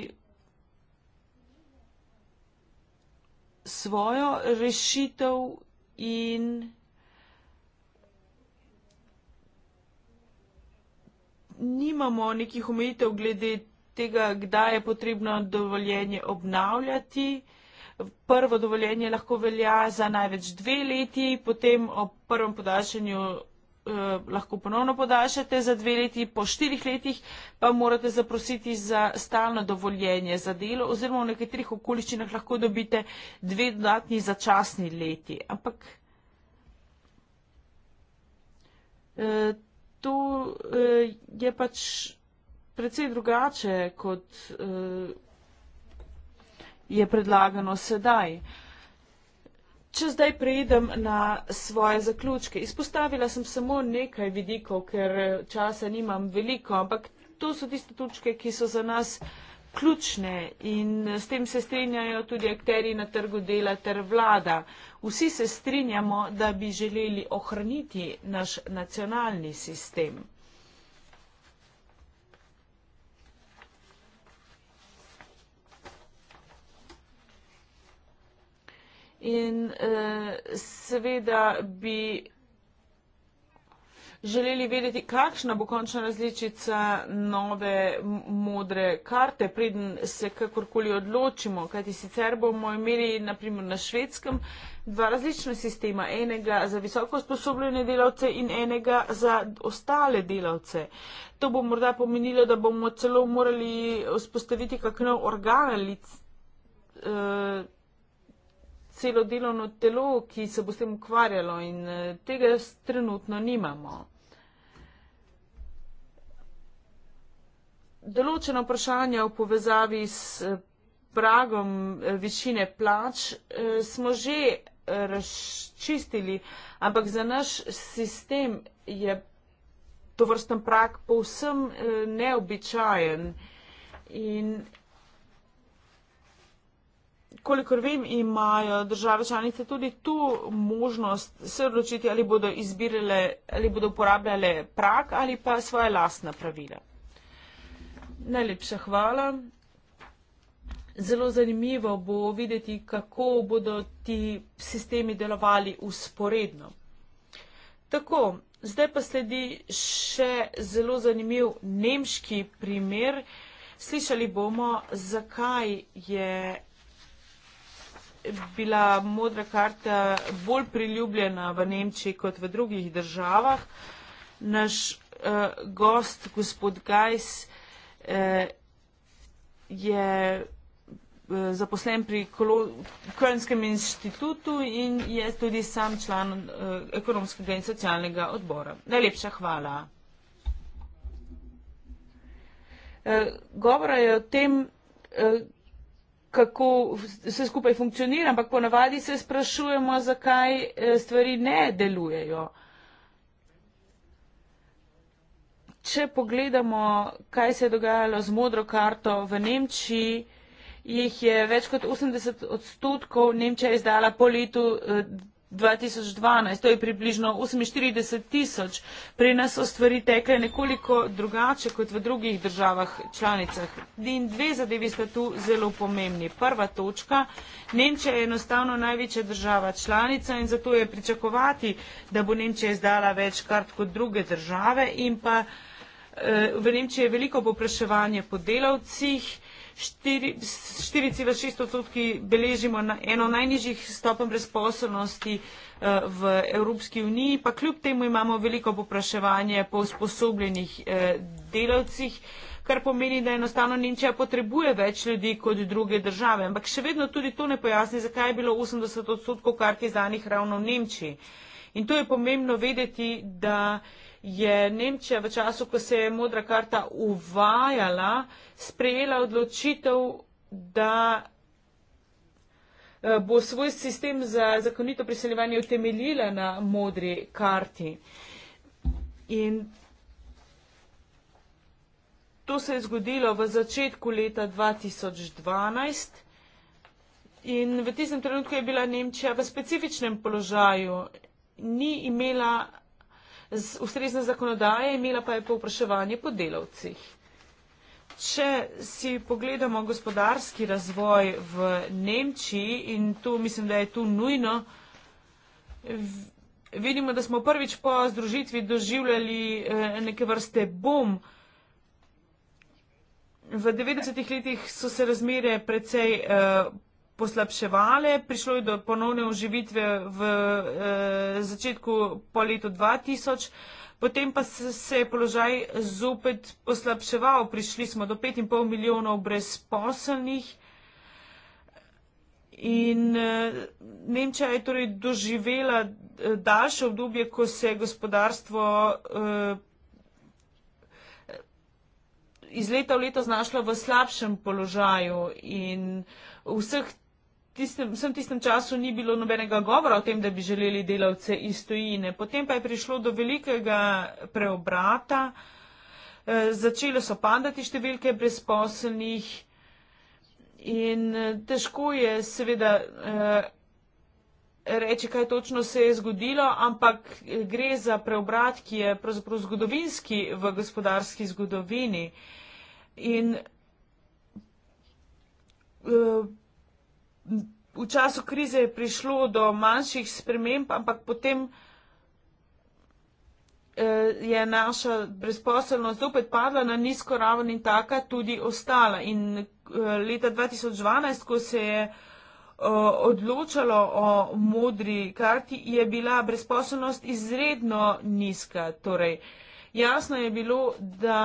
B: svojo rešitev in nimamo nekih omejitev glede tega, kdaj je potrebno dovoljenje obnavljati prvo dovoljenje lahko velja za največ dve leti, potem ob prvem podaljšanju eh, lahko ponovno podaljšate za dve leti, po štirih letih pa morate zaprositi za stalno dovoljenje za delo oziroma v nekaterih okoliščinah lahko dobite dve dodatni začasni leti. Ampak eh, to eh, je pač precej drugače kot je predlagano sedaj. Če zdaj preidem na svoje zaključke, izpostavila sem samo nekaj vidikov, ker časa nimam veliko, ampak to so tiste točke, ki so za nas ključne in s tem se strinjajo tudi akteri na trgu dela ter vlada. Vsi se strinjamo, da bi želeli ohraniti naš nacionalni sistem. In eh, seveda bi želeli vedeti, kakšna bo končna različica nove modre karte, preden se kakorkoli odločimo, kajti sicer bomo imeli naprimer na švedskem dva različna sistema, enega za visoko sposobljene delavce in enega za ostale delavce. To bo morda pomenilo, da bomo celo morali vzpostaviti kakšno organ ali uh, eh, celo delovno telo, ki se bo s tem ukvarjalo in eh, tega trenutno nimamo. Določena vprašanja v povezavi s eh, pragom eh, višine plač smo že razčistili, ampak za naš sistem je to vrsten prag povsem neobičajen. In kolikor vem, imajo države članice tudi tu možnost se odločiti, ali bodo izbirale, ali bodo uporabljale prak ali pa svoje lastne pravile. Najlepša hvala. Zelo zanimivo bo videti, kako bodo ti sistemi delovali usporedno. Tako, zdaj pa sledi še zelo zanimiv nemški primer. Slišali bomo, zakaj je bila modra karta bolj priljubljena v Nemčiji kot v drugih državah. Naš uh, gost, gospod Gajs, eh, je eh, zaposlen pri Kölnskem inštitutu in je tudi sam član eh, ekonomskega in socialnega odbora. Najlepša hvala. Eh, govora je o tem, eh, kako vse skupaj funkcionira, ampak ponavadi se sprašujemo, zakaj eh, stvari ne delujejo. Če pogledamo, kaj se je dogajalo z modro karto v Nemčiji, jih je več kot 80 odstotkov Nemčija izdala po letu eh, 2012, to je približno 48 tisoč. Pri nas so stvari tekle nekoliko drugače kot v drugih državah članicah. In dve zadevi sta tu zelo pomembni. Prva točka, Nemčija je enostavno največja država članica in zato je pričakovati, da bo Nemčija izdala več kart kot druge države in pa eh, v Nemčiji je veliko popraševanje po delavcih. 4,6 odstotki beležimo na eno najnižjih stopen brezposobnosti eh, v Evropski uniji, pa kljub temu imamo veliko popraševanje po usposobljenih eh, delavcih, kar pomeni, da enostavno Nemčija potrebuje več ljudi kot druge države. Ampak še vedno tudi to ne pojasni, zakaj je bilo 80 odstotkov kark izdanih ravno v Nemčiji. In to je pomembno vedeti, da je Nemčija v času, ko se je modra karta uvajala, sprejela odločitev, da eh, bo svoj sistem za zakonito priseljevanje utemeljila na modri karti. In to se je zgodilo v začetku leta 2012 in v tistem trenutku je bila Nemčija v specifičnem položaju, ni imela ustrezne zakonodaje, imela pa je povpraševanje po delavcih. Če si pogledamo gospodarski razvoj v Nemčiji in tu mislim, da je tu nujno, vidimo, da smo prvič po združitvi doživljali eh, neke vrste bom. V 90-ih letih so se razmere precej uh, poslabševale, prišlo je do ponovne oživitve v eh, začetku po letu 2000, potem pa se je položaj zopet poslabševal, prišli smo do 5,5 milijonov brezposelnih in eh, Nemčija je torej doživela eh, daljše obdobje, ko se je gospodarstvo eh, iz leta v leto znašlo v slabšem položaju in v vseh tistem, vsem tistem času ni bilo nobenega govora o tem, da bi želeli delavce iz tojine. Potem pa je prišlo do velikega preobrata, eh, začele so padati številke brezposelnih in eh, težko je seveda eh, reči, kaj točno se je zgodilo, ampak gre za preobrat, ki je pravzaprav zgodovinski v gospodarski zgodovini. In, v času krize je prišlo do manjših sprememb, ampak potem eh, je naša brezposelnost zopet padla na nizko raven in taka tudi ostala. In eh, leta 2012, ko se je eh, odločalo o modri karti, je bila brezposelnost izredno nizka. Torej, jasno je bilo, da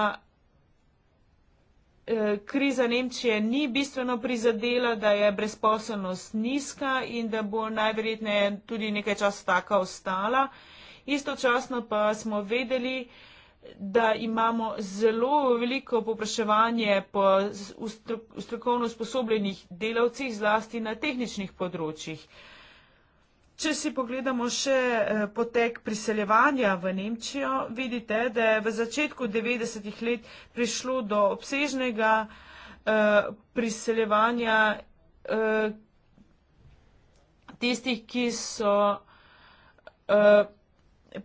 B: Eh, kriza Nemčije ni bistveno prizadela, da je brezposelnost nizka in da bo najverjetneje tudi nekaj časa taka ostala. Istočasno pa smo vedeli, da imamo zelo veliko popraševanje po strokovno usposobljenih delavcih, zlasti na tehničnih področjih. Če si pogledamo še eh, potek priseljevanja v Nemčijo, vidite, da je v začetku 90-ih let prišlo do obsežnega eh, priseljevanja eh, tistih, ki so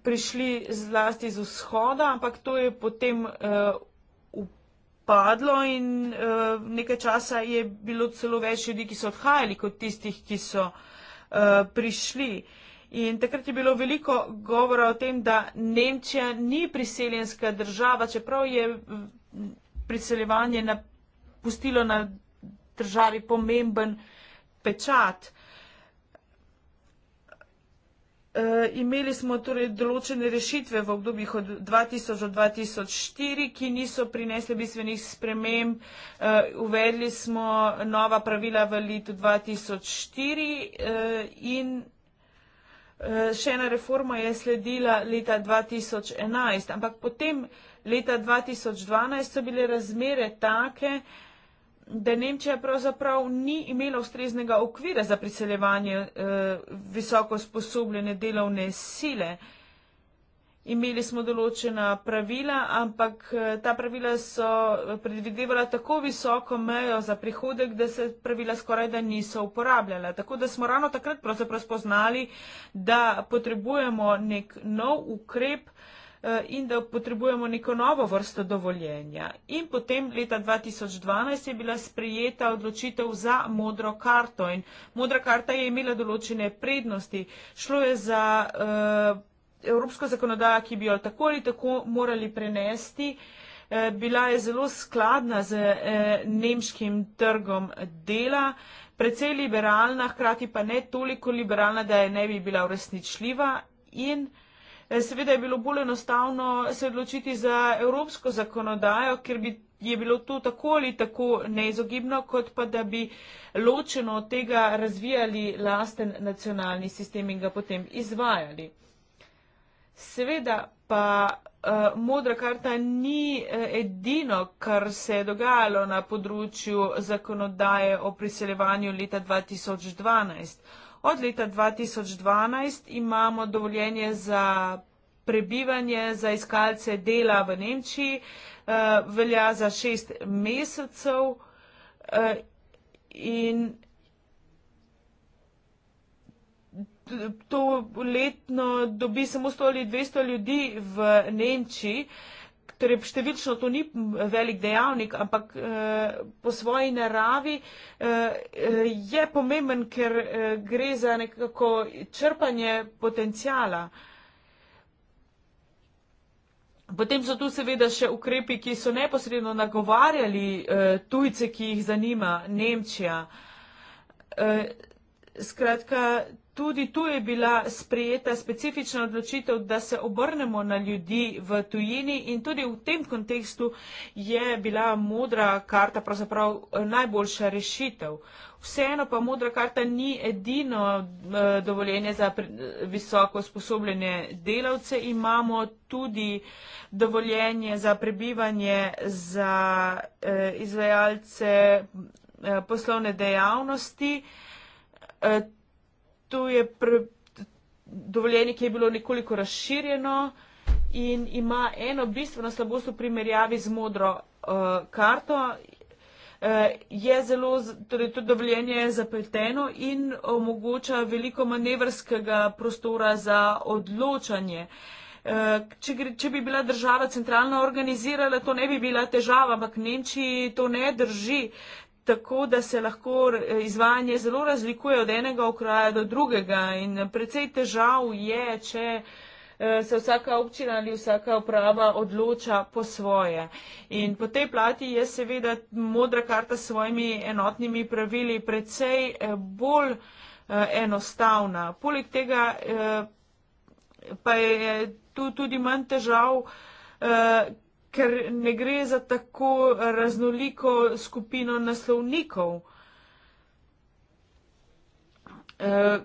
B: prišli zlasti iz vzhoda, ampak to je potem upadlo in nekaj časa je bilo celo več ljudi, ki so odhajali kot tistih, ki so prišli. Eh, prišli. In takrat je bilo veliko govora o tem, da Nemčija ni priseljenska država, čeprav je mm, priseljevanje napustilo na državi pomemben pečat. Uh, Uh, imeli smo torej določene rešitve v obdobjih od 2000 do 2004, ki niso prinesle bistvenih sprememb. Uh, uvedli smo nova pravila v letu 2004 uh, eh, in uh, še ena reforma je sledila leta 2011. Ampak potem leta 2012 so bile razmere take, uh, da Nemčija pravzaprav ni imela ustreznega okvira za priseljevanje eh, visoko sposobljene delovne sile. Imeli smo določena pravila, ampak eh, ta pravila so eh, predvidevala tako visoko mejo za prihodek, da se pravila skoraj da niso uporabljala. Tako da smo ravno takrat pravzaprav spoznali, da potrebujemo nek nov ukrep. Eh, Eh, in da potrebujemo neko novo vrsto dovoljenja. In potem leta 2012 je bila sprejeta odločitev za modro karto in modra karta je imela določene prednosti. Šlo je za uh, evropsko zakonodajo, ki bi jo tako ali tako morali prenesti. Eh, bila je zelo skladna z eh, nemškim trgom dela, precej liberalna, hkrati pa ne toliko liberalna, da je ne bi bila uresničljiva in Seveda je bilo bolj enostavno se odločiti za evropsko zakonodajo, ker bi je bilo to tako ali tako neizogibno, kot pa da bi ločeno od tega razvijali lasten nacionalni sistem in ga potem izvajali. Seveda pa uh, modra karta ni uh, edino, kar se je dogajalo na področju zakonodaje o priseljevanju leta 2012. Od leta 2012 imamo dovoljenje za prebivanje za iskalce dela v Nemčiji, eh, velja za šest mesecev eh, in to letno dobi samo 100 ali 200 ljudi v Nemčiji. Torej, številčno to ni velik dejavnik, ampak eh, po svoji naravi eh, je pomemben, ker eh, gre za nekako črpanje potencijala. Potem so tu seveda še ukrepi, ki so neposredno nagovarjali tujce, ki jih zanima Nemčija. Skratka, Tudi tu je bila sprejeta specifična odločitev, da se obrnemo na ljudi v tujini in tudi v tem kontekstu je bila modra karta pravzaprav eh, najboljša rešitev. Vseeno pa modra karta ni edino eh, dovoljenje za visoko sposobljene delavce. Imamo tudi dovoljenje za prebivanje za eh, izvajalce poslovne dejavnosti to je pre, dovoljenje, ki je bilo nekoliko razširjeno in ima eno bistveno slabost v primerjavi z modro uh, karto. Eh, je zelo, torej to dovoljenje je zapleteno in omogoča veliko manevrskega prostora za odločanje. Eh, če, gre, če bi bila država centralno organizirala, to ne bi bila težava, ampak Nemčiji to ne drži tako, da se lahko eh, izvajanje zelo razlikuje od enega okraja do drugega in precej težav je, če eh, se vsaka občina ali vsaka uprava odloča po svoje. In po tej plati je seveda modra karta s svojimi enotnimi pravili precej eh, bolj enostavna. Poleg tega pa je tu tudi manj težav, ker ne gre za tako raznoliko skupino naslovnikov. Eh,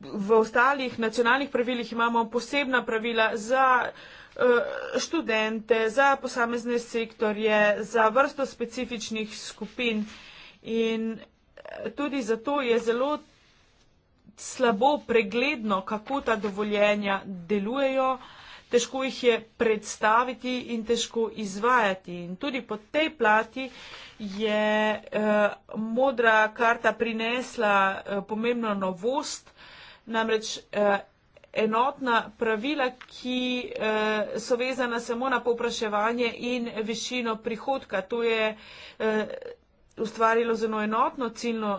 B: v ostalih nacionalnih pravilih imamo posebna pravila za eh, študente, za posamezne sektorje, za vrsto specifičnih skupin in eh, tudi zato je zelo slabo pregledno, kako ta dovoljenja delujejo težko jih je predstaviti in težko izvajati. In tudi po tej plati je eh, modra karta prinesla eh, pomembno novost, namreč eh, enotna pravila, ki eh, so vezana samo na popraševanje in višino prihodka. To je eh, ustvarilo zelo enotno ciljno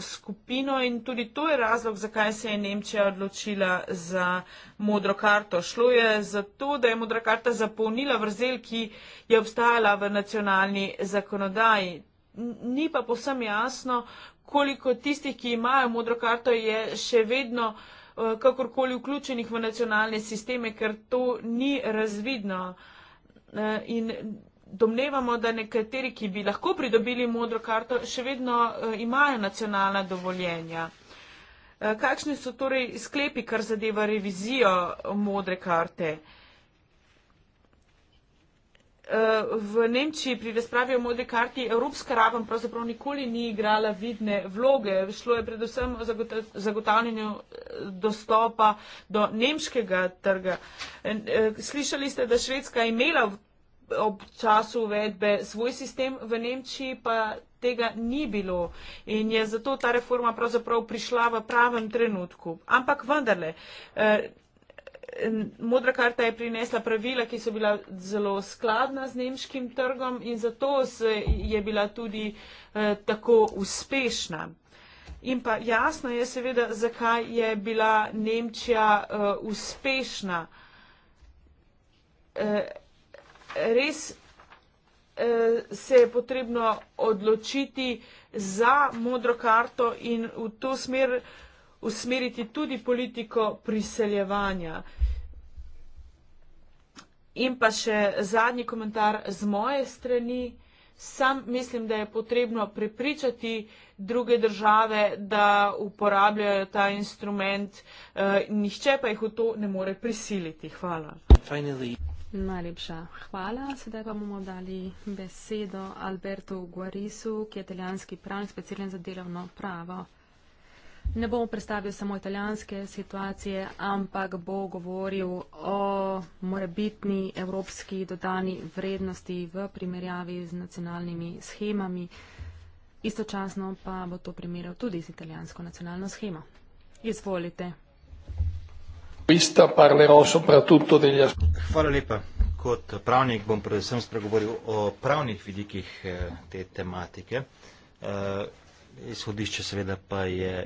B: skupino in tudi to je razlog, zakaj se je Nemčija odločila za modro karto. Šlo je za to, da je modra karta zapolnila vrzel, ki je obstajala v nacionalni zakonodaji. Ni pa posem jasno, koliko tistih, ki imajo modro karto, je še vedno eh, kakorkoli vključenih v nacionalne sisteme, ker to ni razvidno. Eh, in domnevamo, da nekateri, ki bi lahko pridobili modro karto, še vedno uh, imajo nacionalna dovoljenja. Uh, kakšni so torej sklepi, kar zadeva revizijo eh, modre karte? V Nemčiji pri razpravi o modri karti evropska raven pravzaprav nikoli ni igrala vidne vloge. Šlo je predvsem o zagotavljanju dostopa do nemškega trga. Slišali ste, da Švedska je imela ob času uvedbe svoj sistem, v Nemčiji pa tega ni bilo in je zato ta reforma pravzaprav prišla v pravem trenutku. Ampak vendarle, eh, modra karta je prinesla pravila, ki so bila zelo skladna z nemškim trgom in zato je bila tudi eh, tako uspešna. In pa jasno je seveda, zakaj je bila Nemčija uh, uspešna. Uh, res eh, se je potrebno odločiti za modro karto in v to smer usmeriti tudi politiko priseljevanja. In pa še zadnji komentar z moje strani. Sam mislim, da je potrebno prepričati druge države, da uporabljajo ta instrument.
C: Eh, nihče pa jih v to ne more prisiliti. Hvala. Finally. Najlepša hvala. Sedaj pa bomo dali besedo Albertu Guarisu, ki je italijanski pravnik, specializiran za delovno pravo. Ne bom predstavil samo italijanske situacije, ampak bo govoril o morebitni evropski dodani vrednosti v primerjavi z nacionalnimi schemami. Istočasno pa bo to primerjal tudi z italijansko nacionalno schemo. Izvolite.
A: Ista parlerò soprattutto degli aspetti. Hvala lepa. Kot pravnik bom predvsem spregovoril o pravnih vidikih eh, te tematike. Eh, izhodišče seveda pa je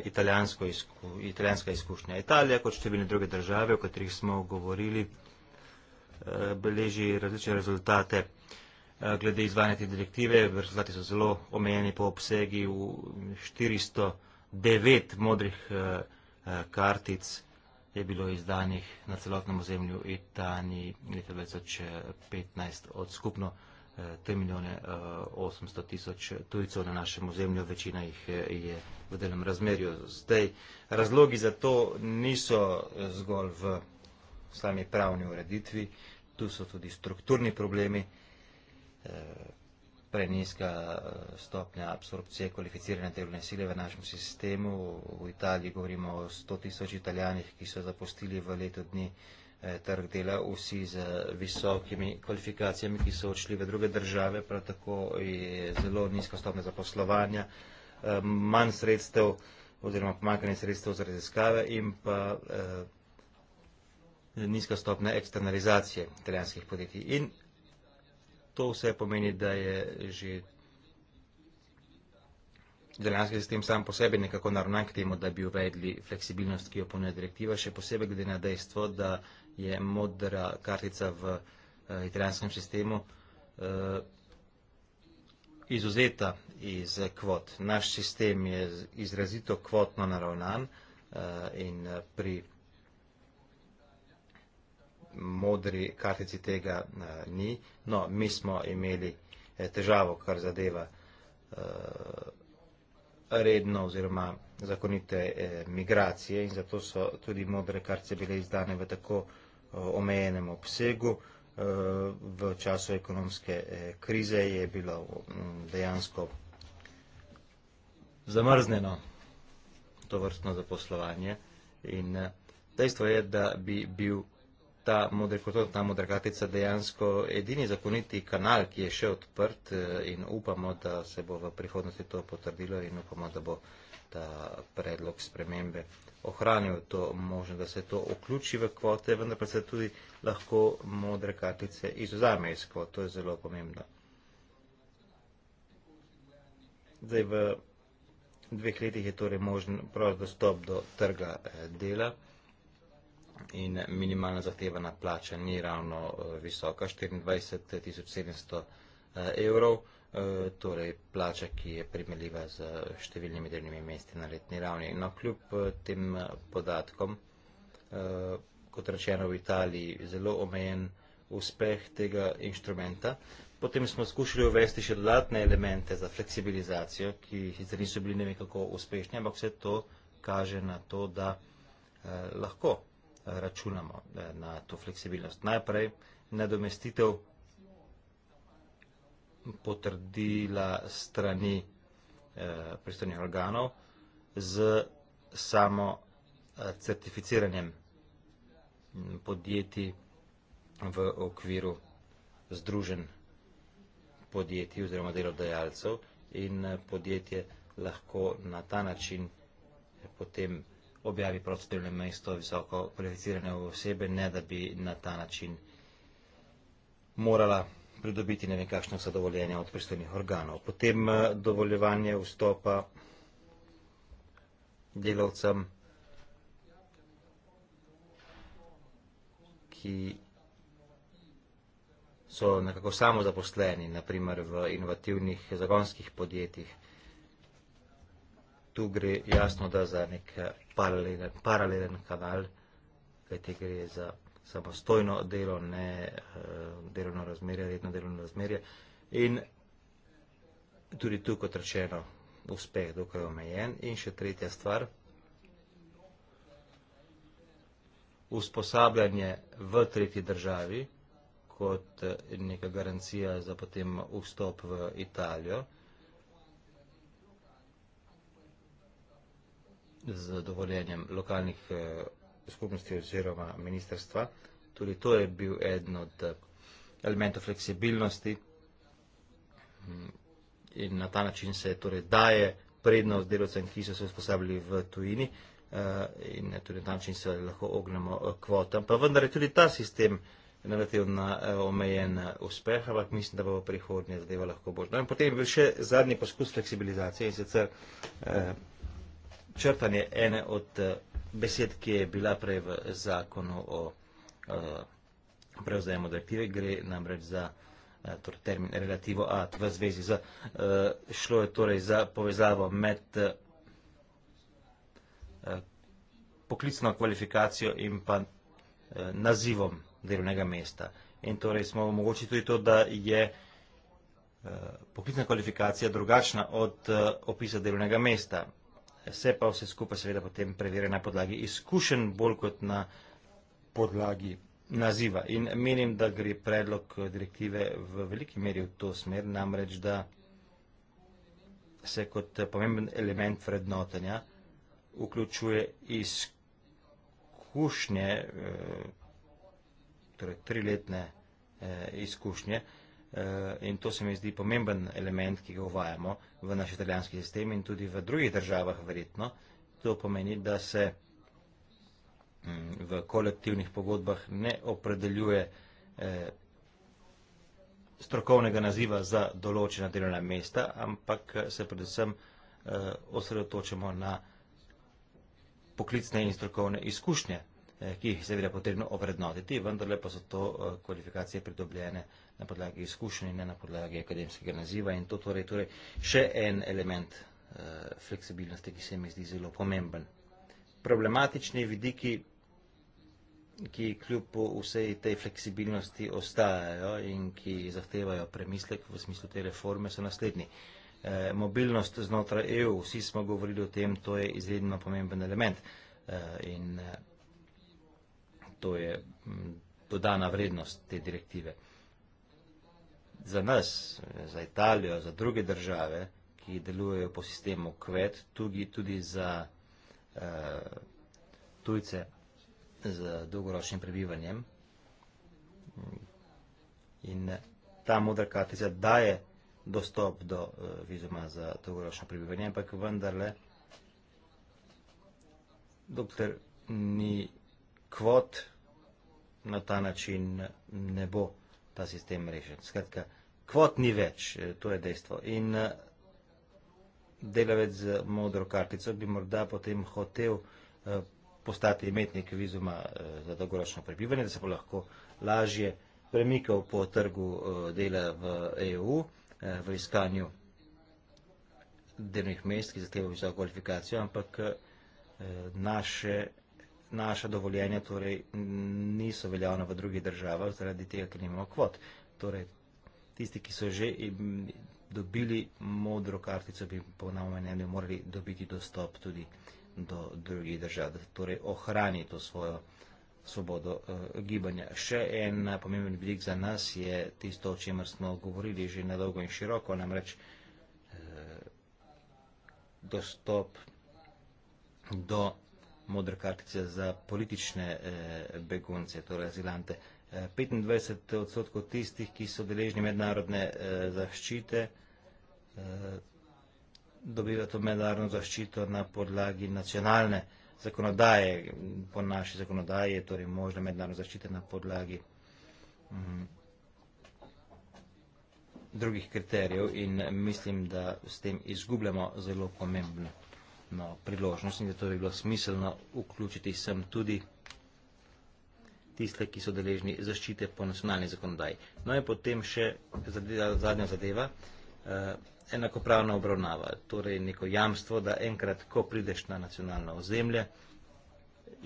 A: izku, italijanska izkušnja. Italija, kot številne druge države, o katerih smo govorili, eh, beleži različne rezultate glede izvajanja te direktive. Rezultati so zelo omejeni po obsegi v 409 modrih kartic je bilo izdanih na celotnem ozemlju Italije leta 2015 od skupno 3 eh, milijone 800 eh, tisoč tujcev na našem ozemlju, večina jih eh, je v delnem razmerju. Zdaj, razlogi za to niso zgolj v sami pravni ureditvi, tu so tudi strukturni problemi preniska stopnja absorpcije kvalificirane delovne sile v našem sistemu. V Italiji govorimo o 100 tisoč italijanih, ki so zapustili v letu dni eh, trg dela, vsi z visokimi kvalifikacijami, ki so odšli v druge države, prav tako je zelo nizka stopnja zaposlovanja, eh, manj sredstev oziroma pomankanje sredstev za raziskave in pa eh, nizka stopna eksternalizacije italijanskih podjetij. In To vse pomeni, da je že zelenjanski sistem sam po sebi nekako naravnan k temu, da bi uvedli fleksibilnost, ki jo ponuja direktiva, še posebej glede na dejstvo, da je modra kartica v uh, italijanskem sistemu uh, eh, izuzeta iz kvot. Naš sistem je izrazito kvotno naravnan uh, in pri modri kartici tega uh, ni. No, mi smo imeli eh, težavo, kar zadeva uh, redno oziroma zakonite eh, migracije in zato so tudi modre kartice bile izdane v tako uh, omejenem obsegu. Uh, v času ekonomske eh, krize je bilo um, dejansko zamrzneno to vrstno zaposlovanje in dejstvo je, da bi bil ta modri kotor, ta modra kratica dejansko edini zakoniti kanal, ki je še odprt eh, in upamo, da se bo v prihodnosti to potrdilo in upamo, da bo ta predlog spremembe ohranil to možnost, da se to vključi v kvote, vendar pa se tudi lahko modre kartice izuzame iz kvot. To je zelo pomembno. Zdaj v dveh letih je torej možen prost dostop do trga eh, dela in minimalna zahtevana plača ni ravno eh, visoka, 24.700 eh, evrov, eh, torej plača, ki je primeljiva z številnimi delnimi mesti na letni ravni. No, kljub tem podatkom, kot rečeno v Italiji, zelo omejen uspeh tega inštrumenta. Potem smo skušali uvesti še dodatne elemente za fleksibilizacijo, ki sicer niso bili ne vem kako uspešni, ampak vse to kaže na to, da eh, lahko računamo eh, na to fleksibilnost. Najprej nadomestitev potrdila strani eh, pristojnih organov z samo eh, certificiranjem podjetij v okviru združen podjetij oziroma delodajalcev in podjetje lahko na ta način potem pristojnih objavi prosto delovno mesto visoko kvalificirane osebe, ne da bi na ta način morala pridobiti ne vem kakšno zadovoljenje od pristojnih organov. Potem eh, dovoljevanje vstopa delavcem, ki so nekako samozaposleni, naprimer v inovativnih zagonskih podjetjih, tu gre jasno, da za nek eh, paralelen, paralelen kanal, kajti gre za samostojno delo, ne eh, delovno razmerje, redno delovno razmerje. In tudi tu, kot rečeno, uspeh dokaj omejen. In še tretja stvar, usposabljanje v tretji državi kot eh, neka garancija za potem vstop v Italijo. z dovoljenjem lokalnih eh, skupnosti oziroma ministerstva. Tudi to je bil eden od eh, elementov fleksibilnosti mm, in na ta način se torej daje prednost delovcem, ki so se usposabili v tujini eh, in tudi na ta način se lahko ognemo kvotam. Pa vendar je tudi ta sistem narativ na omejen uspeh, ampak mislim, da bo v prihodnje zadeva lahko božno. In potem je bil še zadnji poskus fleksibilizacije in sicer črtanje ene od eh, besed, ki je bila prej v zakonu o eh, prevzajemu direktive, gre namreč za eh, torej termin relativo ad v zvezi z, šlo je torej za povezavo med poklicno kvalifikacijo in pa nazivom delovnega mesta. In torej smo omogočili tudi to, da je poklicna kvalifikacija drugačna od opisa delovnega mesta se pa vse skupaj seveda potem preverja na podlagi izkušenj, bolj kot na podlagi naziva. In menim, da gre predlog direktive v veliki meri v to smer, namreč da se kot pomemben element vrednotenja vključuje izkušnje, eh, torej triletne eh, izkušnje, Eh, in to se mi zdi pomemben element, ki ga uvajamo v naš italijanski sistem in tudi v drugih državah verjetno. To pomeni, da se mm, v kolektivnih pogodbah ne opredeljuje eh, strokovnega naziva za določena delovna mesta, ampak se predvsem eh, osredotočamo na poklicne in strokovne izkušnje, ki jih seveda potrebno ovrednotiti, vendarle pa so to kvalifikacije pridobljene na podlagi izkušenj in ne na podlagi akademskega naziva. In to torej, torej še en element uh, fleksibilnosti, ki se mi zdi zelo pomemben. Problematični vidiki, ki kljub vsej tej fleksibilnosti ostajajo in ki zahtevajo premislek v smislu te reforme, so naslednji. E, mobilnost znotraj EU, vsi smo govorili o tem, to je izredno pomemben element e, in e, to je m, mm, dodana vrednost te direktive. E, za nas, za Italijo, za druge države, ki delujejo po sistemu kvet, tudi, tudi za uh, tujce z dolgoročnim prebivanjem. In ta modra kartica daje dostop do uh, vizuma za dolgoročno prebivanje, ampak vendarle, dokler ni kvot, na ta način ne bo ta sistem rešen. Skratka, kvot ni več, eh, to je dejstvo. In eh, delavec z modro kartico bi morda potem hotel eh, postati imetnik vizuma za dolgoročno prebivanje, da se bo lahko lažje premikal po trgu dela v EU v iskanju delovnih mest, ki zahtevajo visoko kvalifikacijo, ampak naše naša dovoljenja torej niso veljavna v drugih državah, zaradi tega, ker nimamo kvot. Torej, tisti, ki so že dobili modro kartico, bi po nama mnenju morali dobiti dostop tudi do drugih držav, da torej ohrani to svojo svobodo uh, gibanja. Še en eh, pomemben vidik za nas je tisto, o čemer smo govorili že na dolgo in široko, namreč uh, dostop do modre kartice za politične eh, begunce, torej azilante. 25 eh, odstotkov tistih, ki so deležni mednarodne eh, zaščite, dobiva to mednarodno zaščito na podlagi nacionalne zakonodaje. Po naši zakonodaji je torej možna mednarodna zaščita na podlagi mhm, drugih kriterijev in mislim, da s tem izgubljamo zelo pomembno no, priložnost in da to torej bi bilo smiselno vključiti sem tudi tiste, ki so deležni zaščite po nacionalni zakonodaji. No in potem še zadeva, zadnja zadeva, eh, enakopravna obravnava, torej neko jamstvo, da enkrat, ko prideš na nacionalno ozemlje,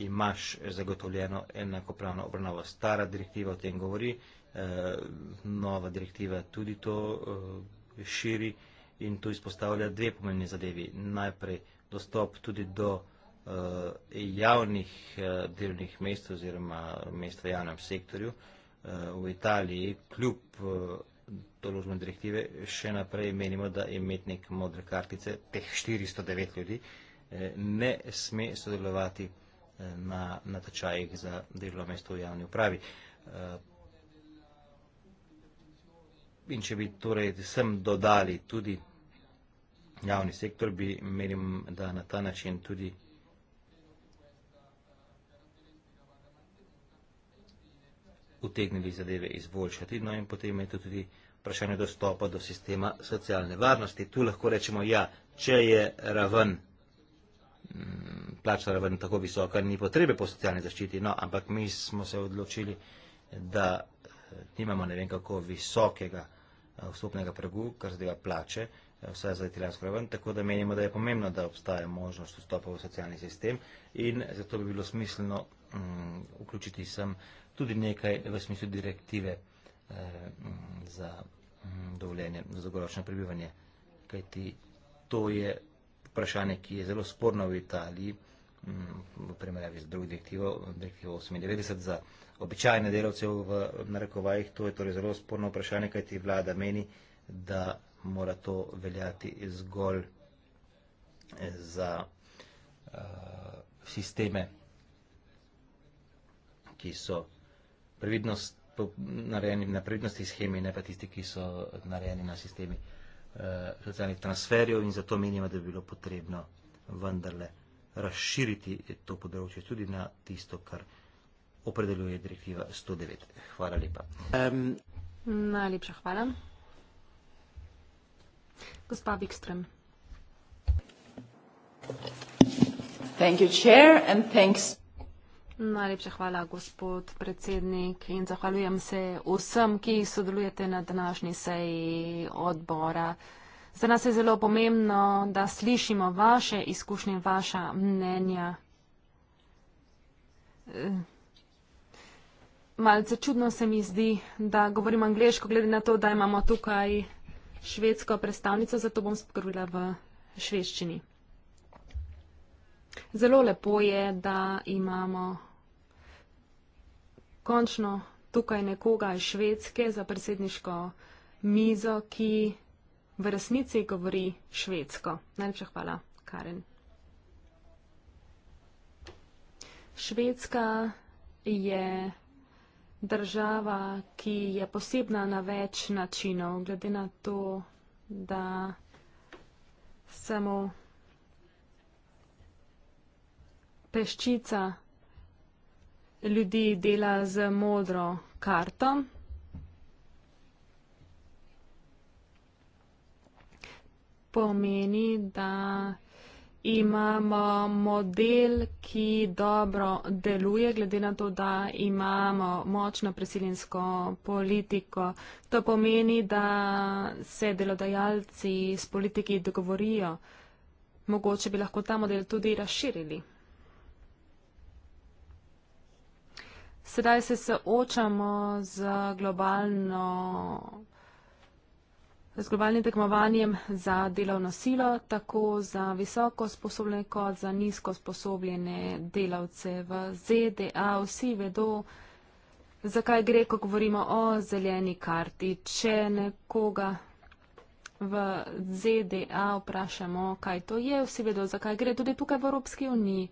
A: imaš zagotovljeno enakopravno obravnavo. Stara direktiva o tem govori, eh, nova direktiva tudi to eh, širi in tu izpostavlja dve pomembni zadevi. Najprej dostop tudi do uh, javnih uh, delovnih mest oziroma mest v javnem sektorju. Eh, v Italiji, kljub določbam direktive, še naprej menimo, da imetnik modre kartice, teh 409 ljudi, ne sme sodelovati na natečajih za delo mesto v javni upravi. In če bi torej sem dodali tudi javni sektor, bi merim, da na ta način tudi utegnili zadeve izboljšati. No in potem je to tudi vprašanje dostopa do sistema socialne varnosti. Tu lahko rečemo, ja, če je raven, mm, plačna raven tako visoka, ni potrebe po socialni zaščiti, no, ampak mi smo se odločili, da eh, nimamo ne vem kako visokega eh, vstopnega pragu, kar zadeva plače, vse za italijansko raven, tako da menimo, da je pomembno, da obstaja možnost vstopa v socialni sistem in zato bi bilo smiselno um, vključiti sem tudi nekaj v smislu direktive um, za um, dovoljenje za dolgoročno prebivanje, kajti to je vprašanje, ki je zelo sporno v Italiji v primerjavi z drugo direktivo, direktivo 98 za običajne delavce v narekovajih, to je torej zelo sporno vprašanje, kajti vlada meni, da mora to veljati zgolj eh, za uh, sisteme, ki so previdnost, narejeni na previdnosti schemi, ne pa tisti, ki so narejeni na sistemi uh, socialnih transferjev in zato menimo, da bi bilo potrebno vendarle razširiti to področje tudi na tisto, kar opredeljuje direktiva 109. Hvala lepa. Um,
C: najlepša hvala. Gospa Wikström. Thank you, chair, and thanks. Najlepša hvala, gospod predsednik, in zahvaljujem se vsem, ki sodelujete na današnji seji odbora. Za nas je zelo pomembno, da slišimo vaše izkušnje, vaša mnenja. Malce čudno se mi zdi, da govorim angliško, glede na to, da imamo tukaj švedsko predstavnico, zato bom spogrudila v švedščini. Zelo lepo je, da imamo končno tukaj nekoga iz švedske za predsedniško mizo, ki v resnici govori švedsko. Najlepša hvala, Karen. Švedska je država, ki je posebna na več načinov, glede na to, da samo peščica ljudi dela z modro karto. Pomeni, da imamo model, ki dobro deluje, glede na to, da imamo močno presilinsko politiko. To pomeni, da se delodajalci s politiki dogovorijo. Mogoče bi lahko ta model tudi razširili. Sedaj se soočamo z globalno Z globalnim tekmovanjem za delovno silo, tako za visoko sposobne kot za nizko sposobljene delavce v ZDA, vsi vedo, zakaj gre, ko govorimo o zeleni karti. Če nekoga v ZDA vprašamo, kaj to je, vsi vedo, zakaj gre tudi tukaj v Evropski uniji.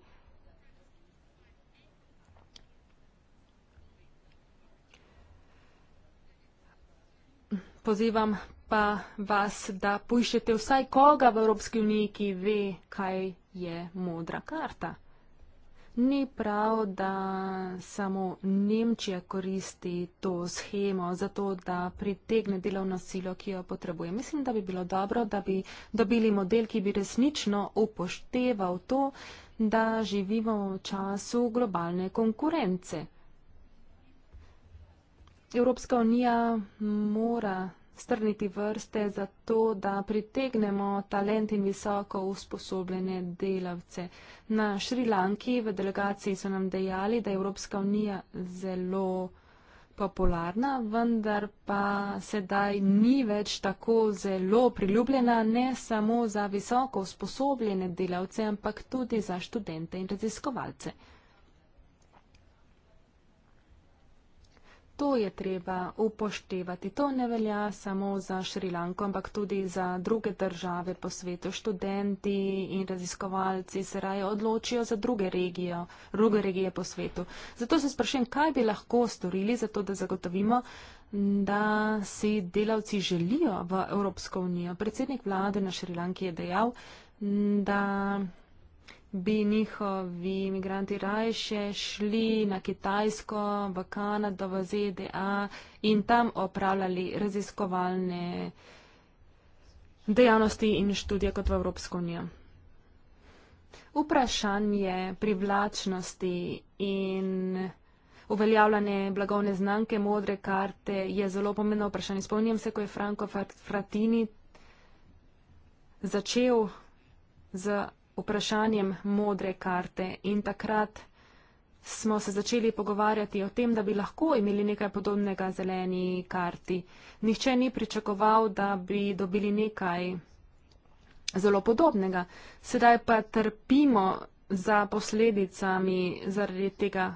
C: Pozivam pa vas, da poiščete vsaj koga v Evropski uniji, ki ve, kaj je modra karta. Ni prav, da samo Nemčija koristi to schemo za to, da pritegne delovno silo, ki jo potrebuje. Mislim, da bi bilo dobro, da bi dobili model, ki bi resnično upošteval to, da živimo v času globalne konkurence. Evropska unija mora strniti vrste za to, da pritegnemo talent in visoko usposobljene delavce. Na Šrilanki v delegaciji so nam dejali, da je Evropska unija zelo popularna, vendar pa sedaj ni več tako zelo priljubljena ne samo za visoko usposobljene delavce, ampak tudi za študente in raziskovalce. To je treba upoštevati. To ne velja samo za Šrilanko, ampak tudi za druge države po svetu. Študenti in raziskovalci se raje odločijo za druge regije, druge regije po svetu. Zato se sprašujem, kaj bi lahko storili, zato da zagotovimo, da si delavci želijo v Evropsko unijo. Predsednik vlade na Šrilanki je dejal, da bi njihovi imigranti rajše šli na Kitajsko, v Kanado, v ZDA in tam opravljali raziskovalne dejavnosti in študije kot v Evropsko unijo. Vprašanje privlačnosti in uveljavljanje blagovne znamke modre karte je zelo pomembno vprašanje. Spomnim se, ko je Franko Fratini začel z vprašanjem modre karte in takrat smo se začeli pogovarjati o tem, da bi lahko imeli nekaj podobnega zeleni karti. Nihče ni pričakoval, da bi dobili nekaj zelo podobnega. Sedaj pa trpimo za posledicami zaradi tega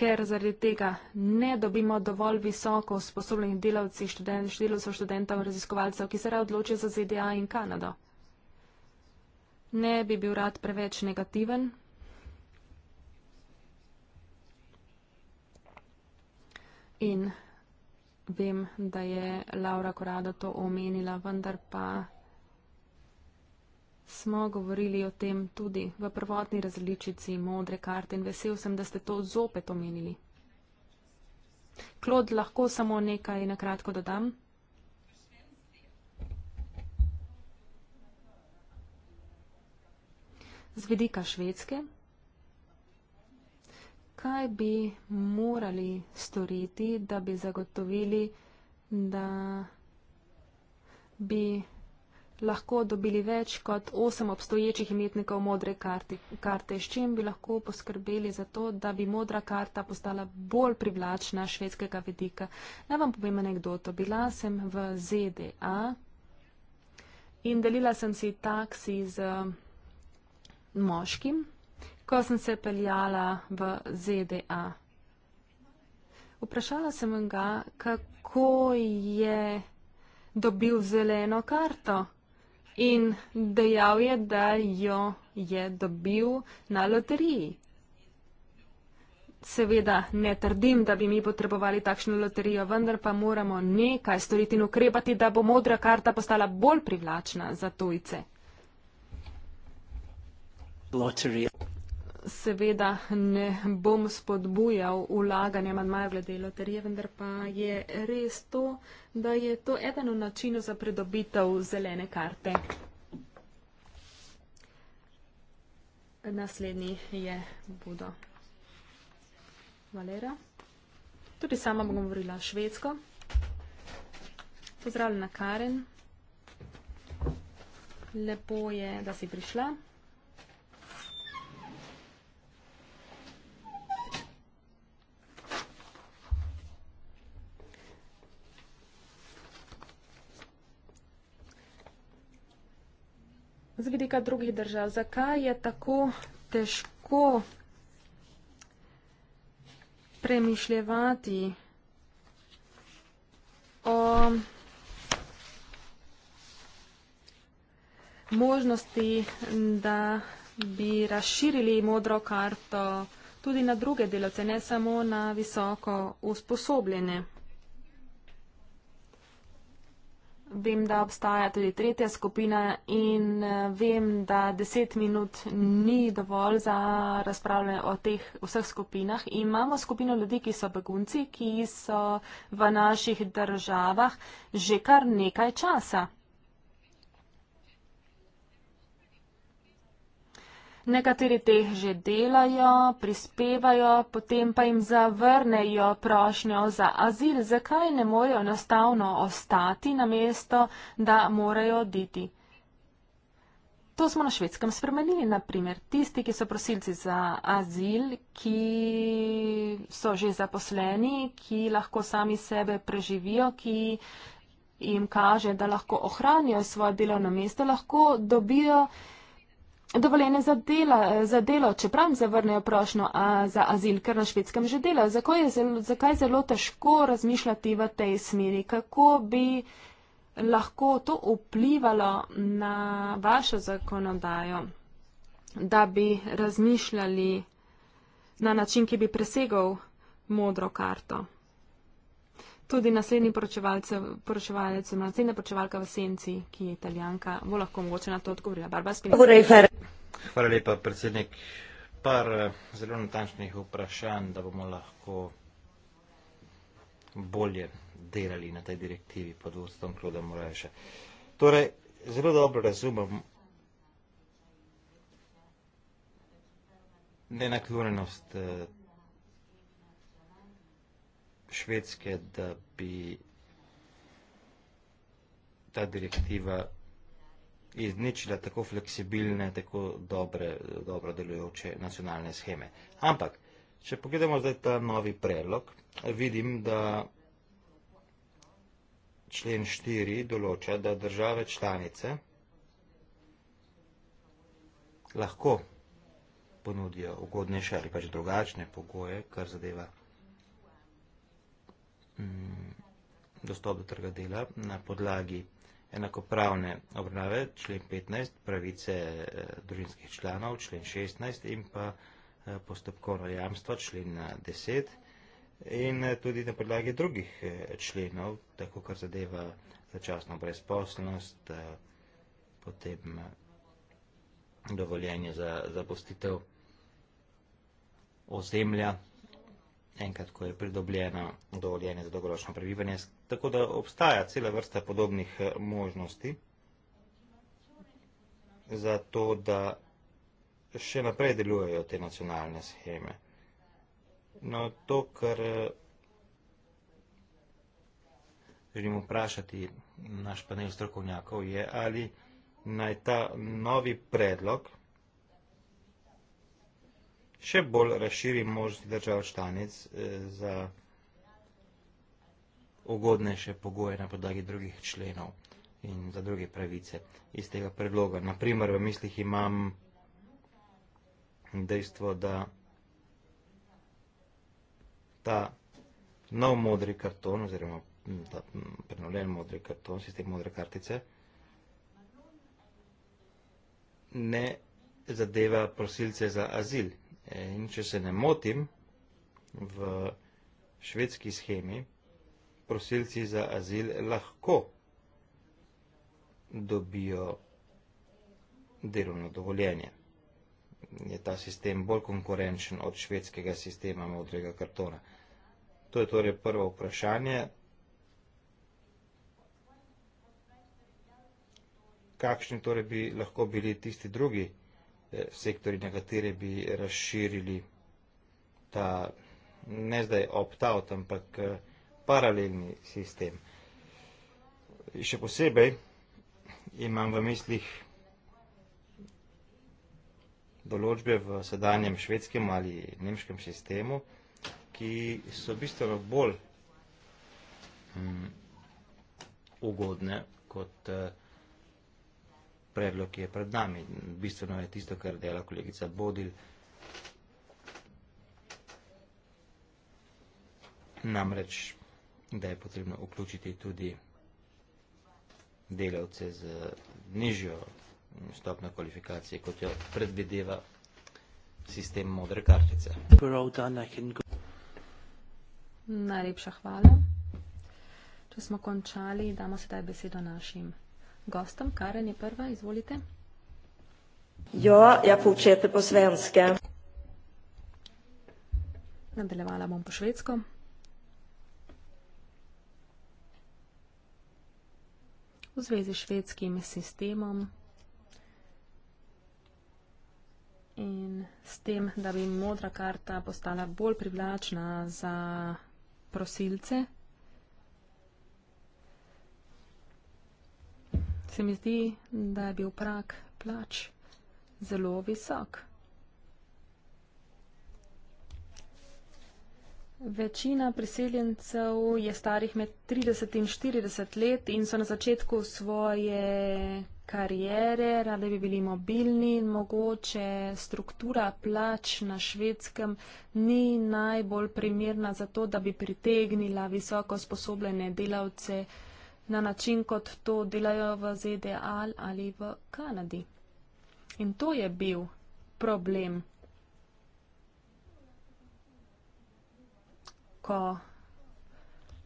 C: ker zaradi tega ne dobimo dovolj visoko usposobljenih delavci, študent, delavcev, študentov, raziskovalcev, ki se rad odločijo za ZDA in Kanado. Ne bi bil rad preveč negativen. In vem, da je Laura Korado to omenila, vendar pa smo govorili o tem tudi v prvotni različici modre karte in vesel sem, da ste to zopet omenili. Klod, lahko samo nekaj na kratko dodam. Z vidika švedske, kaj bi morali storiti, da bi zagotovili, da bi lahko dobili več kot osem obstoječih imetnikov modre karte, karte, s čim bi lahko poskrbeli za to, da bi modra karta postala bolj privlačna švedskega vedika. Naj vam povem anegdoto. Bila sem v ZDA in delila sem si taksi z eh, moškim, ko sem se peljala v ZDA. Vprašala sem ga, kako je dobil zeleno karto. In dejal je, da jo je dobil na loteriji. Seveda ne trdim, da bi mi potrebovali takšno loterijo, vendar pa moramo nekaj storiti in ukrepati, da bo modra karta postala bolj privlačna za tujce. Loterija seveda ne bom spodbujal ulaganja manjmaja glede loterije, vendar pa je res to, da je to eden od načinov za predobitev zelene karte. Naslednji je Budo. Valera. Tudi sama bom govorila švedsko. Pozdravljena Karen. Lepo je, da si prišla. z vidika drugih držav. Zakaj je tako težko premišljevati o možnosti, da bi razširili modro karto tudi na druge delavce, ne samo na visoko usposobljene. vem, da obstaja tudi tretja skupina in eh, vem, da deset minut ni dovolj za razpravljanje o teh vseh skupinah. Imamo skupino ljudi, ki so begunci, ki so v naših državah že kar nekaj časa. Nekateri teh že delajo, prispevajo, potem pa jim zavrnejo prošnjo za azil. Zakaj ne morejo enostavno ostati na mesto, da morajo oditi? To smo na švedskem spremenili, naprimer, tisti, ki so prosilci za azil, ki so že zaposleni, ki lahko sami sebe preživijo, ki jim kaže, da lahko ohranijo svoje delovno mesto, lahko dobijo dovoljene za, dela, za delo, čeprav jim zavrnejo prošno a, za azil, ker na švedskem že delajo. Zakaj je zelo, zakaj zelo težko razmišljati v tej smeri? Kako bi lahko to vplivalo na vašo zakonodajo, da bi razmišljali na način, ki bi presegal modro karto? Tudi naslednji poročevalec, naslednja poročevalka v Senci, ki je italijanka, bo lahko mogoče na to odgovorila. Barbara Spinelli.
A: Hvala lepa, predsednik. Par eh, zelo natančnih vprašanj, da bomo lahko bolje delali na tej direktivi pod vodstvom Kloda Moraješa. Torej, zelo dobro razumem nenaklonjenost eh, Švedske, da bi ta direktiva izničila tako fleksibilne, tako dobre, dobro delujoče nacionalne scheme. Ampak, če pogledamo zdaj ta novi predlog, vidim, da člen 4 določa, da države članice lahko ponudijo ugodnejše ali pač drugačne pogoje, kar zadeva Mm, dostop do trga dela na podlagi enakopravne obravnave, člen 15, pravice eh, družinskih članov, člen 16 in pa eh, postopkovno jamstvo, člen 10 eh, in tudi na podlagi drugih členov, tako kar zadeva začasno brezposobnost, potem dovoljenje za zapustitev ozemlja enkrat, ko je pridobljena dovoljenje za dolgoročno prebivanje. Tako da obstaja cela vrsta podobnih eh, možnosti za to, da še naprej delujejo te nacionalne scheme. No, to, kar eh, želimo vprašati naš panel strokovnjakov, je, ali naj ta novi predlog, še bolj razširi možnost držav članic eh, za ugodnejše pogoje na podlagi drugih členov in za druge pravice iz tega predloga. Naprimer, v mislih imam dejstvo, da ta nov modri karton, oziroma hm, ta hm, prenovljen modri karton, sistem modre kartice, ne zadeva prosilce za azil, In če se ne motim, v švedski schemi prosilci za azil lahko dobijo delovno dovoljenje. Je ta sistem bolj konkurenčen od švedskega sistema modrega kartona? To je torej prvo vprašanje. Kakšni torej bi lahko bili tisti drugi? Eh, sektori, na katere bi razširili ta, ne zdaj opt-out, ampak eh, paralelni sistem. Še posebej imam v mislih določbe v sedanjem švedskem ali nemškem sistemu, ki so bistveno bolj um, ugodne kot uh, predlog, ki je pred nami. Bistveno je tisto, kar dela kolegica Bodil. Namreč, da je potrebno vključiti tudi delavce z nižjo stopno kvalifikacije, kot jo predvideva sistem modre kartice.
C: Najlepša hvala. Če smo končali, damo sedaj besedo našim gostom. Karen je prva, izvolite. Ja, ja, poučete po svenske. Nadaljevala bom po švedsko. V zvezi s švedskim sistemom in s tem, da bi modra karta postala bolj privlačna za prosilce, Se mi zdi, da je bil prak plač zelo visok. Večina priseljencev je starih med 30 in 40 let in so na začetku svoje kariere, rade bi bili mobilni in mogoče struktura plač na švedskem ni najbolj primerna za to, da bi pritegnila visoko sposobljene delavce na način, kot to delajo v ZDA ali v Kanadi. In to je bil problem, ko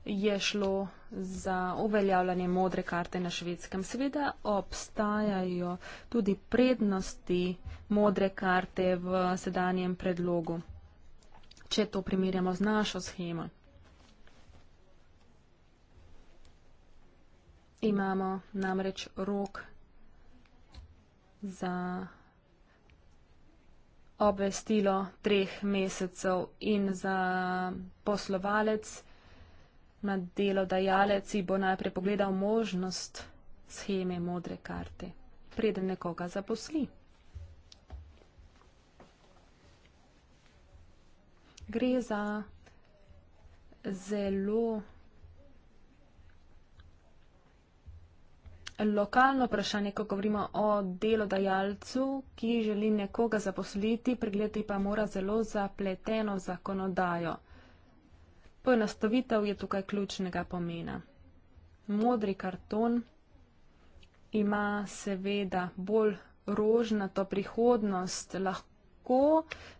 C: je šlo za uveljavljanje modre karte na švedskem. Seveda obstajajo tudi prednosti modre karte v sedanjem predlogu, če to primerjamo z našo schemo. imamo namreč rok za obvestilo treh mesecev in za poslovalec na delodajalec si bo najprej pogledal možnost scheme modre karte, preden nekoga zaposli. Gre za zelo lokalno vprašanje, ko govorimo o delodajalcu, ki želi nekoga zaposliti, pregledati pa mora zelo zapleteno zakonodajo. Poenostavitev je tukaj ključnega pomena. Modri karton ima seveda bolj rožnato prihodnost lahko,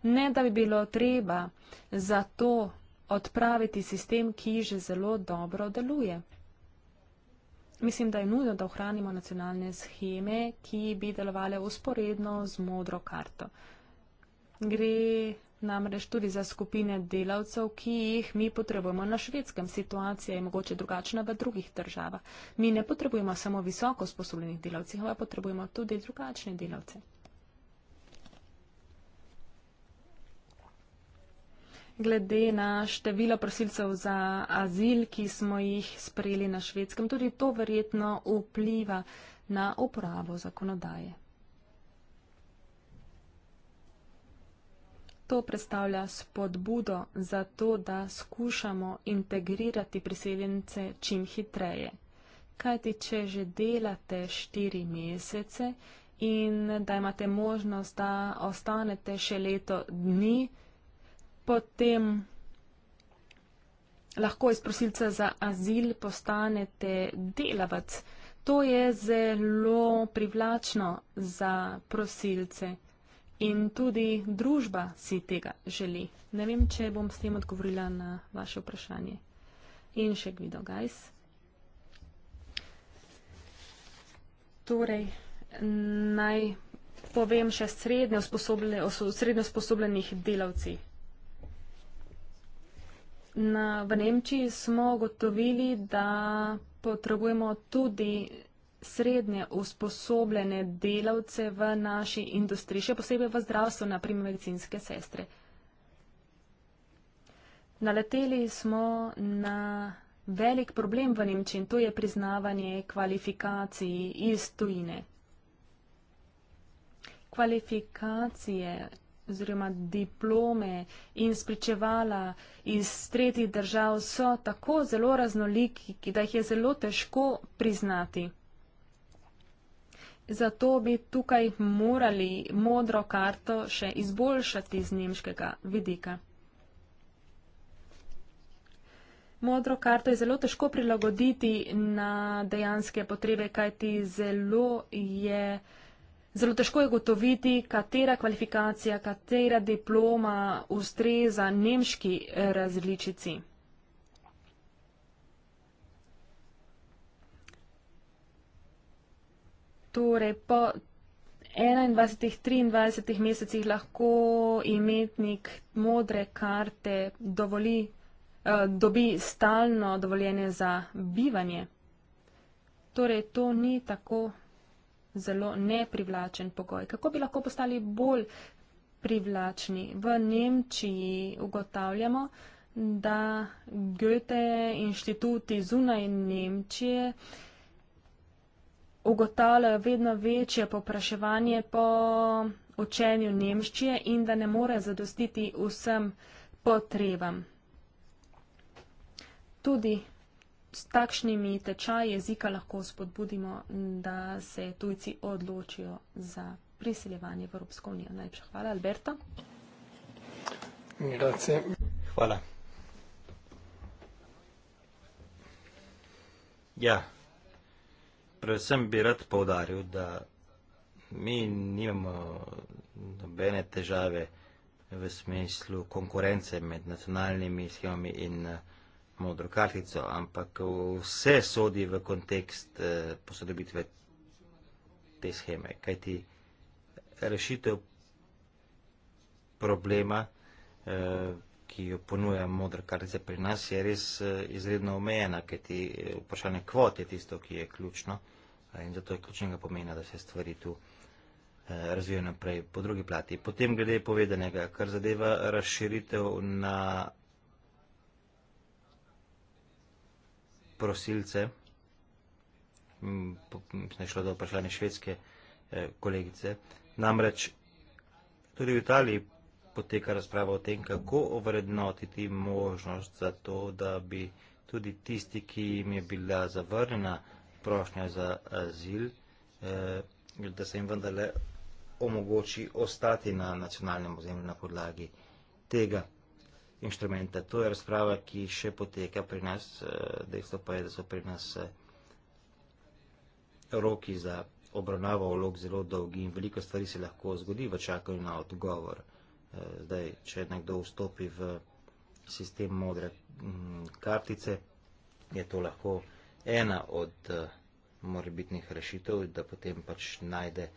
C: ne da bi bilo treba za to odpraviti sistem, ki že zelo dobro deluje. Mislim, da je nujno, da ohranimo nacionalne scheme, ki bi delovale usporedno z modro karto. Gre namreč tudi za skupine delavcev, ki jih mi potrebujemo na švedskem. Situacija je mogoče drugačna v drugih državah. Mi ne potrebujemo samo visoko sposobljenih delavcev, ampak potrebujemo tudi drugačne delavce. glede na število prosilcev za azil, ki smo jih sprejeli na švedskem. Tudi to verjetno vpliva na upravo zakonodaje. To predstavlja spodbudo za to, da skušamo integrirati priseljence čim hitreje. Kajti, če že delate štiri mesece in da imate možnost, da ostanete še leto dni, potem lahko iz prosilca za azil postanete delavec. To je zelo privlačno za prosilce in tudi družba si tega želi. Ne vem, če bom s tem odgovorila na vaše vprašanje. In še Gvido Gajs. Torej, naj povem še srednjo sposobljenih delavci na, v Nemčiji smo ugotovili, da potrebujemo tudi srednje usposobljene delavce v naši industriji, še posebej v zdravstvu, naprimer medicinske sestre. Naleteli smo na velik problem v Nemčiji in to je priznavanje kvalifikacij iz tujine. Kvalifikacije oziroma diplome in spričevala iz tretjih držav so tako zelo raznoliki, da jih je zelo težko priznati. Zato bi tukaj morali modro karto še izboljšati z nemškega vidika. Modro karto je zelo težko prilagoditi na dejanske potrebe, kajti zelo je zelo težko je gotoviti, katera kvalifikacija, katera diploma ustreza nemški različici. Torej, po 21-23 mesecih lahko imetnik modre karte dovoli, eh, dobi stalno dovoljenje za bivanje. Torej, to ni tako zelo neprivlačen pogoj. Kako bi lahko postali bolj privlačni? V Nemčiji ugotavljamo, da Goethe inštituti zunaj Nemčije ugotavljajo vedno večje popraševanje po učenju nemščije in da ne more zadostiti vsem potrebam. Tudi s takšnimi tečaji jezika lahko spodbudimo, da se tujci odločijo za priseljevanje v Evropsko unijo. Najlepša hvala, Alberto.
A: Grazie. Hvala. Ja, predvsem bi rad povdaril, da mi nimamo nobene težave v smislu konkurence med nacionalnimi schemami in uh, modro kartico, ampak vse sodi v kontekst eh, posodobitve te scheme. Kaj ti rešitev problema, eh, ki jo ponuja modra kartica pri nas, je res eh, izredno omejena, kaj ti vprašanje kvot je tisto, ki je ključno in zato je ključnega pomena, da se stvari tu razvijajo naprej po drugi plati. Potem glede povedanega, kar zadeva razširitev na prosilce, ne šlo do vprašanja švedske eh, kolegice. Namreč tudi v Italiji poteka razprava o tem, kako ovrednotiti možnost za to, da bi tudi tisti, ki jim je bila zavrnjena prošnja za azil, eh, da se jim vendarle omogoči ostati na nacionalnem ozemlju na podlagi tega inštrumente. To je razprava, ki še poteka pri nas, eh, dejstvo pa je, da so pri nas eh, roki za obravnavo vlog zelo dolgi in veliko stvari se lahko zgodi v čakanju na odgovor. Eh, zdaj, če nekdo vstopi v sistem modre mm, kartice, je to lahko ena od morebitnih rešitev, da potem pač najde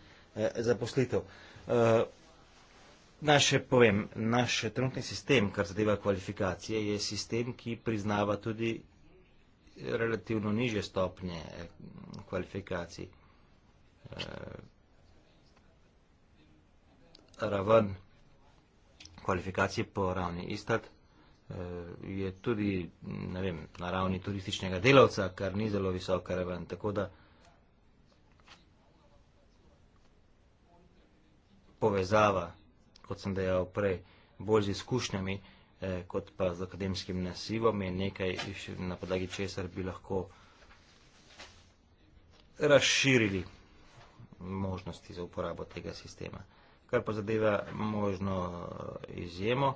A: zaposlitev. Naše, povem, naš trenutni sistem, kar zadeva kvalifikacije, je sistem, ki priznava tudi relativno niže stopnje eh, kvalifikacij. E, raven kvalifikacije po ravni istat e, je tudi ne vem, na ravni turističnega delavca, kar ni zelo visoka raven. Tako da povezava kot sem dejal prej, bolj z izkušnjami eh, kot pa z akademskim nasivom je nekaj, na podlagi česar bi lahko razširili možnosti za uporabo tega sistema. Kar pa zadeva možno eh, izjemo,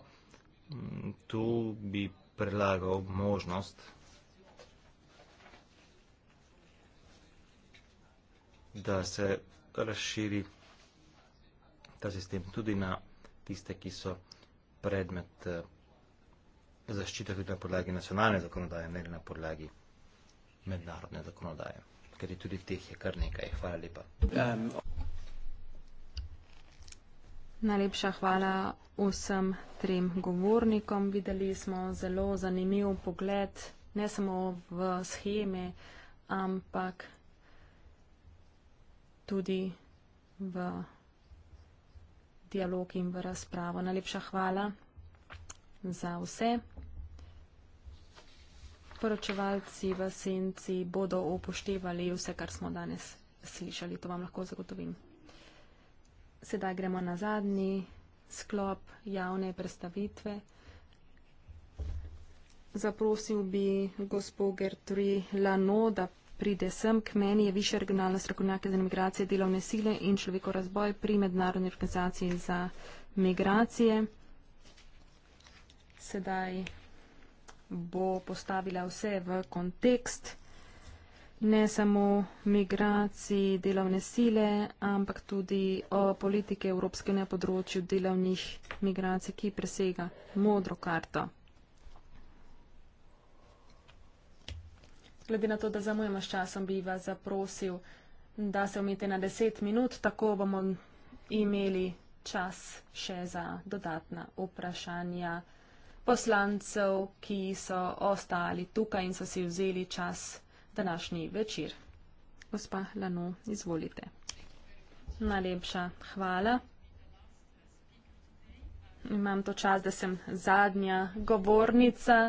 A: tu bi prelagal možnost, da se razširi ta sistem tudi na tiste, ki so predmet eh, zaščite tudi na podlagi nacionalne zakonodaje, ne na podlagi mednarodne zakonodaje. Ker je tudi teh je kar nekaj. Hvala lepa. Um.
C: Najlepša hvala vsem trem govornikom. Videli smo zelo zanimiv pogled, ne samo v scheme, ampak tudi v dialog in v razpravo. Najlepša hvala za vse. Poročevalci v senci bodo upoštevali vse, kar smo danes slišali, to vam lahko zagotovim. Sedaj gremo na zadnji sklop javne predstavitve. Zaprosil bi gospod Gertri Lano, da pride sem k meni, je više regionalna strokovnjaka za migracije, delovne sile in človeko razboj pri mednarodni organizaciji za migracije. Sedaj bo postavila vse v kontekst ne samo migracij, delovne sile, ampak tudi o politike Evropske na področju delovnih migracij, ki presega modro karto. Glede na to, da zamujamo s časom, bi vas zaprosil, da se omete na 10 minut, tako bomo imeli čas še za dodatna vprašanja poslancev, ki so ostali tukaj in so si vzeli čas današnji večer. Gospa Lano, izvolite. Najlepša hvala. Imam to čas, da sem zadnja govornica.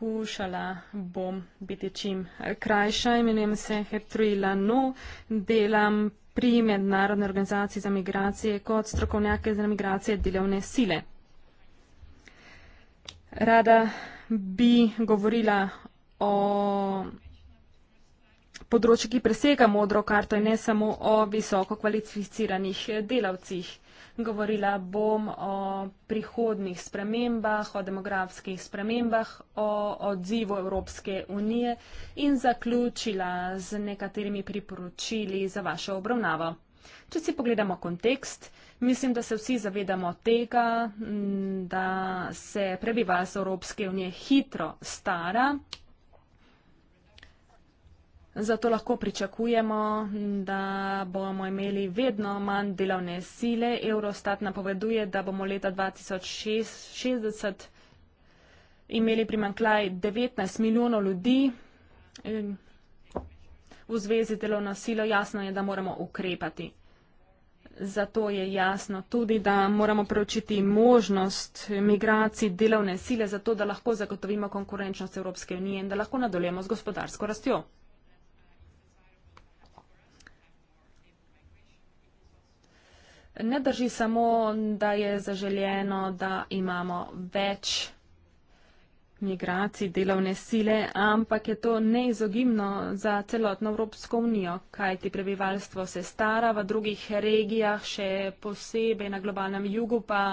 C: Poskušala bom biti čim krajša. Imenujem se Hertrui Lano, delam pri Mednarodni organizaciji za migracije kot strokovnjake za migracije delovne sile. Rada bi govorila o področju, ki presega modro karto in ne samo o visoko kvalificiranih delavcih. Govorila bom o prihodnih spremembah, o demografskih spremembah, o odzivu Evropske unije in zaključila z nekaterimi priporočili za vašo obravnavo. Če si pogledamo kontekst, mislim, da se vsi zavedamo tega, da se prebivalstvo Evropske unije hitro stara, Zato lahko pričakujemo, da bomo imeli vedno manj delovne sile. Eurostat napoveduje, da bomo leta 2060 imeli primankljaj 19 milijonov ljudi v zvezi z delovno silo. Jasno je, da moramo ukrepati. Zato je jasno tudi, da moramo preučiti možnost migracij delovne sile, zato da lahko zagotovimo konkurenčnost Evropske unije in da lahko nadaljujemo z gospodarsko rastjo. ne drži samo, da je zaželjeno, da imamo več migracij delovne sile, ampak je to neizogibno za celotno Evropsko unijo, kajti prebivalstvo se stara v drugih regijah, še posebej na globalnem jugu pa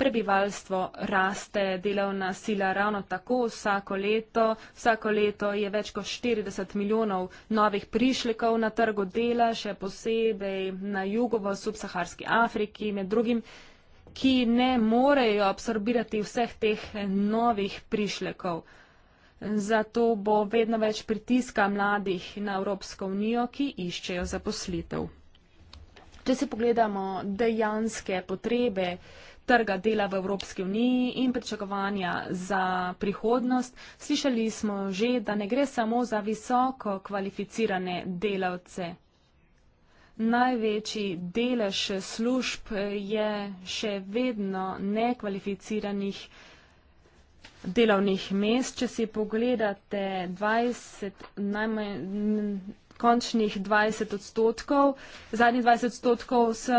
C: prebivalstvo raste, delovna sila ravno tako vsako leto. Vsako leto je več kot 40 milijonov novih prišlikov na trgu dela, še posebej na jugu v subsaharski Afriki med drugim ki ne morejo absorbirati vseh teh novih prišlekov. Zato bo vedno več pritiska mladih na Evropsko unijo, ki iščejo zaposlitev. Če se pogledamo dejanske potrebe trga dela v Evropski uniji in pričakovanja za prihodnost, slišali smo že, da ne gre samo za visoko kvalificirane delavce. Največji delež služb je še vedno nekvalificiranih delovnih mest. Če si pogledate 20 najmanj končnih 20 odstotkov. Zadnji 20 odstotkov se,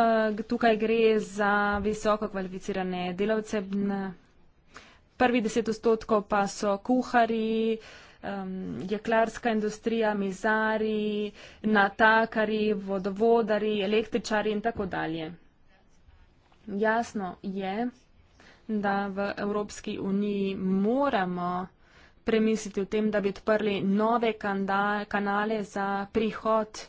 C: tukaj gre za visoko kvalificirane delavce. Prvi 10 odstotkov pa so kuhari, um, jeklarska industrija, mizari, natakari, vodovodari, električari in tako dalje. Jasno je, da v Evropski uniji moramo premisliti o tem, da bi odprli nove kanale za prihod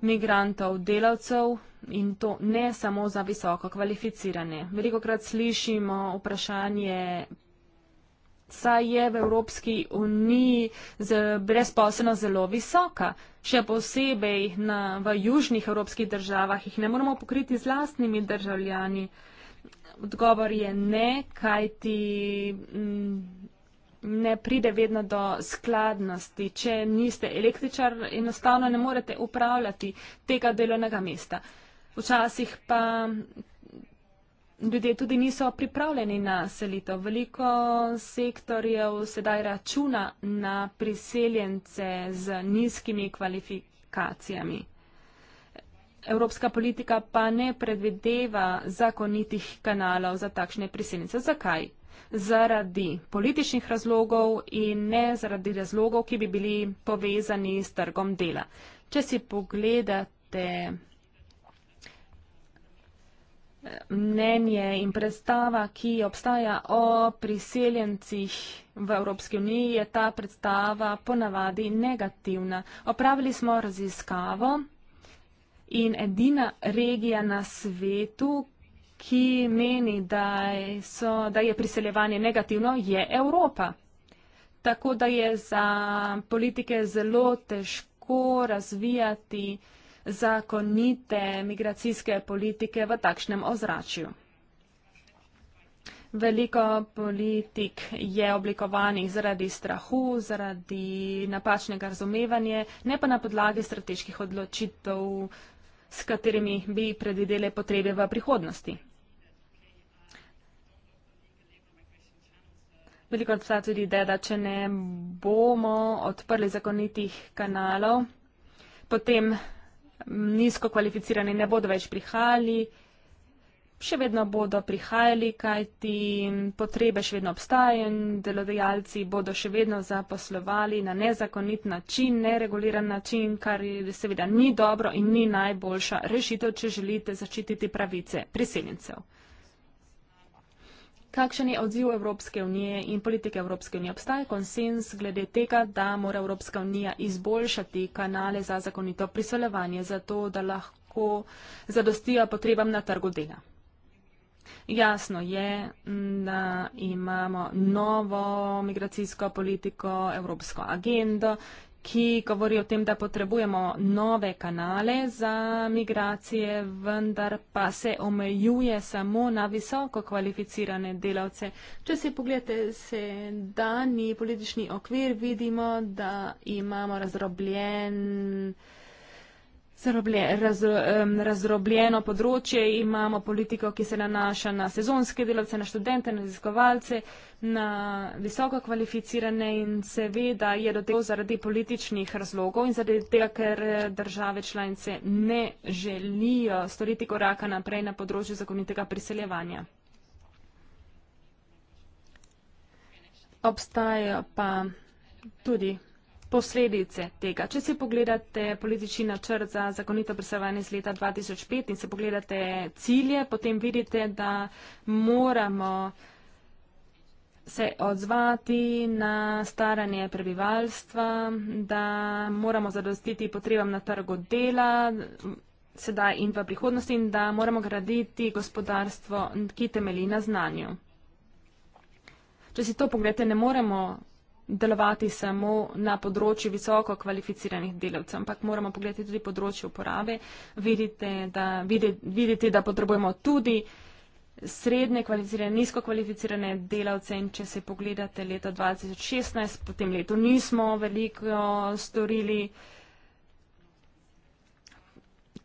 C: migrantov, delavcev in to ne samo za visoko kvalificirane. Veliko krat slišimo vprašanje, saj je v Evropski uniji brezposelnost zelo visoka, še posebej na, v južnih evropskih državah, jih ne moramo pokriti z lastnimi državljani. Odgovor je ne, kaj ti. Mm, ne pride vedno do skladnosti. Če niste električar, enostavno ne morete upravljati tega delovnega mesta. Včasih pa ljudje tudi niso pripravljeni na selitev. Veliko sektorjev sedaj računa na priseljence z nizkimi kvalifikacijami. Evropska politika pa ne predvideva zakonitih kanalov za takšne priseljence. Zakaj? zaradi političnih razlogov in ne zaradi razlogov, ki bi bili povezani s trgom dela. Če si pogledate eh, mnenje in predstava, ki obstaja o priseljencih v Evropski uniji, je ta predstava ponavadi negativna. Opravili smo raziskavo in edina regija na svetu, ki meni, da, so, da je priseljevanje negativno, je Evropa. Tako da je za politike zelo težko razvijati zakonite migracijske politike v takšnem ozračju. Veliko politik je oblikovanih zaradi strahu, zaradi napačnega razumevanja, ne pa na podlagi strateških odločitev, s katerimi bi predvidele potrebe v prihodnosti. Veliko se tudi ide, da če ne bomo odprli zakonitih kanalov, potem nizko kvalificirani ne bodo več prihajali, še vedno bodo prihajali, kajti potrebe še vedno obstajajo in delodajalci bodo še vedno zaposlovali na nezakonit način, nereguliran način, kar seveda ni dobro in ni najboljša rešitev, če želite zaščititi pravice priseljencev. Kakšen je odziv Evropske unije in politike Evropske unije? Obstaja konsens glede tega, da mora Evropska unija izboljšati kanale za zakonito priseljevanje, zato da lahko zadostijo potrebam na trgu dela. Jasno je, da imamo novo migracijsko politiko, evropsko agendo, ki govori o tem, da potrebujemo nove kanale za migracije, vendar pa se omejuje samo na visoko kvalificirane delavce. Če si pogledate se danji politični okvir, vidimo, da imamo razrobljen razdrobljeno področje, imamo politiko, ki se nanaša na sezonske delavce, na študente, na raziskovalce, na visoko kvalificirane in seveda je do tega zaradi političnih razlogov in zaradi tega, ker eh, države članice ne želijo storiti koraka naprej na področju zakonitega priseljevanja. Obstajajo pa tudi posledice tega. Če si pogledate politični načrt za zakonito preseljevanje iz leta 2005 in se pogledate cilje, potem vidite, da moramo se odzvati na staranje prebivalstva, da moramo zadostiti potrebam na trgu dela sedaj in v prihodnosti in da moramo graditi gospodarstvo, ki temelji na znanju. Če si to pogledate, ne moremo delovati samo na področju visoko kvalificiranih delavcev, ampak moramo pogledati tudi področje uporabe, vidite, da, vidite, vidite, da potrebujemo tudi srednje kvalificirane, nizko kvalificirane delavce in če se pogledate leto 2016, po tem letu nismo veliko storili,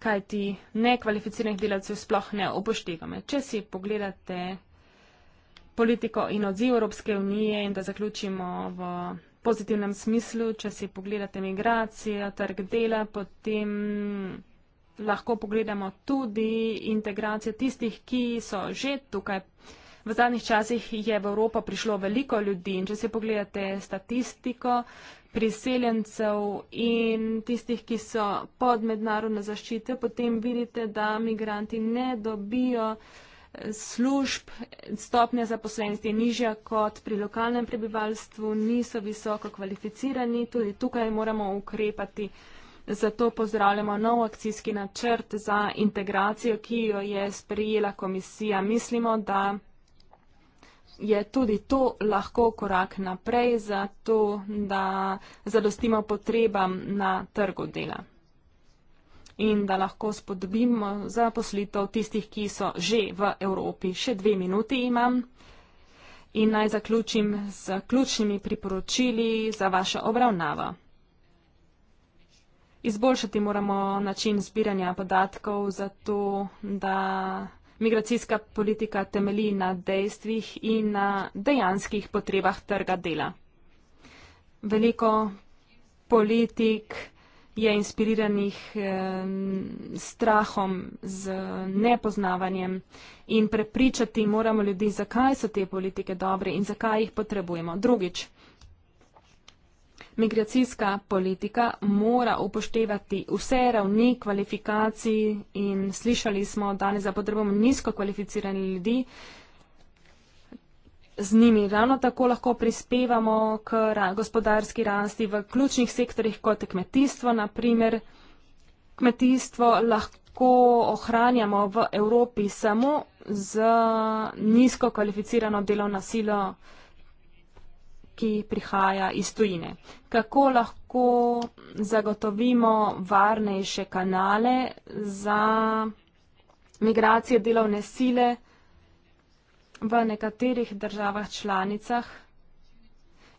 C: kaj ti nekvalificiranih delavcev sploh ne upoštevame. Če si pogledate politiko in odziv Evropske unije in da zaključimo v pozitivnem smislu, če si pogledate migracijo, trg dela, potem lahko pogledamo tudi integracijo tistih, ki so že tukaj. V zadnjih časih je v Evropo prišlo veliko ljudi in če si pogledate statistiko priseljencev in tistih, ki so pod mednarodno zaščito, potem vidite, da migranti ne dobijo služb, stopnja zaposlenosti je nižja kot pri lokalnem prebivalstvu, niso visoko kvalificirani, tudi tukaj moramo ukrepati. Zato pozdravljamo nov akcijski načrt za integracijo, ki jo je sprijela komisija. Mislimo, da je tudi to lahko korak naprej za to, da zadostimo potrebam na trgu dela in da lahko spodbim zaposlitev tistih, ki so že v Evropi. Še dve minuti imam. In naj zaključim z ključnimi priporočili za vašo obravnavo. Izboljšati moramo način zbiranja podatkov, zato da migracijska politika temeli na dejstvih in na dejanskih potrebah trga dela. Veliko politik je inspiriranih eh, strahom, z nepoznavanjem in prepričati moramo ljudi, zakaj so te politike dobre in zakaj jih potrebujemo. Drugič, migracijska politika mora upoštevati vse ravni kvalifikacij in slišali smo, da ne zapotrebujemo nizko kvalificirane ljudi, eh, z njimi. Ravno tako lahko prispevamo k ra gospodarski rasti v ključnih sektorjih, kot je kmetijstvo. Naprimer, kmetijstvo lahko ohranjamo v Evropi samo z nizko kvalificirano delovno silo, ki prihaja iz tujine. Kako lahko zagotovimo varnejše kanale za migracije delovne sile? v nekaterih državah članicah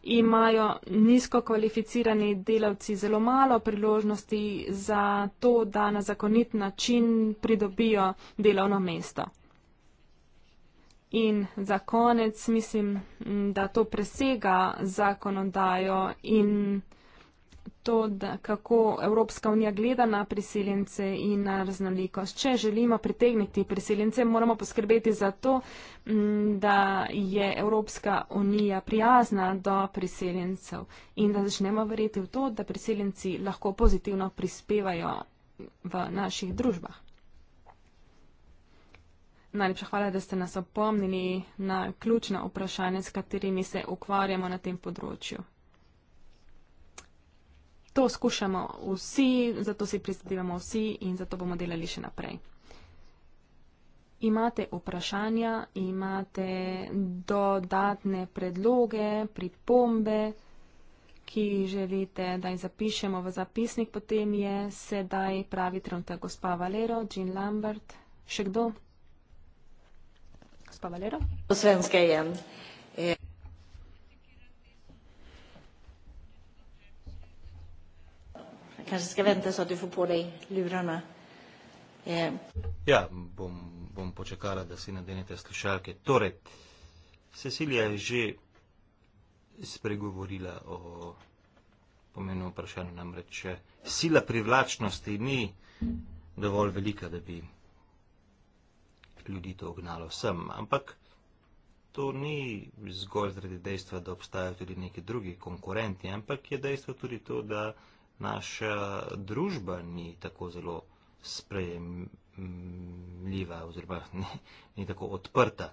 C: imajo nizko kvalificirani delavci zelo malo priložnosti za to, da na zakonit način pridobijo delovno mesto. In za konec mislim, da to presega zakonodajo in to, da, kako Evropska unija gleda na priseljence in na raznolikost. Če želimo pritegniti priseljence, moramo poskrbeti za to, mm, da je Evropska unija prijazna do priseljencev in da začnemo verjeti v to, da priseljenci lahko pozitivno prispevajo v naših družbah. Najlepša hvala, da ste nas opomnili na ključna vprašanja, s katerimi se ukvarjamo na tem področju to skušamo vsi, zato si prizadevamo vsi in zato bomo delali še naprej. Imate vprašanja, imate dodatne predloge, pripombe, ki želite, da jih zapišemo v zapisnik, potem je sedaj pravi trenutek gospa Valero, Jean Lambert, še kdo? Gospa Valero? Svenske
B: je. Yeah. kanske ska vänta så att du får på dig lurarna. Eh.
A: Ja, bom, bom počekala, da si nadenete slušalke. Torej, Cecilija je že spregovorila o pomenu vprašanja, namreč eh, sila privlačnosti ni dovolj velika, da bi ljudi to ognalo sem, ampak to ni zgolj zaradi dejstva, da obstajajo tudi neki drugi konkurenti, ampak je dejstvo tudi to, da naša eh, družba ni tako zelo sprejemljiva oziroma ni, ni tako odprta. Eh,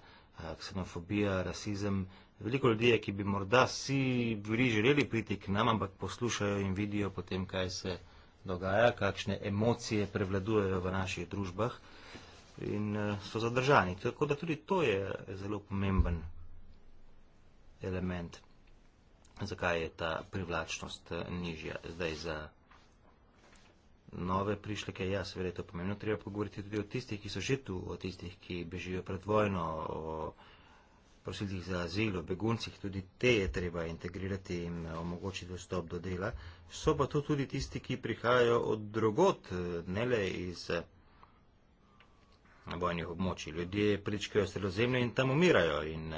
A: ksenofobija, rasizem, veliko ljudi, ki bi morda si bili želeli priti k nam, ampak poslušajo in vidijo potem, kaj se dogaja, kakšne emocije prevladujejo v naših družbah in eh, so zadržani. Tako da tudi to je zelo pomemben element zakaj je ta privlačnost eh, nižja. Zdaj za nove prišleke, ja, seveda je to pomembno, treba pogovoriti tudi o tistih, ki so že tu, o tistih, ki bežijo pred vojno, o prosilih za azil, o beguncih, tudi te je treba integrirati in eh, omogočiti dostop do dela. So pa to tudi tisti, ki prihajajo od drugot, eh, ne le iz bojnih območij. Ljudje pričkajo sredozemlje in tam umirajo. In,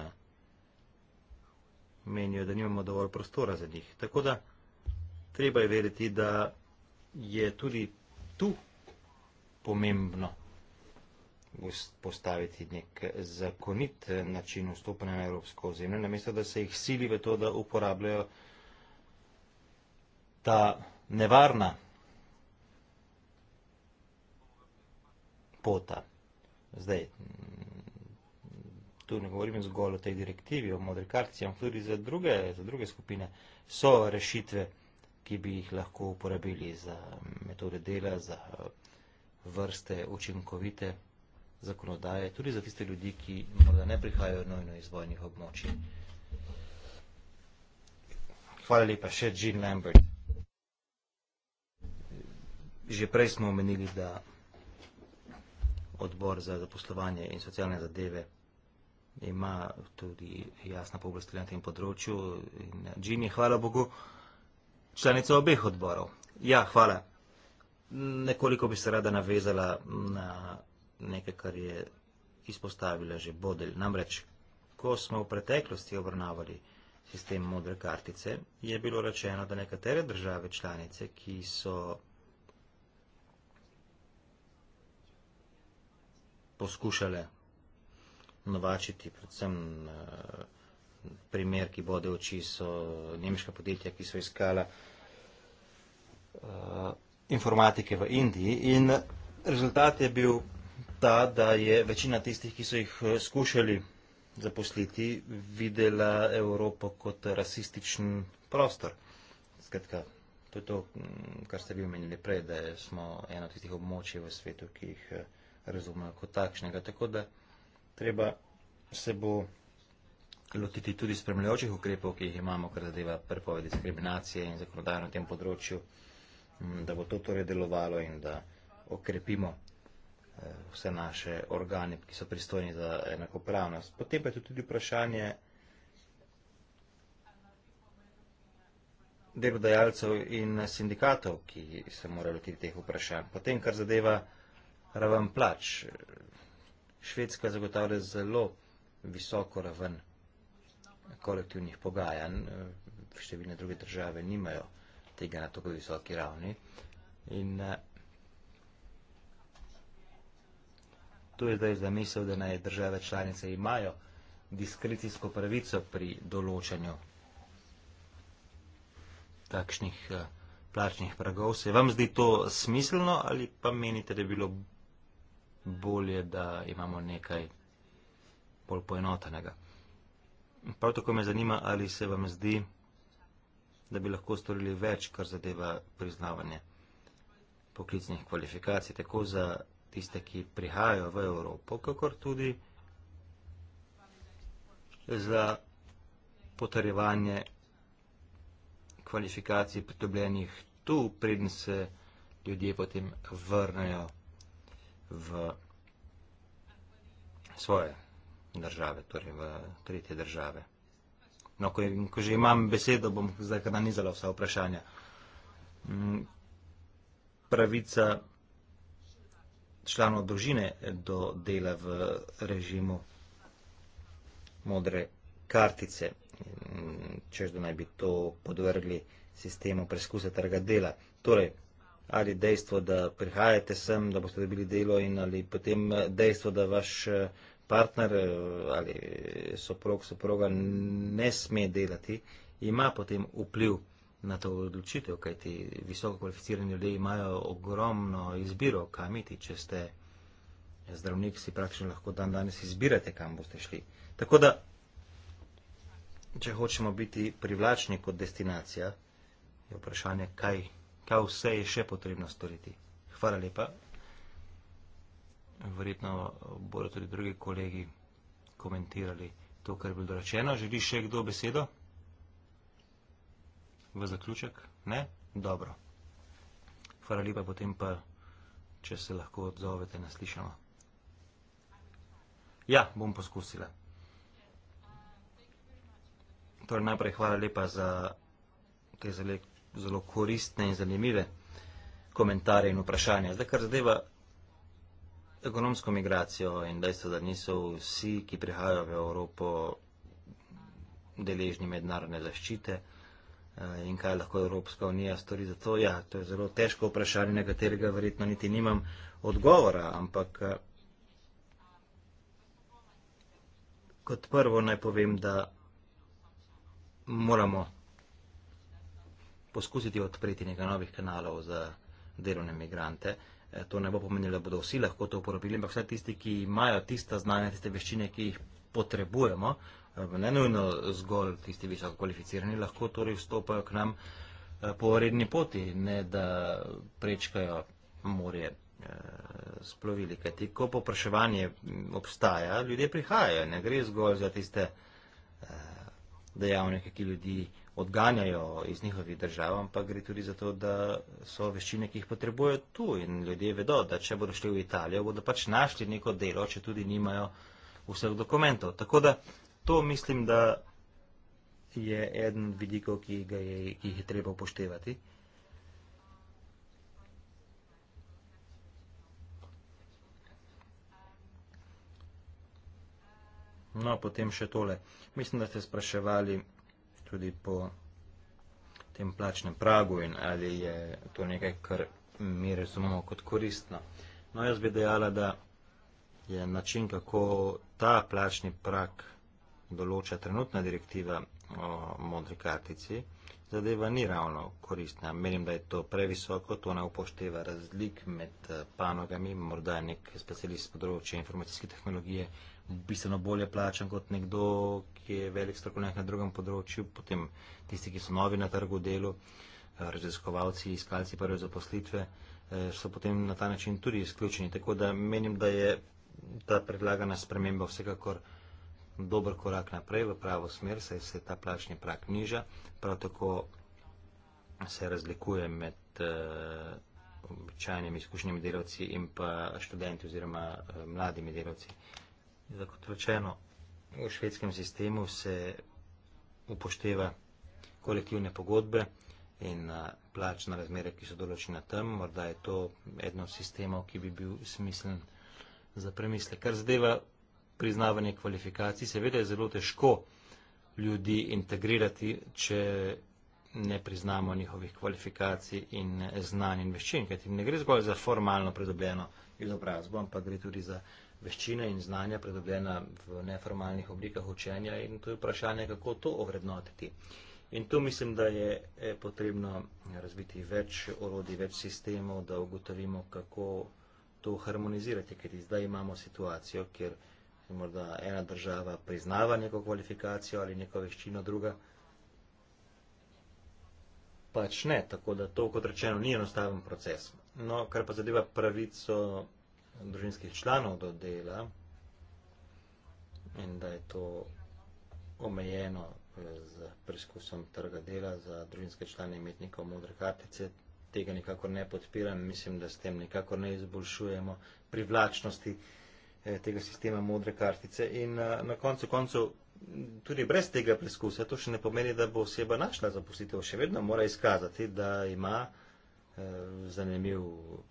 A: menijo, da nimamo dovolj prostora za njih. Tako da treba je vedeti, da je tudi tu pomembno postaviti nek zakonit način vstopanja na evropsko ozemlje, namesto da se jih sili v to, da uporabljajo ta nevarna pota. Zdaj, tu ne govorim zgolj o tej direktivi, o modri kartici, ampak tudi za druge, za druge skupine, so rešitve, ki bi jih lahko uporabili za metode dela, za eh, vrste učinkovite zakonodaje, tudi za tiste ljudi, ki morda ne prihajajo nojno iz vojnih območij. Hvala lepa še Jean Lambert. Že prej smo omenili, da odbor za zaposlovanje in socialne zadeve ima tudi jasna pooblastila na tem področju. In Džin eh, je, hvala Bogu, članica obeh odborov. Ja, hvala. Nekoliko bi se rada navezala na nekaj, kar je izpostavila že Bodel. Namreč, ko smo v preteklosti obravnavali sistem modre kartice, je bilo rečeno, da nekatere države članice, ki so poskušale novačiti, predvsem eh, primer, ki bode oči, so nemška podjetja, ki so iskala eh, informatike v Indiji in rezultat je bil ta, da je večina tistih, ki so jih eh, skušali zaposliti, videla Evropo kot rasističen prostor. Skratka, to je to, mm, kar ste vi omenili prej, da smo eno tistih območij v svetu, ki jih razumejo kot takšnega. Tako da treba se bo lotiti tudi spremljajočih ukrepov, ki jih imamo, kar zadeva prepoved diskriminacije in zakonodajo na tem področju, mm, da bo to torej delovalo in da okrepimo eh, vse naše organe, ki so pristojni za enakopravnost. Potem pa je tudi vprašanje delodajalcev in sindikatov, ki se morajo lotiti teh vprašanj. Potem, kar zadeva raven plač, Švedska zagotavlja zelo visoko raven kolektivnih pogajanj, eh, številne druge države nimajo tega na tako visoki ravni. In eh, to je zdaj zamisel, da naj države članice imajo diskrecijsko pravico pri določanju takšnih eh, plačnih pragov. Se vam zdi to smiselno ali pa menite, da je bilo bolje, da imamo nekaj bolj poenotenega. Prav tako me zanima, ali se vam zdi, da bi lahko storili več, kar zadeva priznavanje poklicnih kvalifikacij, tako za tiste, ki prihajajo v Evropo, kakor tudi za potrjevanje kvalifikacij pridobljenih tu, predn se ljudje potem vrnejo v svoje države, torej v tretje države. No, ko, ko že imam besedo, bom zdaj kar nanizala vsa vprašanja. Mm, pravica članov družine do dela v režimu modre kartice, mm, češ da naj bi to podvrgli sistemu preskusa trga dela. Torej, ali dejstvo, da prihajate sem, da boste dobili delo in ali potem dejstvo, da vaš eh, partner eh, ali soprog, soproga ne sme delati, ima potem vpliv na to odločitev, kajti visoko kvalificirani ljudje imajo ogromno izbiro, kam iti, če ste zdravnik, si praktično lahko dan danes izbirate, kam boste šli. Tako da, če hočemo biti privlačni kot destinacija, je vprašanje, kaj kaj vse je še potrebno storiti. Hvala lepa. Verjetno bodo tudi drugi kolegi komentirali to, kar je bilo rečeno. Želi še kdo besedo? V zaključek? Ne? Dobro. Hvala lepa, potem pa, če se lahko odzovete, naslišamo. Ja, bom poskusila. Torej, najprej hvala lepa za te zelo zelo koristne in zanimive komentarje in vprašanja. Zdaj, kar zadeva ekonomsko migracijo in dejstvo, da niso vsi, ki prihajajo v Evropo, deležni mednarodne zaščite eh, in kaj lahko Evropska unija stori za to. Ja, to je zelo težko vprašanje, na katerega verjetno niti nimam odgovora, ampak eh, kot prvo naj povem, da moramo poskusiti odpreti nekaj novih kanalov za delovne imigrante. E, to ne bo pomenilo, da bodo vsi lahko to uporabili, ampak vse tisti, ki imajo tista znanja, tiste veščine, ki jih potrebujemo, e, ne nujno zgolj tisti visoko kvalificirani, lahko torej vstopajo k nam e, po redni poti, ne da prečkajo morje splovili. Kajti, ko popraševanje obstaja, ljudje prihajajo, ne gre zgolj za tiste dejavnike, ki ljudi odganjajo iz njihovih držav, ampak gre tudi za to, da so veščine, ki jih potrebujejo tu in ljudje vedo, da če bodo šli v Italijo, bodo pač našli neko delo, če tudi nimajo vseh dokumentov. Tako da to mislim, da je eden vidikov, ki, je, ki jih je treba upoštevati. No, potem še tole. Mislim, da ste spraševali tudi po tem plačnem pragu in ali je to nekaj, kar mi razumemo kot koristno. No, jaz bi dejala, da je način, kako ta plačni prag določa trenutna direktiva o modri kartici, zadeva ni ravno koristna. Menim, da je to previsoko, to ne upošteva razlik med eh, panogami, morda nek specialist področja informacijske tehnologije bistveno bolje plačan kot nekdo, ki je velik strokovnjak na drugem področju, potem tisti, ki so novi na trgu delu, eh, raziskovalci, iskalci prve zaposlitve, eh, so potem na ta način tudi izključeni. Tako da menim, da je ta predlagana sprememba vsekakor dober korak naprej v pravo smer, saj se ta plačni prak niža, prav tako se razlikuje med eh, običajnimi izkušnjami delavci in pa študenti oziroma mladimi delavci. Kot rečeno, v švedskem sistemu se upošteva kolektivne pogodbe in plačna razmere, ki so določena tam. Morda je to eden od sistemov, ki bi bil smislen za premisle. Kar zadeva priznavanje kvalifikacij, seveda je zelo težko ljudi integrirati, če ne priznamo njihovih kvalifikacij in e, znanj in veščin, kajti ne gre zgolj za formalno pridobljeno izobrazbo, ampak gre tudi za veščine in znanja pridobljena v neformalnih oblikah učenja in to je vprašanje, kako to ovrednotiti. In tu mislim, da je potrebno razviti več orodij, več sistemov, da ugotovimo, kako to harmonizirati, ker zdaj imamo situacijo, kjer morda ena država priznava neko kvalifikacijo ali neko veščino, druga pač ne. Tako da to, kot rečeno, ni enostaven proces. No, kar pa zadeva pravico družinskih članov do dela in da je to omejeno eh, z preizkusom trga dela za družinske člane imetnikov modre kartice. Tega nikakor ne podpiram, mislim, da s tem nikakor ne izboljšujemo privlačnosti eh, tega sistema modre kartice in eh, na koncu koncu tudi brez tega preizkusa, to še ne pomeni, da bo oseba našla zaposlitev, še vedno mora izkazati, da ima Eh, zanimiv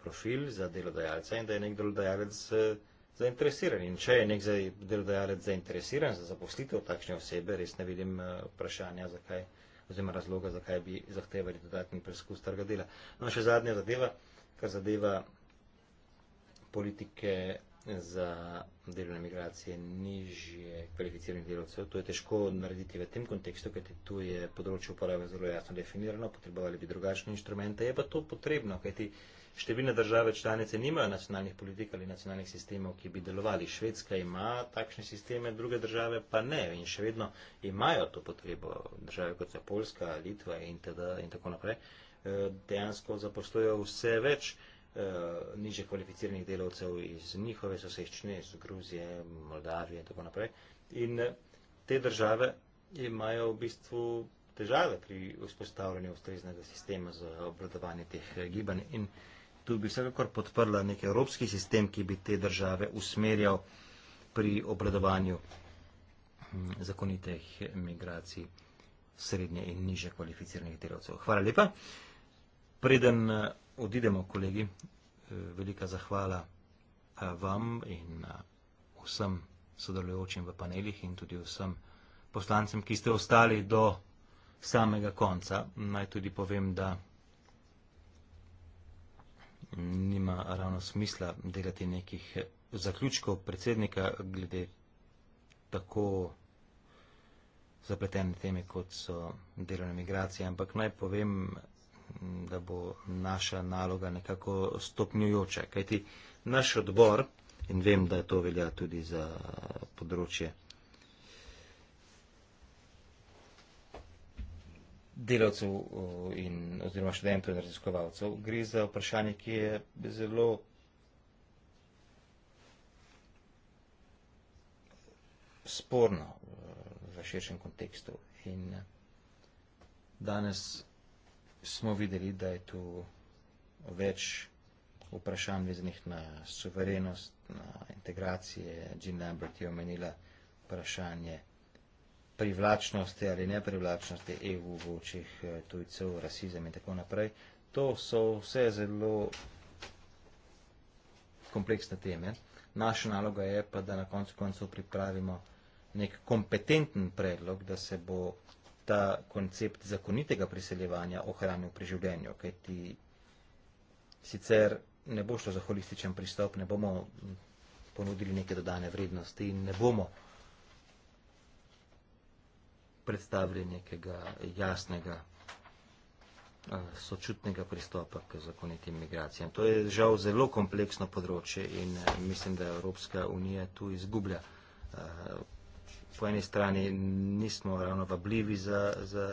A: profil za delodajalca in da je nek delodajalec eh, zainteresiran. In če je nek delodajalec zainteresiran za zaposlitev takšne osebe, res ne vidim eh, vprašanja, zakaj oziroma razloga, zakaj bi zahtevali dodatni preskus trga dela. No, še zadnja zadeva, kar zadeva politike za delovne migracije nižje kvalificiranih delovcev. To je težko narediti v tem kontekstu, kajti tu je področje uporabe zelo jasno definirano, potrebovali bi drugačne inštrumente. Je pa to potrebno, kajti številne države članice nimajo nacionalnih politik ali nacionalnih sistemov, ki bi delovali. Švedska ima takšne sisteme, druge države pa ne in še vedno imajo to potrebo. Države kot so Poljska, Litva in, teda, in tako naprej eh, dejansko zaposlujejo vse več uh, eh, niže kvalificiranih delavcev iz njihove sosečne, iz Gruzije, Moldavije in tako naprej. In eh, te države imajo v bistvu težave pri vzpostavljanju ustreznega sistema za obvladovanje teh eh, gibanj. In tu bi vsekakor podprla nek evropski sistem, ki bi te države usmerjal pri obvladovanju hm, zakonitih migracij srednje in niže kvalificiranih delavcev. Hvala lepa. Preden eh, odidemo, kolegi, eh, velika zahvala eh, vam in vsem sodelujočim v panelih in tudi vsem poslancem, ki ste ostali do samega konca. Naj tudi povem, da nima ravno smisla delati nekih zaključkov predsednika glede tako zapletene teme, kot so delovne migracije, ampak naj povem, da bo naša naloga nekako stopnjujoča. Kajti naš odbor, in vem, da je to velja tudi za področje delavcev eh, in oziroma študentov in raziskovalcev, gre za vprašanje, ki je zelo. sporno eh, v širšem kontekstu. In eh, danes smo videli, da je tu več vprašanj vezanih na suverenost, na integracije. Jean Lambert je omenila vprašanje privlačnosti ali neprivlačnosti EU v očih eh, tujcev, rasizem in tako naprej. To so vse zelo kompleksne teme. Naša naloga je pa, da na koncu koncev pripravimo nek kompetenten predlog, da se bo ta koncept zakonitega priseljevanja ohranil pri življenju, kajti sicer ne bo šlo za holističen pristop, ne bomo ponudili neke dodane vrednosti in ne bomo predstavili nekega jasnega sočutnega pristopa k zakonitim migracijam. To je žal zelo kompleksno področje in mislim, da Evropska unija tu izgublja po eni strani nismo ravno vabljivi za, za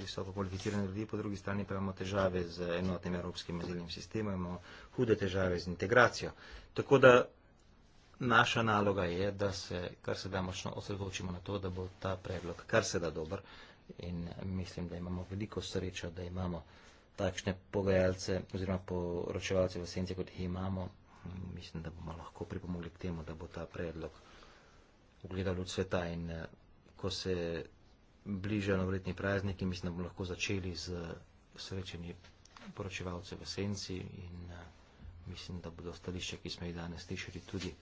A: visoko kvalificirane ljudi, po drugi strani pa imamo težave z enotnim evropskim azilnim sistemom, imamo hude težave z integracijo. Tako da naša naloga je, da se kar se da močno osredotočimo na to, da bo ta predlog kar se da dober in mislim, da imamo veliko srečo, da imamo takšne pogajalce oziroma poročevalce v senci, kot jih imamo. Mislim, da bomo lahko pripomogli k temu, da bo ta predlog ugleda luč sveta in eh, ko se bliža novoletni praznik, mislim, da bomo lahko začeli z srečenji poročevalcev v senci in eh, mislim, da bodo stališče, ki smo jih danes slišali, tudi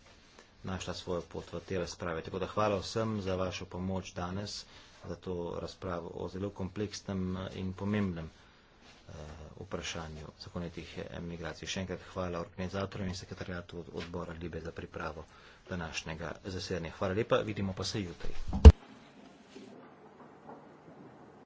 A: našla svojo pot v te razprave. Tako da hvala vsem za vašo pomoč danes, za to razpravo o zelo kompleksnem eh, in pomembnem vprašanju zakonitih emigracij. Še enkrat hvala organizatorjem in sekretarjatu odbora Libe za pripravo današnjega zasedanja. Hvala lepa, vidimo pa se jutri.